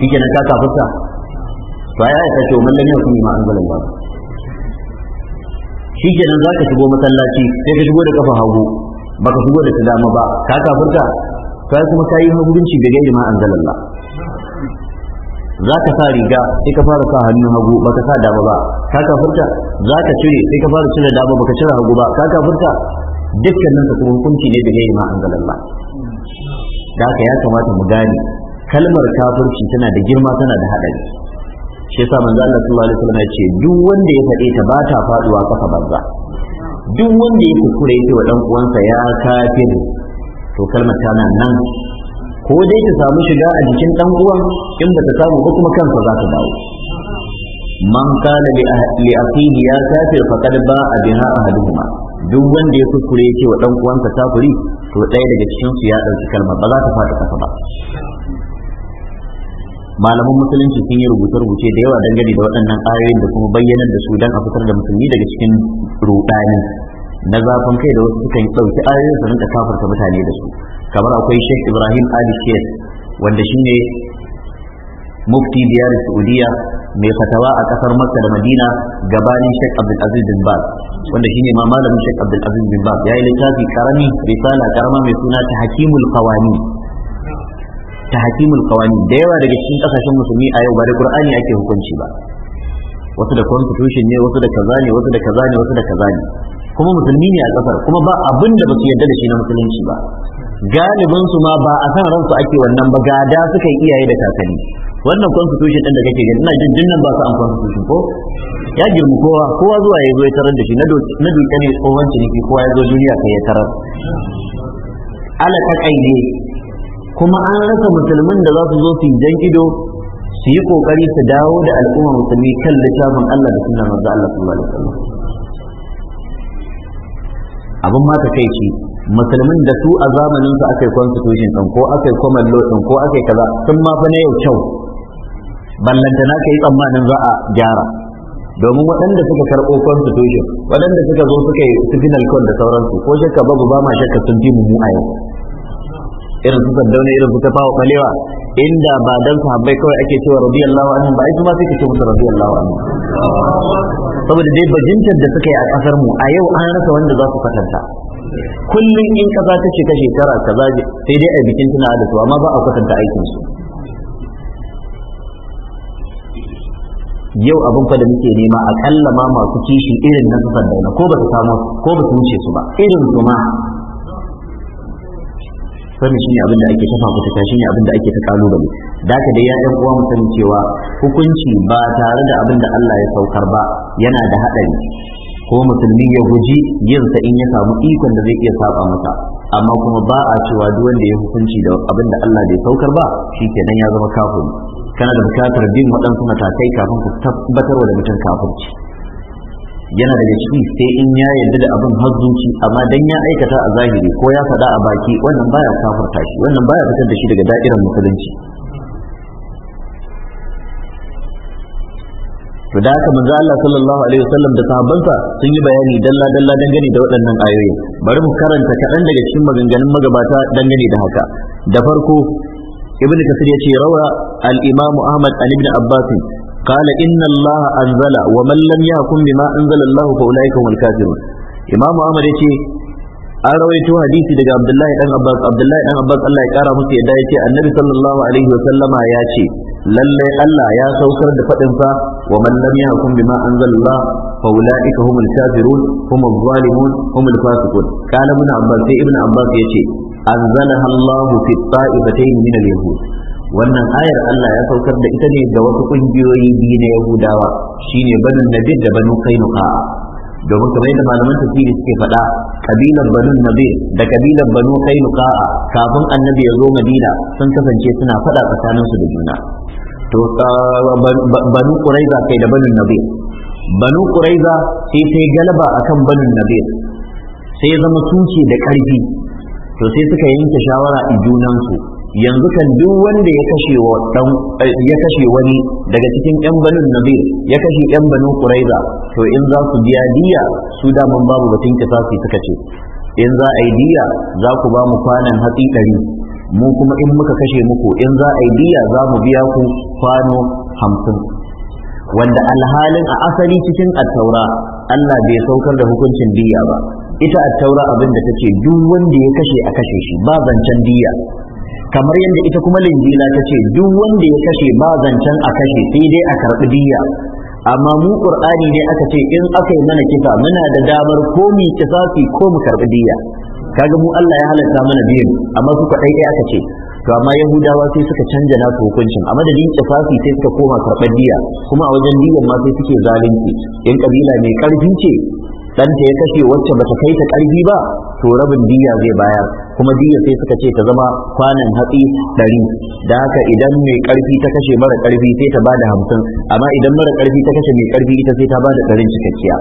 shike nan ka kafirta to ya ai kace man lam yakun ma anzalallah shike nan za ka shigo masallaci sai ka shigo da kafar hagu ka shigo da ta dama ba ka kafirta sai kuma ka yi hukunci bi ghairi ma ba. za ka sa riga sai ka fara sa hannun hagu ba ka sa dama ba ka kafurta za ka cire sai ka fara cire dama ba ka cire hagu ba ka kafurta dukkanin ka kuma hukunci ne da gai ma an galalla da ka ya kamata mu gane kalmar kafirci tana da girma tana da haɗari shi yasa manzo Allah sallallahu alaihi wasallam ya ce duk wanda ya fade ta ba ta faduwa kafa banza duk wanda ya ya yake wa dan uwansa ya kafir to kalmar tana nan ko dai ta samu shiga a jikin dan uwan in ba ta samu ba kuma kansa za ta dawo man kana li akhihi ya kafir faqad ba abina ahaduhuma duk wanda ya kuskure yake wa dan uwansa kafiri to ɗaya daga cikin su ya dauki kalma ba za ta fada kasa ba malaman musulunci sun yi rubuce-rubuce da yawa dangane da waɗannan ayoyin da kuma bayyanar da su don a fitar da musulmi daga cikin rudani na zafin kai da wasu sukan ɗauki ayoyin su rinka kafarta mutane da su kamar akwai Sheikh Ibrahim Ali Sheikh wanda shine mufti biyar Saudiya mai fatawa a kasar Makka da Madina gabanin Sheikh Abdul Aziz bin Baz wanda shine ma malamin Sheikh Abdul Aziz bin Baz yayi littafi karami risala karama mai suna Tahkimul Qawani Tahkimul Qawani da yawa daga cikin kasashen musulmi a yau ba da Qur'ani ake hukunci ba wasu da constitution ne wasu da kaza ne wasu da kaza ne wasu da kaza ne kuma musulmi ne a kasar kuma ba abin da ba su yarda da shi na musulunci ba galibin su ma ba a kan ransu ake wannan ba gada suka yi iyaye da kakanni wannan constitution din da kake gani ina jin jinnan ba su an constitution ko ya girma kowa kowa zuwa ya zo ya tarar da shi na duka ne tsohon ciniki kowa ya zo duniya kai ya tarar Ala ta ne kuma an rasa musulmin da za su zo su yi jan ido su yi kokari su dawo da al'umma musulmi kan littafin Allah da sunan Allah sallallahu alaihi wasallam abin ma ta kai shi musulmin da su a zamanin su aka yi constitution din ko aka yi common law din ko aka yi kaza sun ma fa na yau kyau ballantana na kai tsammanin za a gyara domin waɗanda suka karɓo constitution waɗanda suka zo suka yi signal con da sauransu ko shakka babu ba ma shakka sun fi mu a yau irin su saddauna irin su tafawa balewa inda ba dan sahabbai kawai ake cewa radiyallahu anhu ba ai kuma sai ka ce musu radiyallahu anhu saboda dai bajintar da suka yi a kasar mu a yau an rasa wanda za su kwatanta kullum in kaza ta ce ta shekara kaza sai dai a bikin tana da su amma ba a kwatanta aikin su yau abin fa da muke nema kalla ma masu kishi irin na kasar daina ko ba su samu ko ba su wuce su ba irin su ma shi ne abin da ake tafa fita ne abin da ake ta kalubale da ka dai ya ɗan uwa mutum cewa hukunci ba tare da abin da Allah ya saukar ba yana da haɗari ko musulmi ya guji yinsa in ya samu ikon da zai iya saba masa amma kuma ba a cewa duk wanda ya hukunci da abin da Allah bai saukar ba shi kenan ya zama kafin kana da bukatar bin waɗansu matakai kafin ku tabbatar da mutum kafirci yana daga ciki sai in ya yarda da abin har zuci amma dan ya aikata a zahiri ko ya faɗa a baki wannan baya kafirta shi wannan baya fitar da shi daga da'irar musulunci to da haka manzo Allah sallallahu alaihi wasallam da sahabbansa sun yi bayani dalla dalla dangane da waɗannan ayoyi bari mu karanta kaɗan daga cikin maganganun magabata dangane da haka da farko ibnu kasir ya ce rawa al-imamu ahmad an ibn abbas قال إن الله أنزل ومن لم يحكم بما أنزل الله فأولئك هم الكافرون إمام أحمد يتي أرويت حديثي دقى عبد الله بن عباس عبد الله بن عباس الله يقرأ مسيح دا النبي صلى الله عليه وسلم ياتي lallai Allah ya saukar da faɗin sa wa man lam yahkum bima anzalallah fa ulaika humul kafirun humul zalimun humul fasiqun qala ibn abbas sai ibn abbas yace anzalaha Allah fi ta'ifatayn min al-yahud wannan ayar Allah ya saukar da ita ne ga wasu kungiyoyi biyu na Yahudawa shine banu Nadir da banu Kainuka domin kamar yadda malaman tafsiri suke faɗa kabilar banu Nadir da kabilar banu Kainuka kafin annabi ya zo Madina sun kasance suna faɗa tsakaninsu da juna to banu quraiza kai da banu nabi banu quraiza sai ta galaba akan banu nabi sai ya zama suke da ƙarfi to sai suka yanke shawara a junansu yanzu kan duk wanda ya kashe eh, wani daga cikin yan banun nabi ya kashe yan banu quraiza to in za su biya diya su daman babu batun kisasi suka ce in za a yi diya za ku ba mu kwanan hatsi ɗari mu kuma in muka kashe muku in za a yi biya za mu biya ku kwano hamsin wanda alhalin a asali cikin attaura Allah bai saukar da hukuncin biya ba ita attaura abin da take duk wanda ya kashe a kashe shi ba zancen biya kamar yadda ita kuma linjila ta ce duk wanda ya kashe ba zancen a kashe sai dai a karɓi diya amma mu qur'ani ne aka ce in aka yi mana kisa muna da damar ko mu kisafi ko mu karɓi diya kaga mu Allah ya halatta mana biyan amma su ka ɗaya aka ce to amma yahudawa sai suka canja nasu hukuncin a madadin fasi sai suka koma karɓar diya kuma a wajen diyan ma sai suke zalunci in kabila mai ƙarfi ce ɗanta ya kashe wacce ba ta kai ta ƙarfi ba to rabin diya zai bayar kuma diya sai suka ce ta zama kwanan hatsi ɗari da haka idan mai ƙarfi ta kashe mara ƙarfi sai ta bada hamsin amma idan mara ƙarfi ta kashe mai ƙarfi ita sai ta bada ɗarin cikakkiya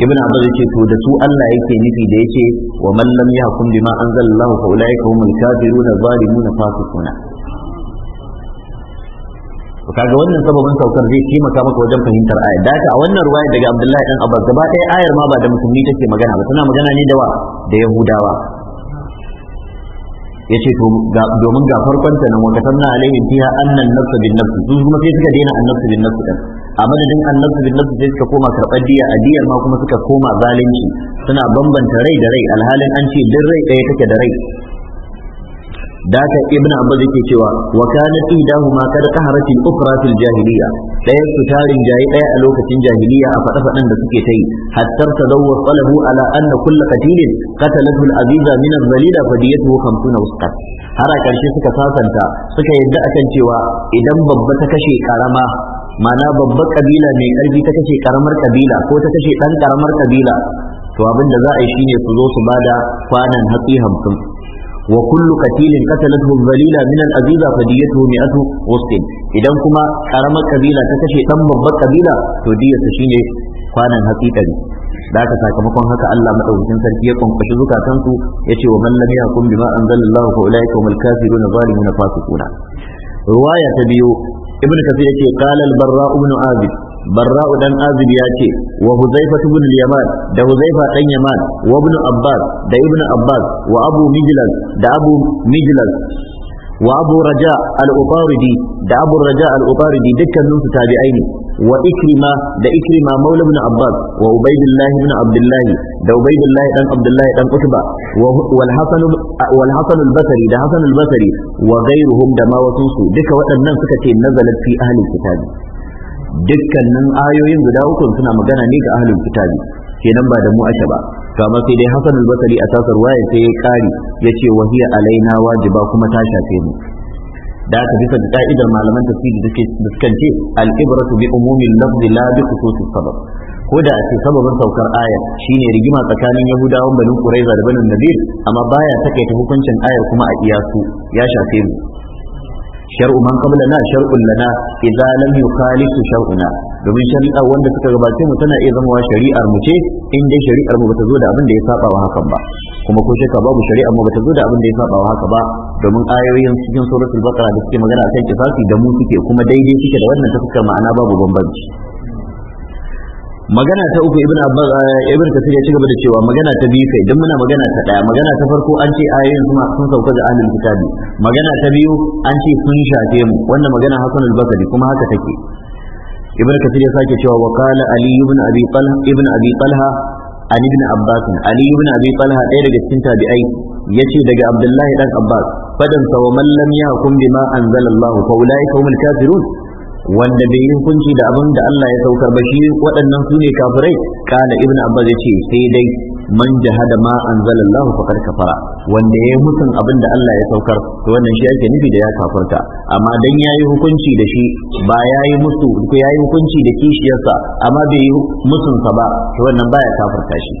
ibn abbas yake to da su Allah yake nufi da yake wa man lam yahkum bima anzalallahu fa ulaika humul kafiruna zalimuna fasiquna to kaga wannan sababin saukar zai taimaka maka wajen fahimtar ayar da a wannan ruwaya daga abdullahi dan abbas gaba ɗaya ayar ma ba da musulmi take magana ba tana magana ne da wa da yahudawa Ya ce domin ga farkon ta nan wa katamna alaihim fiha annan nafsu bin nafsi su kuma sai suka daina annafsu bin nafsi din a madadin annabtu bin nafsu sai suka koma karɓar diya a diyar ma kuma suka koma zalunci suna bambanta rai da rai alhalin an ce duk rai ɗaya take da rai daka ibnu abbas yake cewa wa idahu ma kad qaharat al-ukhra fil jahiliya ɗaya su tarin jayi ɗaya a lokacin jahiliya a fada faɗan da suke yi, hatta tadawwa salahu ala anna kull qatilin qatalahu al-aziza min al-zalila fadiyatuhu 50 wusqat har a karshe suka sasanta suka yadda akan cewa idan babba ta kashe karama ma'ana babbar kabila mai karfi ta kashe karamar kabila ko ta kashe dan karamar kabila to abin da za a yi shine su zo su bada kwanan hatsi hamsin wa kullu qatilin qatalathu dhalila min al-aziza fadiyatuhu mi'atu wasqin idan kuma karamar kabila ta kashe dan babbar kabila to diyarsa shine kwanan hatsi ɗari da aka sakamakon haka Allah madaukakin sarki ya kwankwashi zukatan su yace wa man lam yakum bima anzalallahu fa ulaika humul kafiruna zalimuna fasiquna ruwaya ta biyu ibnu kathir yake qala al barra ibn azib barra dan azib ce wa huzaifa ibn al yaman da huzaifa dan yaman wa ibn abbas da ibn abbas wa abu mijlas da abu mijlas wa abu raja da abu raja dukkanin su ne wa ikrima da ikrima maula ibn abbas wa ubaidillah ibn abdullah da ubaidillah dan abdullah dan utba wal hasan da hasan wa ghayruhum da ma wasu su duka waɗannan suka ce nazalat fi ahli dukkanin ayoyin guda uku suna magana ne ga ahlul kitabi kenan ba da mu ake ba to amma sai dai Hassan al-Basri a tasar waya sai ya kari yace wahiya alaina wajiba kuma ta shafe mu da aka bisa da ka'idar malaman tafsiri da ke ce al-ibratu bi umumin lafzi la bi khususis sabab ko da a ce sababin saukar aya shine rigima tsakanin yahudawan banin da banin nadir amma baya take ta hukuncin ayar kuma a iyasu ya shafe mu shar'u man qablana shar'un lana idza lam yukhalifu shar'una domin shari'a wanda suka gabace mu tana iya zama shari'ar mu ce in dai shari'ar mu bata zo da abin da ya saba wa hakan ba kuma ko shakka babu shari'ar mu bata zo da abin da ya saba wa haka ba domin ayoyin cikin suratul baqara da suke magana akan kisasi da mu suke kuma daidai suke da wannan ta fuskar ma'ana babu bambanci magana ta uku ibn abbas eh, ibn kasir ya cigaba da cewa magana ta biyu kai dan muna magana ta daya magana ta farko an ce ayoyin suna sun sauka ga ahlul kitabi magana ta biyu an ce sun shafe mu wannan magana hasan al-basri kuma haka take ibn kasir ya sake cewa wa qala ali ibn abi talha ibn abi talha ali ibn abbas ali ibn abi talha ɗaya daga cikin tabi'ai yace daga abdullahi dan abbas fadan sa wa man lam yahkum bima anzalallahu fa kafirun wanda bai yi hukunci da abin da Allah ya saukar ba shi waɗannan su ne kafirai kana ibn abbas ya ce sai dai man jahada ma anzalallahu faqad kafara wanda yayi mutun abin da Allah ya saukar to wannan shi ake nufi da ya kafarta amma dan yayi hukunci da shi ba yayi musu ko yayi hukunci da kishiyarsa amma bai yi mutun sa ba to wannan baya kafarta shi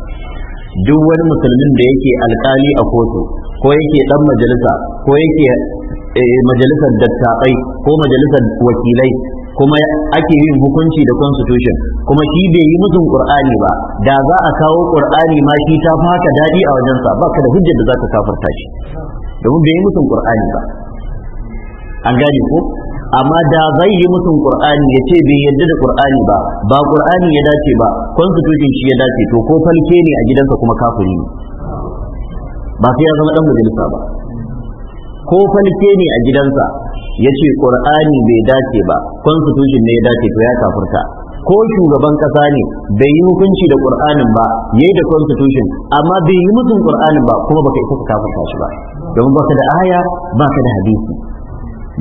duk wani musulmin da yake alkali a kotu ko yake dan majalisa ko yake eh, majalisar dattaɓai, ko majalisar wakilai kuma ake yin hukunci da constitution kuma shi bai yi musun qur'ani ba da za a kawo qur'ani ma shi ta faka dadi a wajensa ba baka da hujja da za kafarta shi domin bai yi musun qur'ani ba an gane ko amma da zai yi musun qur'ani ya ce bai yadda da qur'ani ba ba qur'ani ya dace ba constitution shi ya dace to ko falke ne a gidansa kuma kafiri ne ba sai ya zama dan majalisa ba ko falke ne a gidansa ya ce ƙur'ani bai dace ba constitution ne ya dace to ya kafurta ko shugaban ƙasa ne bai yi hukunci da ƙur'anin ba yayi da constitution amma bai yi mutum ƙur'anin ba kuma baka isa ka shi ba domin ka da aya ba baka da hadisi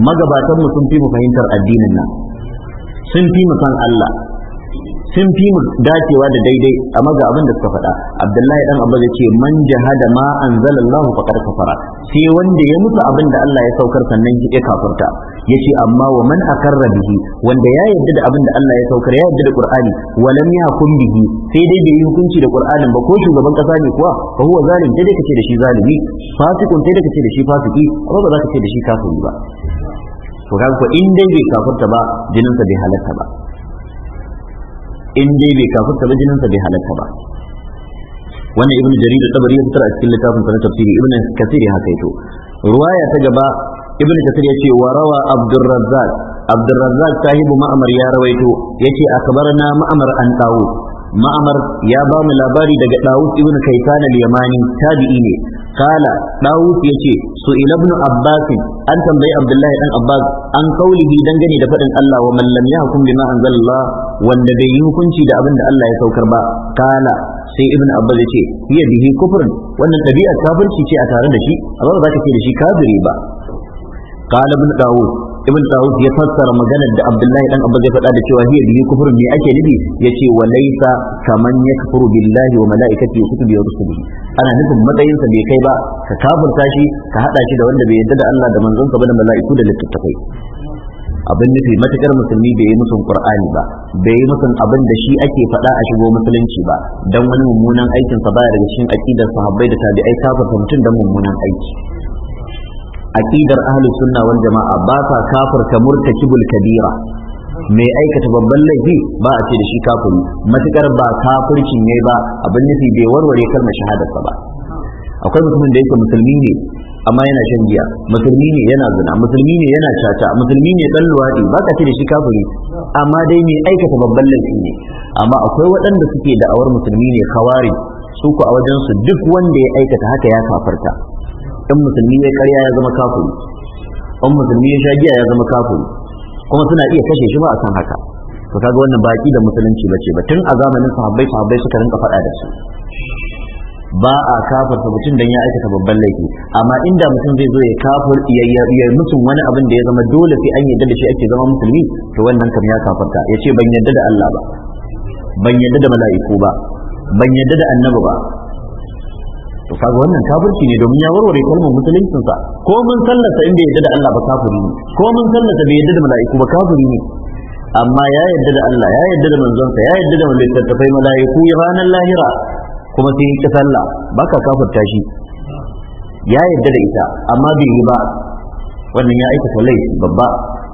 magabatanmu sun fi mu fahimtar addinin nan sun fi mu san Allah sun fi mu dacewa da daidai a ga abin da suka faɗa abdullahi dan abba zai ce man jahada ma anzalallahu faqad kafara sai wanda ya mutu abin da Allah ya saukar sannan ya kafirta yace amma wa man akarra bihi wanda ya yarda da abin da Allah ya saukar ya yarda da qur'ani wa lam yahkum bihi sai dai bai yi hukunci da qur'anin ba ko shugaban kasa ne kuwa fa huwa zalim sai dai kace da shi zalimi fasikun sai dai kace da shi fasiki ko ba za ka ce da shi kafiri ba to kaga ko in dai bai kafurta ba jininsa bai halarta ba in dai bai kafirta ba jininsa bai halarta ba wannan ibnu jarir tabari ya fitar a cikin littafin sa na tafsiri Ibn kasir ya hakaito ruwaya ta gaba ibnu kasir ya ce wa rawa abdurrazzaq abdurrazzaq sahibu ma'amar ya rawaito yace akbarna ma'amar an dawo ma'amar ya ba mu labari daga Dawud ibn Kaysan al-Yamani tabi'i ne kala Dawud yace su ila ibn Abbas an tambayi Abdullahi dan Abbas an kaulihi dangane da fadin Allah wa man lam yahkum bima wanda bai yi hukunci da abin da Allah ya saukar ba kala sai ibn Abbas yace ce. bihi kufrun wannan ɗabi'ar kafirci ce a tare da shi amma ba za ka ce da shi kafiri ba قال ابن داود ibn tawus ya fassara maganar da abdullahi dan abbas ya faɗa da cewa hiya bi kufur me ake nufi yace wa laysa kaman kufuru billahi wa malaikatihi wa kutubihi wa rusulihi ana nufin matsayin sa bai kai ba ka kafirta shi ka hada shi da wanda bai yarda da Allah da manzon sa ba da mala'iku da littattafai abin nufi matakar musulmi bai yi musun qur'ani ba bai yi musun abin da shi ake faɗa a shigo musulunci ba dan wani mummunan aikin sa baya daga cikin aqidar sahabbai da tabi'ai kafirta mutum dan mummunan aiki aqidar ahlus sunna wal jama'a ba sa kafirta murtakibul kabira mai aikata babban laifi ba a ce da shi kafiri matukar ba kafircin ne ba abin nufi bai warware kalmar shahadarsa ba akwai mutumin da yake musulmi ne amma yana shan giya musulmi ne yana zina musulmi ne yana caca musulmi ne dan luwadi ba ka ce da shi kafiri amma dai mai aikata babban laifi ne amma akwai waɗanda suke da'awar musulmi ne kawari su ku a wajensu duk wanda ya aikata haka ya kafarta in musulmi ya karya ya zama kafiri in musulmi ya sha giya ya zama kafiri kuma suna iya kashe shi ba a san haka to kaga wannan baki da musulunci bace ba tun a zamanin sahabbai sahabbai suka rinka faɗa da su ba a kafarta mutum dan ya aikata babban laifi amma inda mutum zai zo ya kafar ya mutum wani abin da ya zama dole sai an yarda da shi ake zama musulmi to wannan kam ya kafarta Yace ban da Allah ba ban da mala'iku ba ban yarda da annabi ba to kaga wannan kafirci ne domin ya warware kalmar musuluncin sa ko mun sallata in bai yadda da Allah ba kafiri ne ko mun sallata bai yadda da mala'iku ba kafiri ne amma ya yadda da Allah ya yadda da manzonsa ya yadda da littattafai mala'iku ranar lahira kuma sai ka sallah baka kafirta shi ya yadda da ita amma bai yi ba wannan ya aikata laifi babba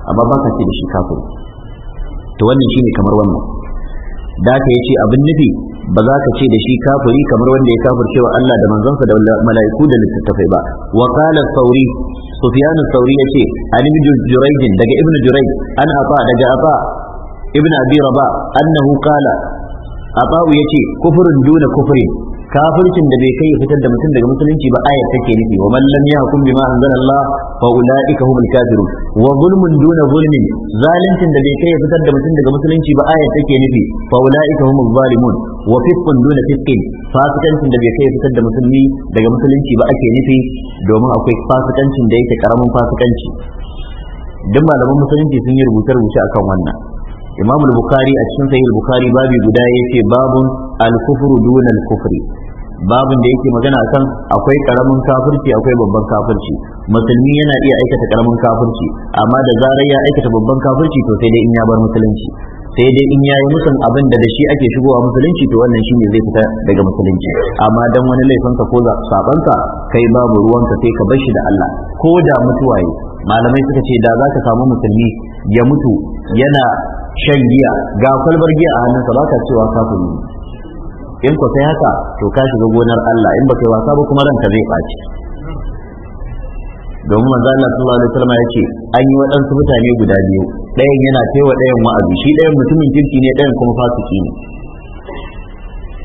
amma baka ce da shi kafiri to wannan shine kamar wannan da aka yace abin nufi ba za ka ce da shi kafiri kamar wanda ya kafirce wa Allah da manzansa da mala'iku da littattafai ba wa qala sauri sufyan sauri yace an ibn jurayj daga ibn jurayj an afa daga afa ibn abi raba annahu qala afa yace kufrun duna kufrin kafircin da bai kai ya fitar da mutum daga musulunci ba ayat take nufi wa man lam yahkum bima anzalallah fa ulaika humul kafirun wa zulmun duna zulmin zalincin da bai kai ya fitar da mutum daga musulunci ba ayat take nufi fa ulaika humul zalimun wa fisqun duna fisqin fasikancin da bai kai ya fitar da musulmi daga musulunci ba ake nufi domin akwai fasikancin da yake karamin fasikanci duk malaman musulunci sun yi rubuce-rubuce akan wannan imam bukhari a cikin البخاري bukhari babi guda yace الكفر al الكفر باب al babu da yake magana akan akwai karamin kafirci akwai babban kafirci musulmi yana iya aikata karamin kafirci amma da zarar ya aikata babban kafirci to sai dai in ya bar musulunci sai dai in yayi musun abin da da shi ake shigowa musulunci to wannan shine zai fita daga musulunci amma dan wani laifinka ko sabanka kai babu ruwanka sai ka bar shi da Allah ko da mutuwaye malamai suka ce da za ka samu musulmi ya mutu yana shan giya ga kwalbar giya a hannunsa ba ka cewa kafin in ku sai haka to ka shiga gonar Allah in baka kai wasa ba kuma ranka zai ɓaci domin manzo Allah sallallahu alaihi wasallam ce an yi waɗansu mutane guda biyu ɗayan yana taiwa ɗayan wa'azi shi ɗayan mutumin kirki ne ɗayan kuma fasiki ne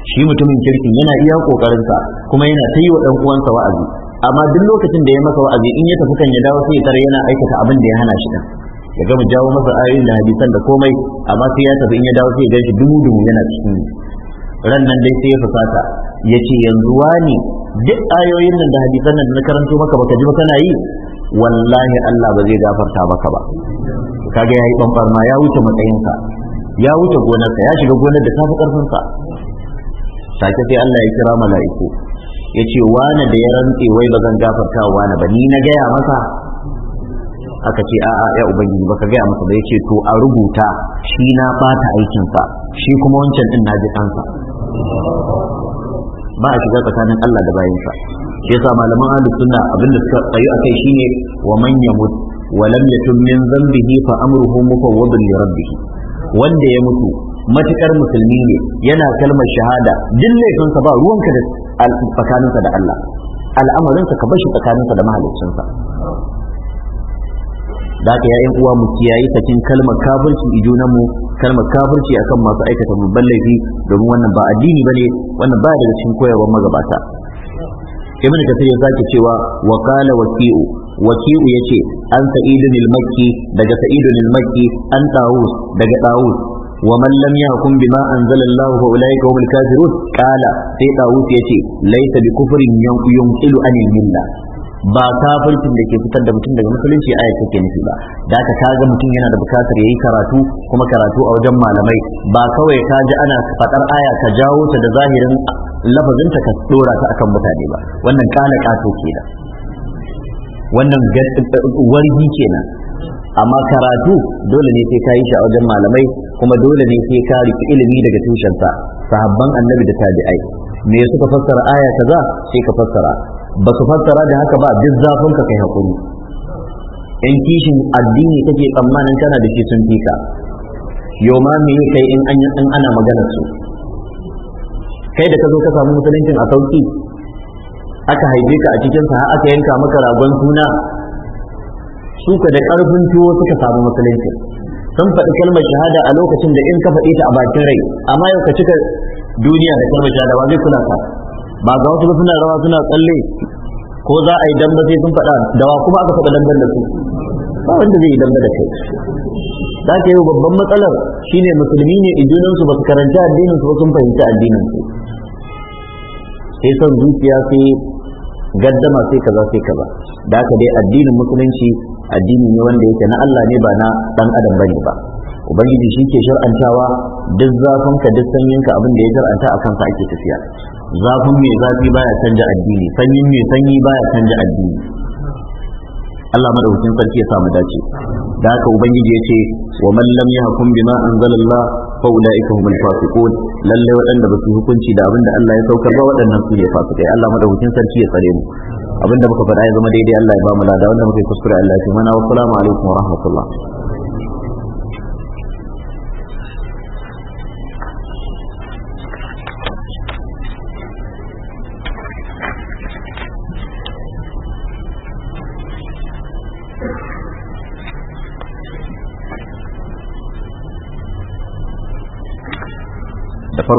shi mutumin kirkin yana iya kokarinsa kuma yana ta yi wa ɗan uwansa wa'azi amma duk lokacin da ya masa wa'azi in ya tafi kan ya dawo sai ya yana aikata abin da ya hana shi kan ya gama jawo masa ayoyin da hadisan da komai amma sai ya tafi in ya dawo sai ya ganshi dumu dubu yana cikin ran nan dai sai ya fusata ya ce yanzu wani duk ayoyin nan da hadisan nan da na karanto maka baka ji ba kana yi wallahi Allah ba zai gafarta maka ba kaga yayi bambar ma ya wuce matsayinka ya wuce gonarsa ya shiga gonar da tafi karfinsa sake sai Allah ya kira mala'iku ya ce wane da ya rantse wai ba zan gafarta wa wane ba ni na gaya masa aka ce a'a ya ubangiji baka gaya masa ba ya ce to a rubuta shi na bata aikinsa shi kuma wancan din na ji kansa ba a shiga tsakanin Allah da bayansa shi yasa malaman ahlus sunna abinda suka tsayu akai shine wa man yamut wa lam yatub min dhanbihi fa amruhu mufawwadun li rabbih wanda ya mutu matukar musulmi ne yana kalmar shahada duk laifinsa ba ruwanka da tsakaninsa da Allah al'amarinsa ka bashi tsakaninsa da mahaliccinsa da ka yayin uwa mu kiyaye sakin kalmar kafirci i mu kalmar kafirci akan masu aikata babban laifi domin wannan ba addini bane wannan ba daga cikin koyarwar magabata ibn kasir ya sake cewa wa qala waqi'u waqi'u yace an sa'idun al-makki daga sa'idun al-makki an tawus daga tawus ومن لم يحكم بما أنزل الله فأولئك هم الكافرون قال سي طاووس يتي ليس بكفر ينقل عن الملة ba kafircin da ke fitar da mutum daga musulunci aya take nufi ba da ka kaga mutum yana da bukatar yayi karatu kuma karatu a wajen malamai ba kawai ka ji ana fadar aya ka jawo ta da zahirin lafazinta ka dora ta akan mutane ba wannan kala kato kenan wannan wargi kenan amma karatu dole ne sai ka yi shi wajen malamai kuma dole ne sai ka riki ilimi daga tushensa sahabban annabi da tabi'ai me suka fassara aya kaza sai ka fassara ba su fassara da haka ba duk zafin ka kai hakuri in kishin addini take tsammanin kana da shi sun fika yau ma me kai in an ana maganarsu? su kai da ka zo ka samu musuluncin a sauki aka haife ka a cikin sa aka yanka maka ragon suna su ka da ƙarfin tuwo suka samu musulunci sun faɗi kalmar shahada a lokacin da in ka faɗi ta a bakin rai amma yau ka cika duniya da kalmar shahada ba zai kula ka ba ga wasu suna rawa suna tsalle ko za a yi damba sai sun faɗa da wa kuma aka faɗa damban da su ba wanda zai yi damba da kai za ka yi babban matsalar shine musulmi ne idunansu ba su karanta addinin su ba sun fahimci addinin su sai son zuciya sai gaddama sai kaza sai kaza da haka dai addinin musulunci addini ne wanda yake na Allah ne ba na dan adam bane ba ubangiji shi ke shar'antawa duk zafin ka duk sanyin ka abin da ya shar'anta a kansa ake tafiya zafin mai zafi baya canja addini sanyin mai sanyi baya canja addini Allah madaukakin sarki ya samu dace da haka ubangiji yace wa man lam yahkum bima anzalallah fa ulaika humul fasiqun lalle waɗanda ba su hukunci da abinda Allah ya saukar ba waɗannan su ne fasikai Allah madaukakin sarki ya tsare mu abinda muka faɗa ya zama daidai Allah ya ba mu lada wanda muka kuskure Allah ya ce mana wa assalamu alaikum wa rahmatullah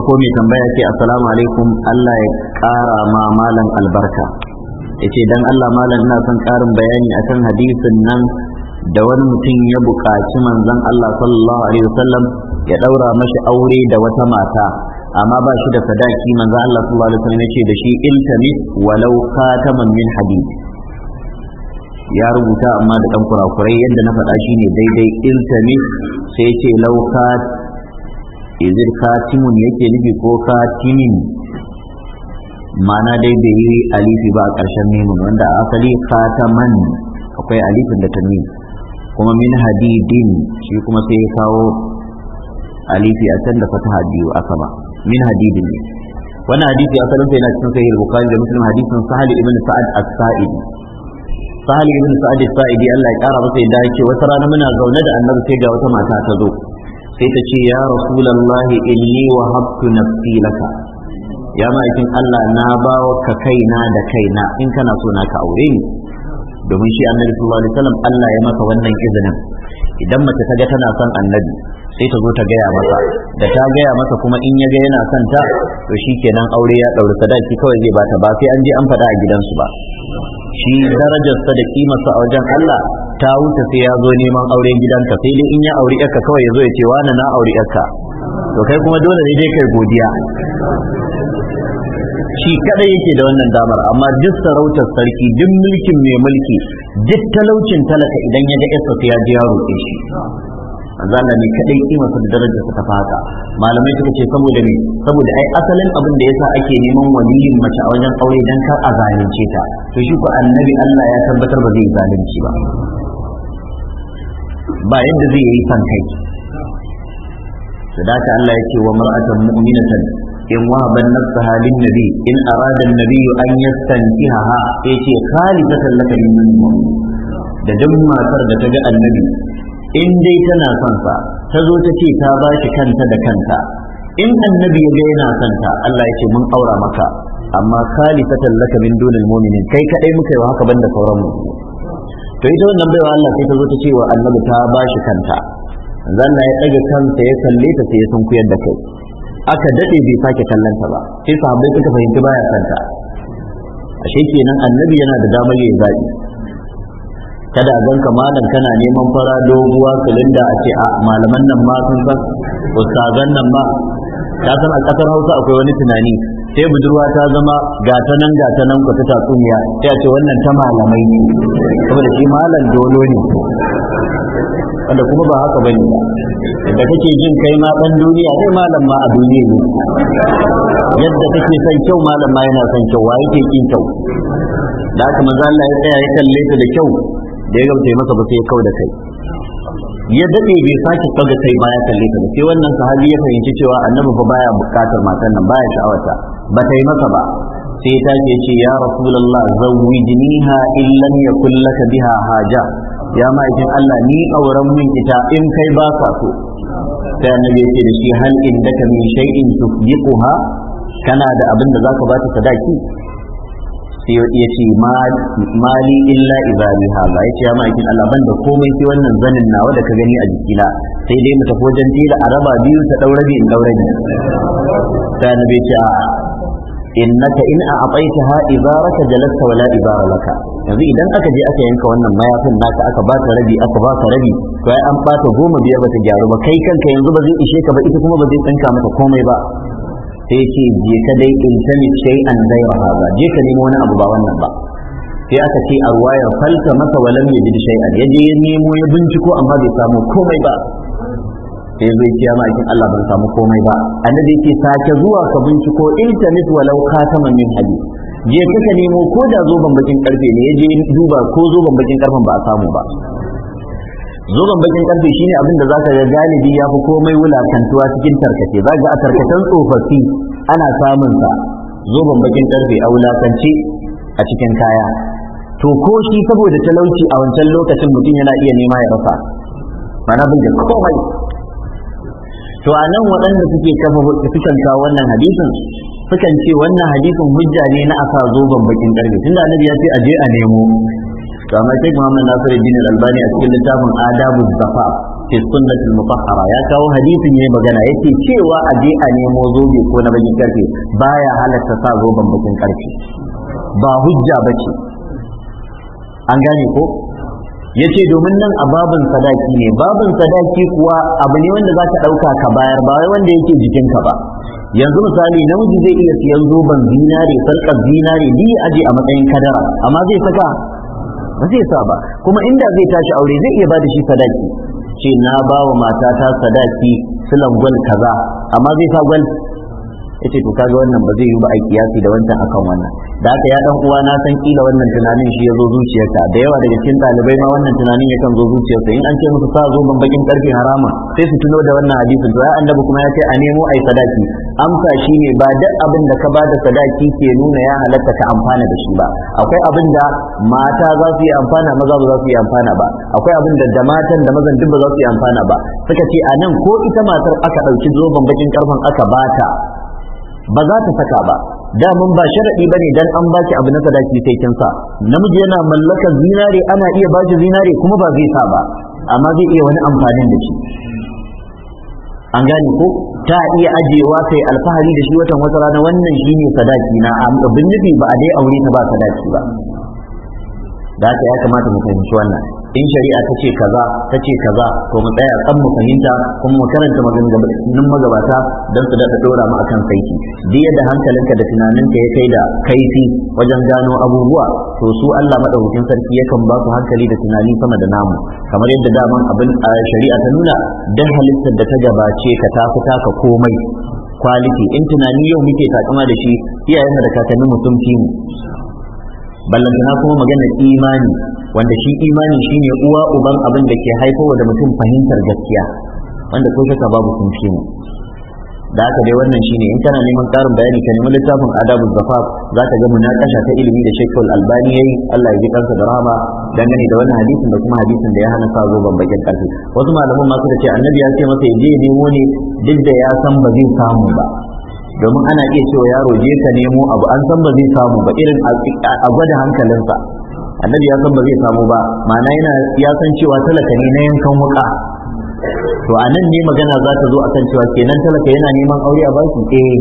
farko mai tambaya ce assalamu alaikum Allah ya kara ma malam albarka yace dan Allah malam ina son karin bayani akan hadisin nan da wani mutum ya buƙaci manzon Allah sallallahu alaihi wasallam ya daura mashi aure da wata mata amma ba shi da sadaki manzo Allah sallallahu alaihi wasallam yace da shi iltamis walau khataman min hadid ya rubuta amma da dan kurakurai yadda na faɗa shine daidai iltamis sai yace law khat izir katimun yake nufi ko katimin mana dai bai yi alifi ba a ƙarshen mimun wanda a asali kataman akwai alifin da ta kuma min hadidin shi kuma sai ya kawo alifi a can da fataha biyu a sama min hadidin ne wannan hadisi asalin sai na cikin sahih bukhari da muslim hadisin sahal ibn sa'ad as-sa'idi sahal ibn sa'ad as-sa'idi Allah ya kara masa yadda yake wata rana muna zaune da annabi sai ga wata mata ta zo sai ta ce ya rasulallahi inni wa habtu nafsi laka ya ma'aikin Allah na ba ka kaina da kaina in kana so na ka aure ni domin shi annabi sallallahu alaihi wasallam Allah ya maka wannan izinin idan mace ta ga tana son annabi sai ta zo ta gaya masa da ta gaya masa kuma in ya ga yana son ta to shikenan aure ya dauri sadaki kawai zai bata ba sai an je an fada a gidansu ba shi darajarsa da kimarsa a wajen Allah ta wuce sai ya zo neman auren gidanka sai dai in ya auri yarka kawai ya zo ya ce wani na auri yarka to kai kuma dole ne dai kai godiya shi kadai yake da wannan damar amma duk sarautar sarki duk mulkin mai mulki duk talaucin talaka idan ya ga yarsa sai ya ji ya roƙe shi manzo Allah ne kadai kima da darajar sa ta fata malamai suka ce saboda me saboda ai asalin abin da yasa ake neman waliyin mace a wajen aure dan kar a zalunce ta to shi ko annabi Allah ya tabbatar ba zai zalunci ba ba yadda zai yi san kai sadaka Allah yake wa mar'atan mu'minatan in wahaban nafsaha lin nabi in arada an-nabi an yastankiha yace khalidatan laka min da duk matar da ta ga annabi in dai tana son sa ta zo ta ce ta ba shi kanta da kanta in annabi ya ga yana son ta Allah ya ce mun aura maka amma khalifatan laka min dunil mu'minin kai kadai muka yi wa haka banda sauran mu to ita wannan baiwa Allah sai ta zo ta ce wa annabi ta ba shi kanta zanna ya ɗaga kansa ya kalle ta sai ya sunkuyar da kai aka daɗe bai sake kallon ta ba sai sahabbai suka fahimci baya kanta ashe kenan annabi yana da damar yin zaɓi kada a ganka malam kana neman fara doguwa silinda a ce a malaman nan ma sun san ustazan nan ma ta san a kasar hausa akwai wani tunani sai budurwa ta zama gata nan gata nan ku ta tatsuniya sai a ce wannan ta malamai ne saboda shi malam dolo ne wanda kuma ba haka bane da kake jin kai ma dan duniya kai malam ma a duniya ne yadda kake son kyau malam ma yana son kyau wa yake kin kyau da haka manzo Allah ya tsaya ya kalle ta da kyau da ya gamsa masa ba sai ya kau da kai ya dade bai sake kau da kai baya kalle ta sai wannan sahabi ya fahimci cewa annabi fa baya bukatar matan nan baya sha'awata, ba ta yi masa ba sai ta ce ce ya rasulullah zawwijniha in lam yakul laka biha haja ya ma'aikin Allah ni auren min ita in kai ba ka so sai annabi ya ce da shi hal indaka min shay'in tusbiquha kana da abin da zaka bata sadaki sai ya ce mali illa ibari haza ya ce ya ma'aikin Allah ban da komai sai wannan zanin nawa da ka gani a jikina sai dai mu tafi wajen tela a raba biyu ta daura bi in daura ni ta nabi ce a innaka in a abaitaha ibaraka jalasta wala ibara laka yanzu idan aka je aka yanka wannan mayafin naka aka baka rabi aka baka rabi to ai an bata goma biyar bata gyaru ba kai kanka yanzu ba zai ishe ka ba ita kuma ba zai tsinka maka komai ba sai ce je ka dai in tani shay an ghayra haza, je ka nemo wani abu ba wannan ba sai aka ce a ruwayar falta masa walam yajid shay'an yaje ya nemo ya binciko amma bai samu komai ba sai zai kiya aikin Allah ban samu komai ba annabi yake sake zuwa ka binciko intanet walau khataman min hadid je ka nemo ko da zo bakin karfe ne yaje duba ko zo bakin karfen ba a samu ba zoben bakin karfe shine abin da zaka ga galibi ya fi komai wulakantuwa cikin tarkace za ga a tarkacen tsofaffi ana samun sa zoben bakin karfe a wulakance a cikin kaya to ko shi saboda talauci a wancan lokacin mutum yana iya nema ya rasa mana bin da komai to a nan waɗanda suke kafa sukan kawo wannan hadisin sukan ce wannan hadisin hujja ne na asa zoben bakin karfe tunda annabi ya ce a je a nemo to amma sai Muhammad Nasir bin Al-Albani a cikin littafin Adabu Zafa fi sunnati al-mutahhara ya kawo hadisin ne magana yace cewa a je a nemo zobe ko na bakin karfe baya halatta sa zoben bakin karfe ba hujja bace an gane ko ya ce domin nan a babin sadaki ne babin sadaki kuwa abu ne wanda za ka ɗauka ka bayar ba wanda yake jikinka ba yanzu misali namiji zai iya siyan zoben zinare sarƙar zinare biyu aje a matsayin kadara amma zai saka ba zai sa ba kuma inda zai tashi aure zai iya bada shi sadaki ce na ba wa matata sadaki sulan gwal kaza amma zai sa gwal yace to kaga wannan ba zai yi ba a kiyasi da wancan akan wannan da haka ya dan uwa na san kila wannan tunanin shi ya zo zuciyarka da yawa daga cikin dalibai ma wannan tunanin ya kan zo zuciyarsa in an ce musu sa zo ban bakin karfe harama sai su tuno da wannan hadisi to ya annabi kuma ya ce a nemo ai sadaki amsa shine ba duk abin da ka ba da sadaki ke nuna ya halatta ka amfana da shi ba akwai abin da mata za su yi amfana maza ba za su yi amfana ba akwai abin da da matan da mazan duk ba za su yi amfana ba suka ce a nan ko ita matar aka ɗauki zoben bakin karfin aka bata ba za ta saka ba da mun ba sharadi bane dan an baki abu na sadaki sai kin sa namiji yana mallaka zinare ana iya shi zinare kuma ba zai sa ba amma zai iya wani amfanin da shi an gane ko ta iya ajewa sai alfahari da shi watan wata rana wannan shine sadaki na abin nufi ba a dai aure ta ba sadaki ba da ya kamata mu fahimci wannan in shari'a ta ce kaza ta ce kaza to mu tsaya kan mu fahimta kuma mu karanta maganganun magabata don su daɗa ɗora mu akan saiti Biya da hankalinka da tunaninka ya kai da kaifi wajen gano abubuwa to su Allah madaukakin sarki yakan ba su hankali da tunani sama da namu kamar yadda daman abin a shari'a ta nuna dan halittar da ta gabace ka ta fita ka komai kwaliti in tunani yau muke takama da shi iyayen da kakannin sun fi mu ballantana kuma magana imani wanda shi imani shine uwa uban abin da ke haifowa da mutum fahimtar gaskiya wanda ko babu sun shi da haka dai wannan shine in kana neman karin bayani ka nemi littafin adabu zafaf za ka ga munakasha ta ilimi da shekul Albani yayi Allah ya ji kansa da rahama dangane da wannan hadisin da kuma hadisin da ya hana sa zo bakin karfi wasu malaman ma suka ce annabi ya ce masa je nemo ne duk da ya san ba zai samu ba domin ana iya cewa yaro je ka nemo abu an san ba zai samu ba irin a gwada hankalinsa annabi ya san ba zai samu ba ma'ana yana ya san cewa talaka ne na yankan wuka to a nan ne magana za ta zo a kan cewa kenan talaka yana neman aure a baki eh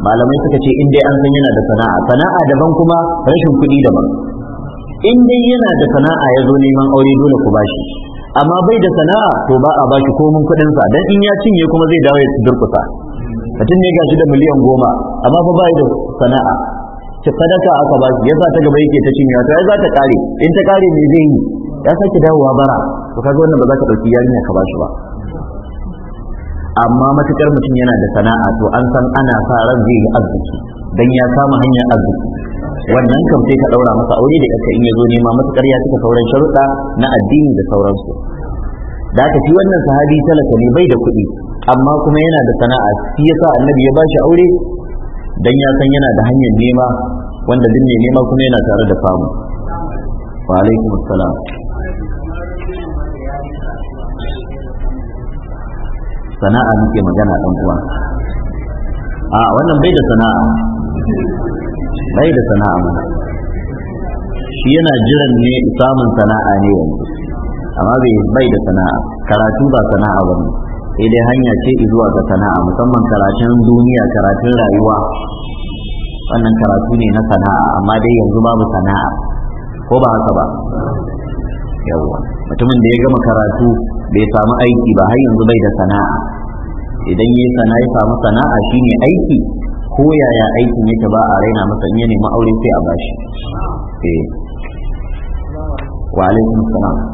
malamai suka ce in dai an san yana da sana'a sana'a daban kuma rashin kuɗi daban in dai yana da sana'a ya zo neman aure dole ku bashi amma bai da sana'a to ba a bashi komin kuɗinsa don in ya cinye kuma zai dawo ya durkusa mutum ne gashi da miliyan goma amma fa bai da sana'a ki sadaka aka ba ya Yasa ta gaba yake ta cinyewa to ai za ta kare in ta kare me zai yi ya sake dawowa bara to kaga wannan ba za ka dauki yarinya ka ba shi ba amma matukar mutum yana da sana'a to an san ana sa ran zai yi arziki dan ya samu hanyar arziki wannan kam sai ka daura masa aure da kaka in ya zo nema matukar ya cika sauran sharuɗa na addini da sauransu da aka fi wannan sahabi talaka ne bai da kuɗi amma kuma yana da sana'a shi yasa annabi ya bashi aure dan ya san yana da hanyar nema wanda duk ne nema kuma yana tare da samu wa alaikum assalam sana'a muke magana dan uwa a wannan bai da sana'a bai da sana'a mana shi yana jiran ne samun sana'a ne yanzu amma bai bai da sana'a karatu ba sana'a bane sai dai hanya ce zuwa ga sana'a musamman karatun duniya karatun rayuwa wannan karatu ne na sana'a amma dai yanzu babu sana'a ko ba haka ba yawwa mutumin da ya gama karatu bai samu aiki ba har yanzu bai da sana'a idan ya sana'a ya samu sana'a shine aiki ko yaya aikin yake ba a raina masa in ya nemi aure sai a bashi eh wa alaikum salam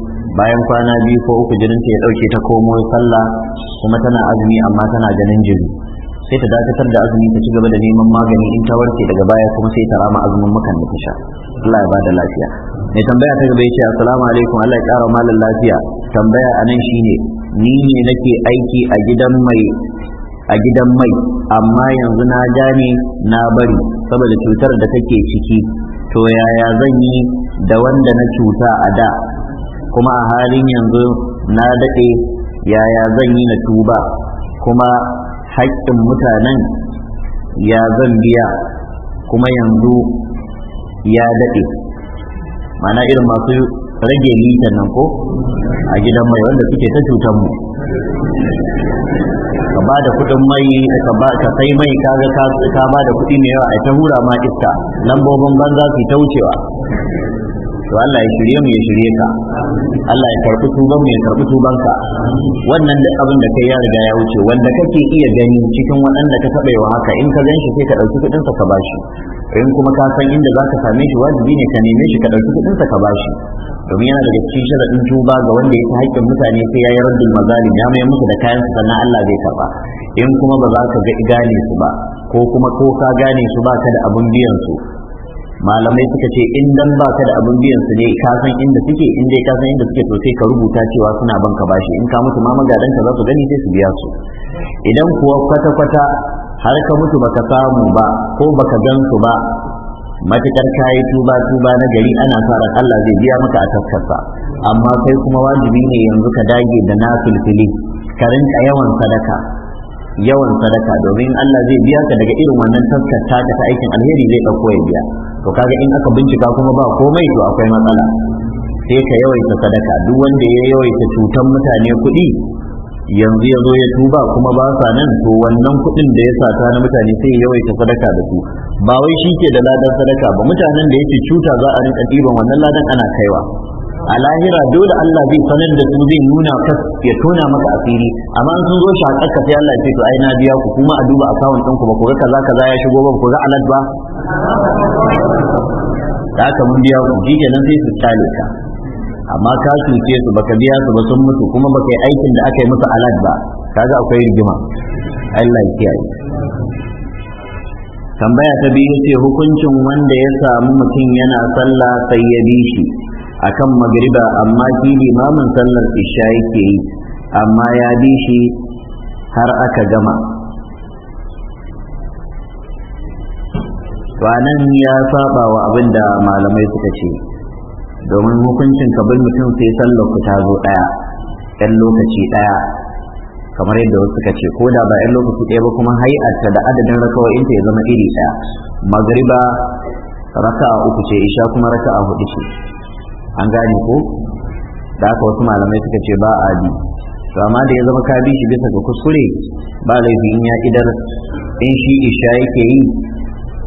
bayan kwana biyu ko uku jinin ta ya dauke ta komo sallah kuma tana azumi amma tana ganin jiri sai ta dakatar da azumi ta ci gaba da neman magani in ta warke daga baya kuma sai ta rama azumin mukan da ta sha Allah ya ba lafiya mai tambaya ta gaba yace assalamu alaikum Allah ya kara malam lafiya tambaya anan shine ni ne nake aiki a gidan mai a gidan mai amma yanzu na gane na bari saboda cutar da take ciki to yaya zan yi da wanda na cuta a da kuma a halin yanzu na daɗe yaya zan yi na tuba kuma haƙƙin mutanen ya zan biya kuma yanzu ya daɗe mana irin masu rage litan nan ko a gidan mai wanda suke ta cutar mu ka ba da kudin mai ka sai mai kaga ka ba da kudi mai yawa a ta hura ma iska lambobin banza su ta wucewa to Allah ya shirye mu ya shirye ka Allah ya karbi tuban mu ya karbi tuban ka wannan duk abin da kai ya riga ya wuce wanda kake iya gani cikin waɗanda ka taɓa yawa haka in ka ganshi shi sai ka ɗauki kuɗin ka bashi in kuma ka san inda za ka same shi wajibi ne ka neme shi ka ɗauki kuɗin ka bashi domin yana daga cikin sharaɗin tuba ga wanda ya ci haƙƙin mutane sai ya yi raddul mazalim ya mai musu da kayan su sannan Allah zai karɓa in kuma ba za ka ga gane su ba ko kuma ko ka gane su ba ka da abun biyan su malamai suka ce in dan ba ka da abin biyan su ne ka san inda suke in dai ka san inda suke to sai ka rubuta cewa suna ban ka bashi in ka mutu ma magadan ka za su gani sai su biya su idan kuwa kwata kwata har ka mutu baka samu ba ko baka gan su ba matukar kayi tuba tuba na gari ana sa ran Allah zai biya maka a taskarsa amma kai kuma wajibi ne yanzu ka dage da na filfili ka rinka yawan sadaka yawan sadaka domin in Allah zai biya ka daga irin wannan taskar ta ta aikin alheri zai ɗauko ya biya to kaga in aka bincika kuma ba komai to akwai matsala sai ka yawaita sadaka duk wanda ya yawaita cutan mutane kuɗi yanzu ya zo ya tuba kuma ba sa nan to wannan kuɗin da ya sata na mutane sai ya yawaita sadaka da su ba wai shi ke da ladan sadaka ba mutanen da yake cuta za a rinka ɗiban wannan ladan ana kaiwa a lahira dole Allah zai sanar da su zai nuna ka ya tona maka asiri amma sun zo shi hakka sai Allah ya ce to ai na biya ku kuma a duba akawun ɗinku ba ku ga kaza kaza ya shigo ba ku ga alad ba da aka mun biya ku shi kenan sai su tsale ka amma ka cuce su baka biya su ba sun mutu kuma baka yi aikin da aka yi musu alad ba kaga akwai rigima Allah ya kiyaye tambaya ta biyu ce hukuncin wanda ya samu mutum yana sallah sai ya bi shi akan magriba amma shi limamin sallar isha yake yi amma ya bi shi har aka gama nan ya saba wa abin da malamai suka ce domin hukuncin kabin mutum sai sallar ku ta zo ɗaya ɗan lokaci ɗaya kamar yadda wasu suka ce ko da ba ɗan lokaci ɗaya ba kuma hai'arta da adadin raka'o'inta ya zama iri ɗaya magriba raka'a uku ce isha kuma raka'a hudu ce an gane ko da aka wasu malamai suka ce ba a bi to amma da ya zama ka bi shi bisa ga kuskure ba laifi in ya idar in shi isha yake yi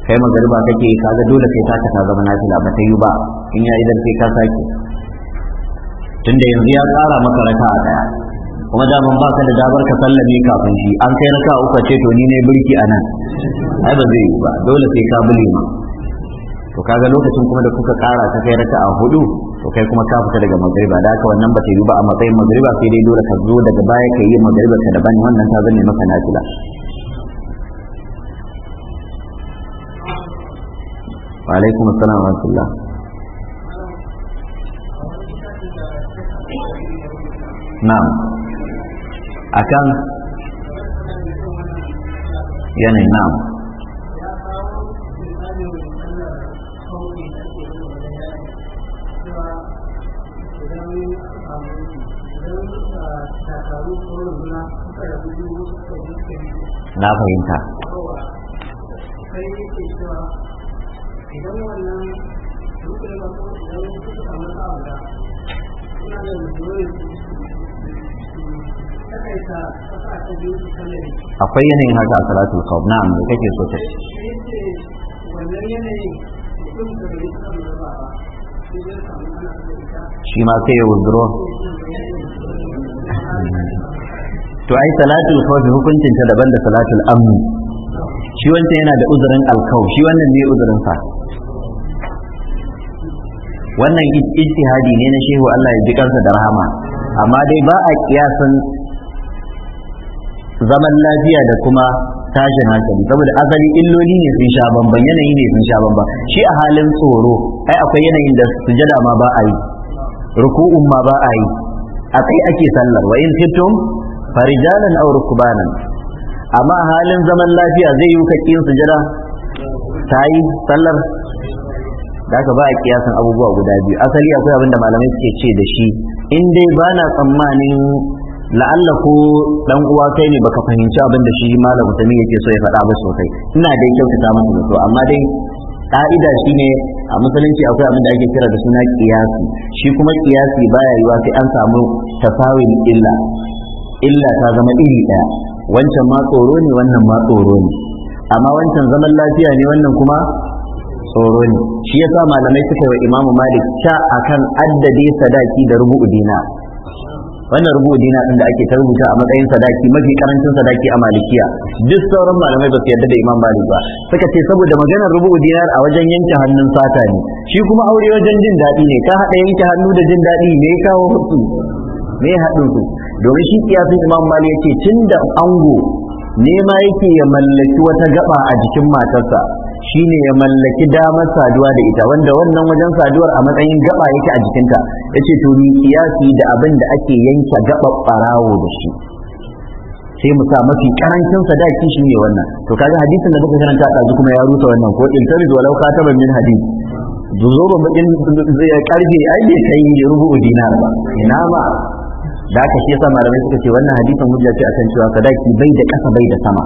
kai magariba kake yi kaga dole kai ta ta zama nafila ba ta yi ba in ya idar sai ka sake tunda yanzu ya tsara maka raka a daya kuma daman baka da damar ka sallame kafin shi an kai raka uku ce to ni ne birki anan ai ba zai yi ba dole sai ka bulima to kaga lokacin kuma da kuka kara ka kai a hudu to kai kuma ka fita daga magriba da haka wannan ba ta yi ba a matsayin magriba sai dai dole ka zo daga baya ka yi magriba ka daban wannan ta zame maka nafila wa alaikum na'am na fahimta akwai yanayin haka a salatul kawab na da kake so ta shi ma sai ya wuzuro to ai salatul khawfi hukuncin ta daban da salatul amni shi wancan yana da uzurin alkaw shi wannan ne uzurin sa wannan ijtihadi ne na shehu Allah ya ji kansa da rahama amma dai ba a kiyasan zaman lafiya da kuma tashin hankali saboda asali illoli ne sun sha bamban yanayi ne sun sha bamban shi a halin tsoro ai akwai yanayin da sujada ma ba a yi ruku'un ma ba a yi a kai ake sallar wa in fitum farijalan aw rukbanan amma halin zaman lafiya zai yi ka kiyin sujada tayi sallar da aka ba a kiyasan abubuwa guda biyu asali akwai abinda da malamai suke ce da shi in dai ba na tsammanin la'alla ko dan uwa kai ne baka fahimci abin da shi malam mutumi yake so ya faɗa ba sosai ina dai kyautata musu da so amma dai ka'ida shine a musulunci akwai abin da ake kira da suna kiyasi shi kuma kiyasi baya yiwa sai an samu tasawin illa illa ta zama iri ɗaya wancan ma tsoro ne wannan ma tsoro ne amma wancan zaman lafiya ne wannan kuma tsoro ne shi yasa malamai suka wa imamu malik sha akan addade sadaki da rubu'u dina wannan rubu'u dina din da ake ta rubuta a matsayin sadaki mafi karancin sadaki a malikiya duk sauran malamai ba su yarda da imam malik ba suka ce saboda maganar rubu'u dinar a wajen yanke hannun sata ne shi kuma aure wajen jin daɗi ne ka haɗa yanke hannu da jin daɗi ne kawo hutu haɗin su domin shi kiyasin imam mali ya ce tun da ango nema yake ya mallaki wata gaba a jikin matarsa shine ya mallaki damar saduwa da ita wanda wannan wajen saduwar a matsayin gaba yake a jikinta ya ce to ni kiyasi da abin da ake yanke gaba barawo da shi sai mu sa mafi karancin sadaki shi ne wannan to kaga hadisin da muka karanta a kuma ya rusa wannan ko in iltamiz walau kataba min hadis zuzuba mutum zai karfe ai bai kai rubu dinar ba ina ma da aka shi yasa malamai suka ce wannan hadisin hujja ce akan cewa sadaki bai da ƙasa bai da sama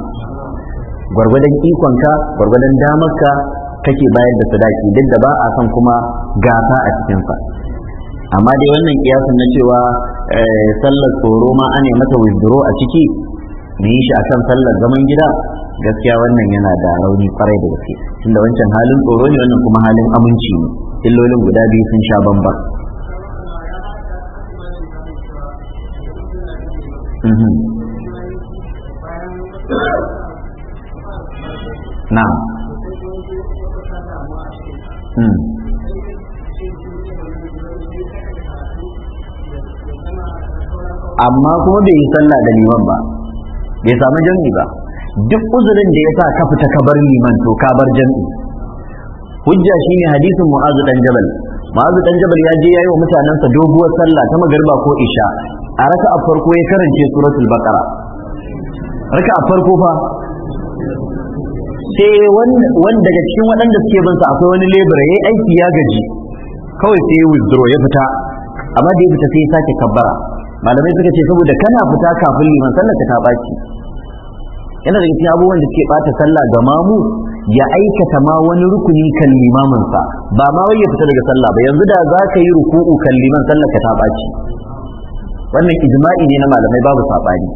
gwargwadon ikonka gwargwadon damarka kake bayar da sadaki duk da ba a son kuma gasa a cikinsa amma dai wannan kiyasin na cewa eh, sallar tsoro ma ane mata withdraw a ciki mu yi shi akan sallar zaman gida gaskiya wannan yana da rauni kwarai da gaske tunda wancan halin tsoro ne wannan kuma halin aminci ne illolin guda biyu sun sha bambam Mhm. Hmm. amma kuma bai yi sallah da liman ba bai samu jam'i ba duk uzurin da ya sa ka fita ka bar liman to ka bar jam'i hujja shi ne hadisin mu'azu dan jabal ma'azu dan jabal ya je yi wa mutanensa doguwar sallah ta magarba ko isha a raka a farko ya karance suratul bakara raka a farko fa sai wanda daga cikin waɗanda suke bansa akwai wani lebura ya aiki ya gaji kawai sai ya withdraw ya fita amma da ya fita sai ya sake kabbara malamai suka ce saboda kana fita kafin liman sallar ta baci yana daga cikin abubuwan da suke bata sallah ga mamu ya aikata ma wani rukuni kan limaminsa ba ma wai ya fita daga sallah ba yanzu da za ka yi ruku'u kan liman sallar ka ta baci wannan ijma'i ne na malamai babu sabani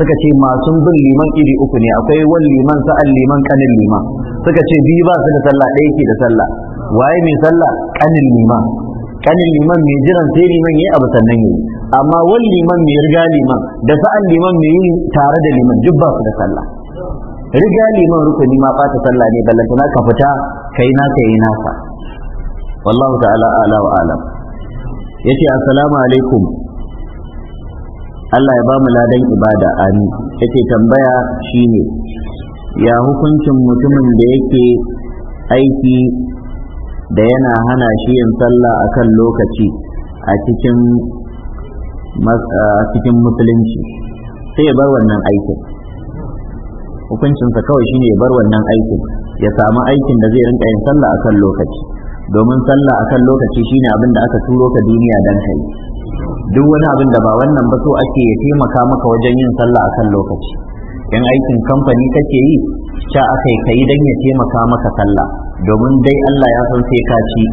suka ce masu bin liman iri uku ne akwai wal liman sa'an liman kanin liman suka ce biyu ba su da sallah ɗaya ke da sallah waye mai sallah kanin liman kanin liman mai jiran sai liman yayi abu sannan yayi amma wal liman mai riga liman da sa'an liman mai yi tare da liman duk ba su da sallah riga liman rukuni ma fata sallah ne ballantana ka fita kai na kai nasa wallahu ta'ala ala wa alam yace assalamu alaikum Allah ya ba mu ladan ibada amin yake tambaya shine ya hukuncin mutumin da yake aiki da yana hana shi yin sallah akan lokaci a cikin cikin musulunci sai ya bar wannan aikin hukuncinsa kawai shine ya bar wannan aikin ya samu aikin da zai rinka yin sallah akan lokaci domin sallah akan lokaci shine abin da aka turo ka duniya dan kai duk wani abin da ba wannan ba so ake ya taimaka maka wajen yin sallah akan lokaci in aikin kamfani kake yi sha aka yi kai don ya taimaka maka sallah domin dai Allah ya san sai ka ci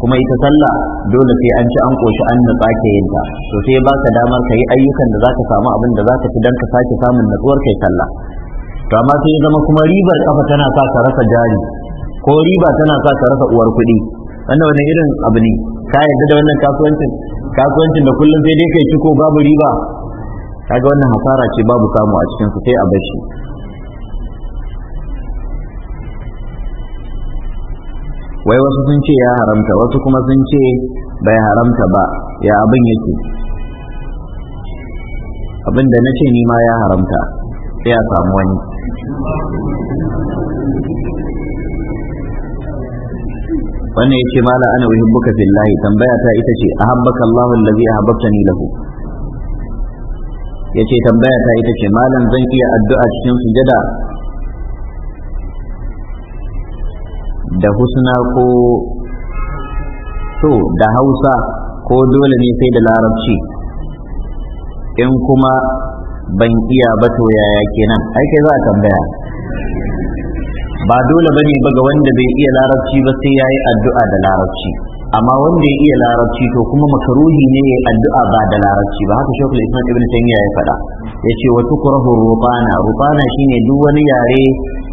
kuma ita sallah dole sai an ci an koshi an natsa ke yin ta to sai ka damar ka yi ayyukan da zaka samu abin da zaka ci dan ka sake samun natsuwar kai sallah to amma sai ya zama kuma ribar kafa tana sa ka rasa jari ko riba tana sa ka rasa uwar kuɗi wannan wani irin abu ne ka yarda da wannan kasuwancin kasuwancin da kullum sai dai kai ci ko babu riba kaga wannan hasara ce babu kamu a cikin su sai a bar shi wai wasu sun ce ya haramta wasu kuma sun ce bai haramta ba ya abin yake abin da na ce ni ma ya haramta sai a samu wani wannan yace mala ana uhibbuka fillahi tambaya ta ita ce ahabbaka Allahu allazi ahabbtani lahu yace tambaya ta ita ce malam zan iya addu'a cikin sujada da husna ko to da hausa ko dole ne sai da larabci in kuma ban iya ba to yaya kenan ai kai za a tambaya ba dole bane ba ga wanda bai iya larabci ba sai yayi addu'a da larabci amma wanda ya iya larabci to kuma makaruhi ne yayi addu'a ba da larabci ba haka shekul islam ibn taymiya ya faɗa ya ce wa tukrahu rubana rubana shine duk wani yare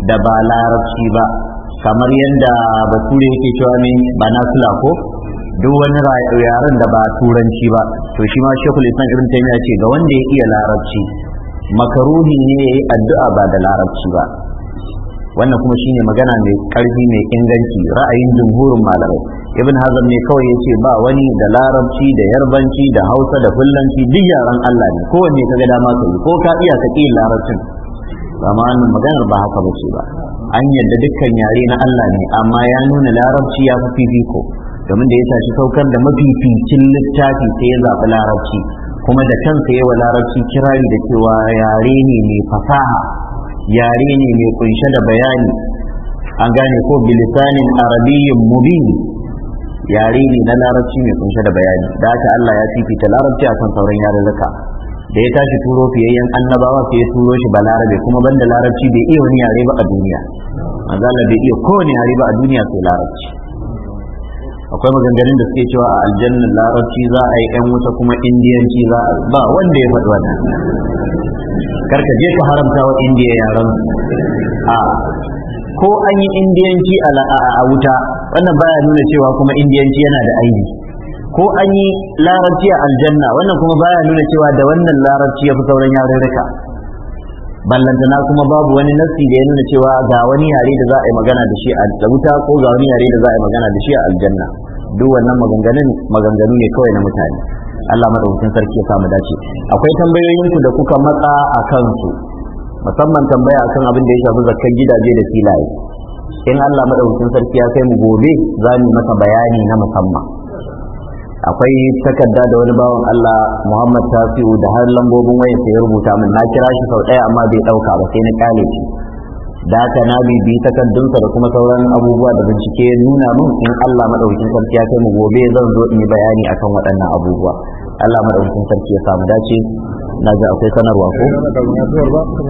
da ba larabci ba kamar yadda bature yake cewa min banasula ko duk wani yaren da ba turanci ba to shi ma shekul islam ibn ce ga wanda ya iya larabci makaruhi ne yayi addu'a ba da larabci ba wannan kuma shine magana mai karfi mai inganci ra'ayin jumhurin malamai ibn hazm ne kawai yace ba wani da larabci da yarbanci da hausa da fullanci duk yaran Allah ne kowanne ka ga dama ka yi ko ka iya ka ƙi larabcin amma wannan maganar ba haka bace ba an yadda dukkan yare na Allah ne amma ya nuna larabci ya fi fifiko domin da ya tashi saukar da mafificin littafi sai ya zaɓi larabci kuma da kansa yawa larabci kirari da cewa yare ne mai fasaha yare ne mai kunshe da bayani an gane ko bilisanin arabiyyin mubin yare ne na larabci mai kunshe da bayani da haka Allah ya fifita larabci akan sauran yarurruka da ya tashi turo fiyayyen annabawa sai ya turo shi larabe, kuma banda larabci bai iya wani yare ba a duniya manzo Allah bai iya kowane yare ba a duniya sai larabci akwai maganganun da suke cewa a aljannan larabci za a yi yan wuta kuma indiyanci za a ba wanda ya faɗi wannan karka je ka haramta wa indiya yaran a ko an yi indiyanci a wuta wannan baya nuna cewa kuma indiyanci yana da aini ko an yi larabci a aljanna wannan kuma baya nuna cewa da wannan larabci ya fi sauran yarurruka ballantana kuma babu wani nassi da ya nuna cewa ga wani yare da za a yi magana da shi a wuta ko ga wani yare da za a yi magana da shi a aljanna duk wannan maganganun maganganu ne kawai na mutane Allah madaukakin sarki ya samu dace akwai tambayoyin ku da kuka matsa a kansu musamman tambaya akan abin da ya shafi zakkan gidaje da filaye in Allah madaukakin sarki ya kai mu gobe za mu masa bayani na musamman akwai takarda da wani bawan Allah Muhammad Tasiu da har lambobin wayan sai ya rubuta min na kira shi sau ɗaya amma bai ɗauka ba sai na kyale shi da haka na bibi takardunsa da kuma sauran abubuwa da bincike nuna min in Allah madaukakin sarki ya kai mu gobe zan zo in yi bayani akan waɗannan abubuwa Allah madaukakin sarki ya samu dace na ga akwai sanarwa ko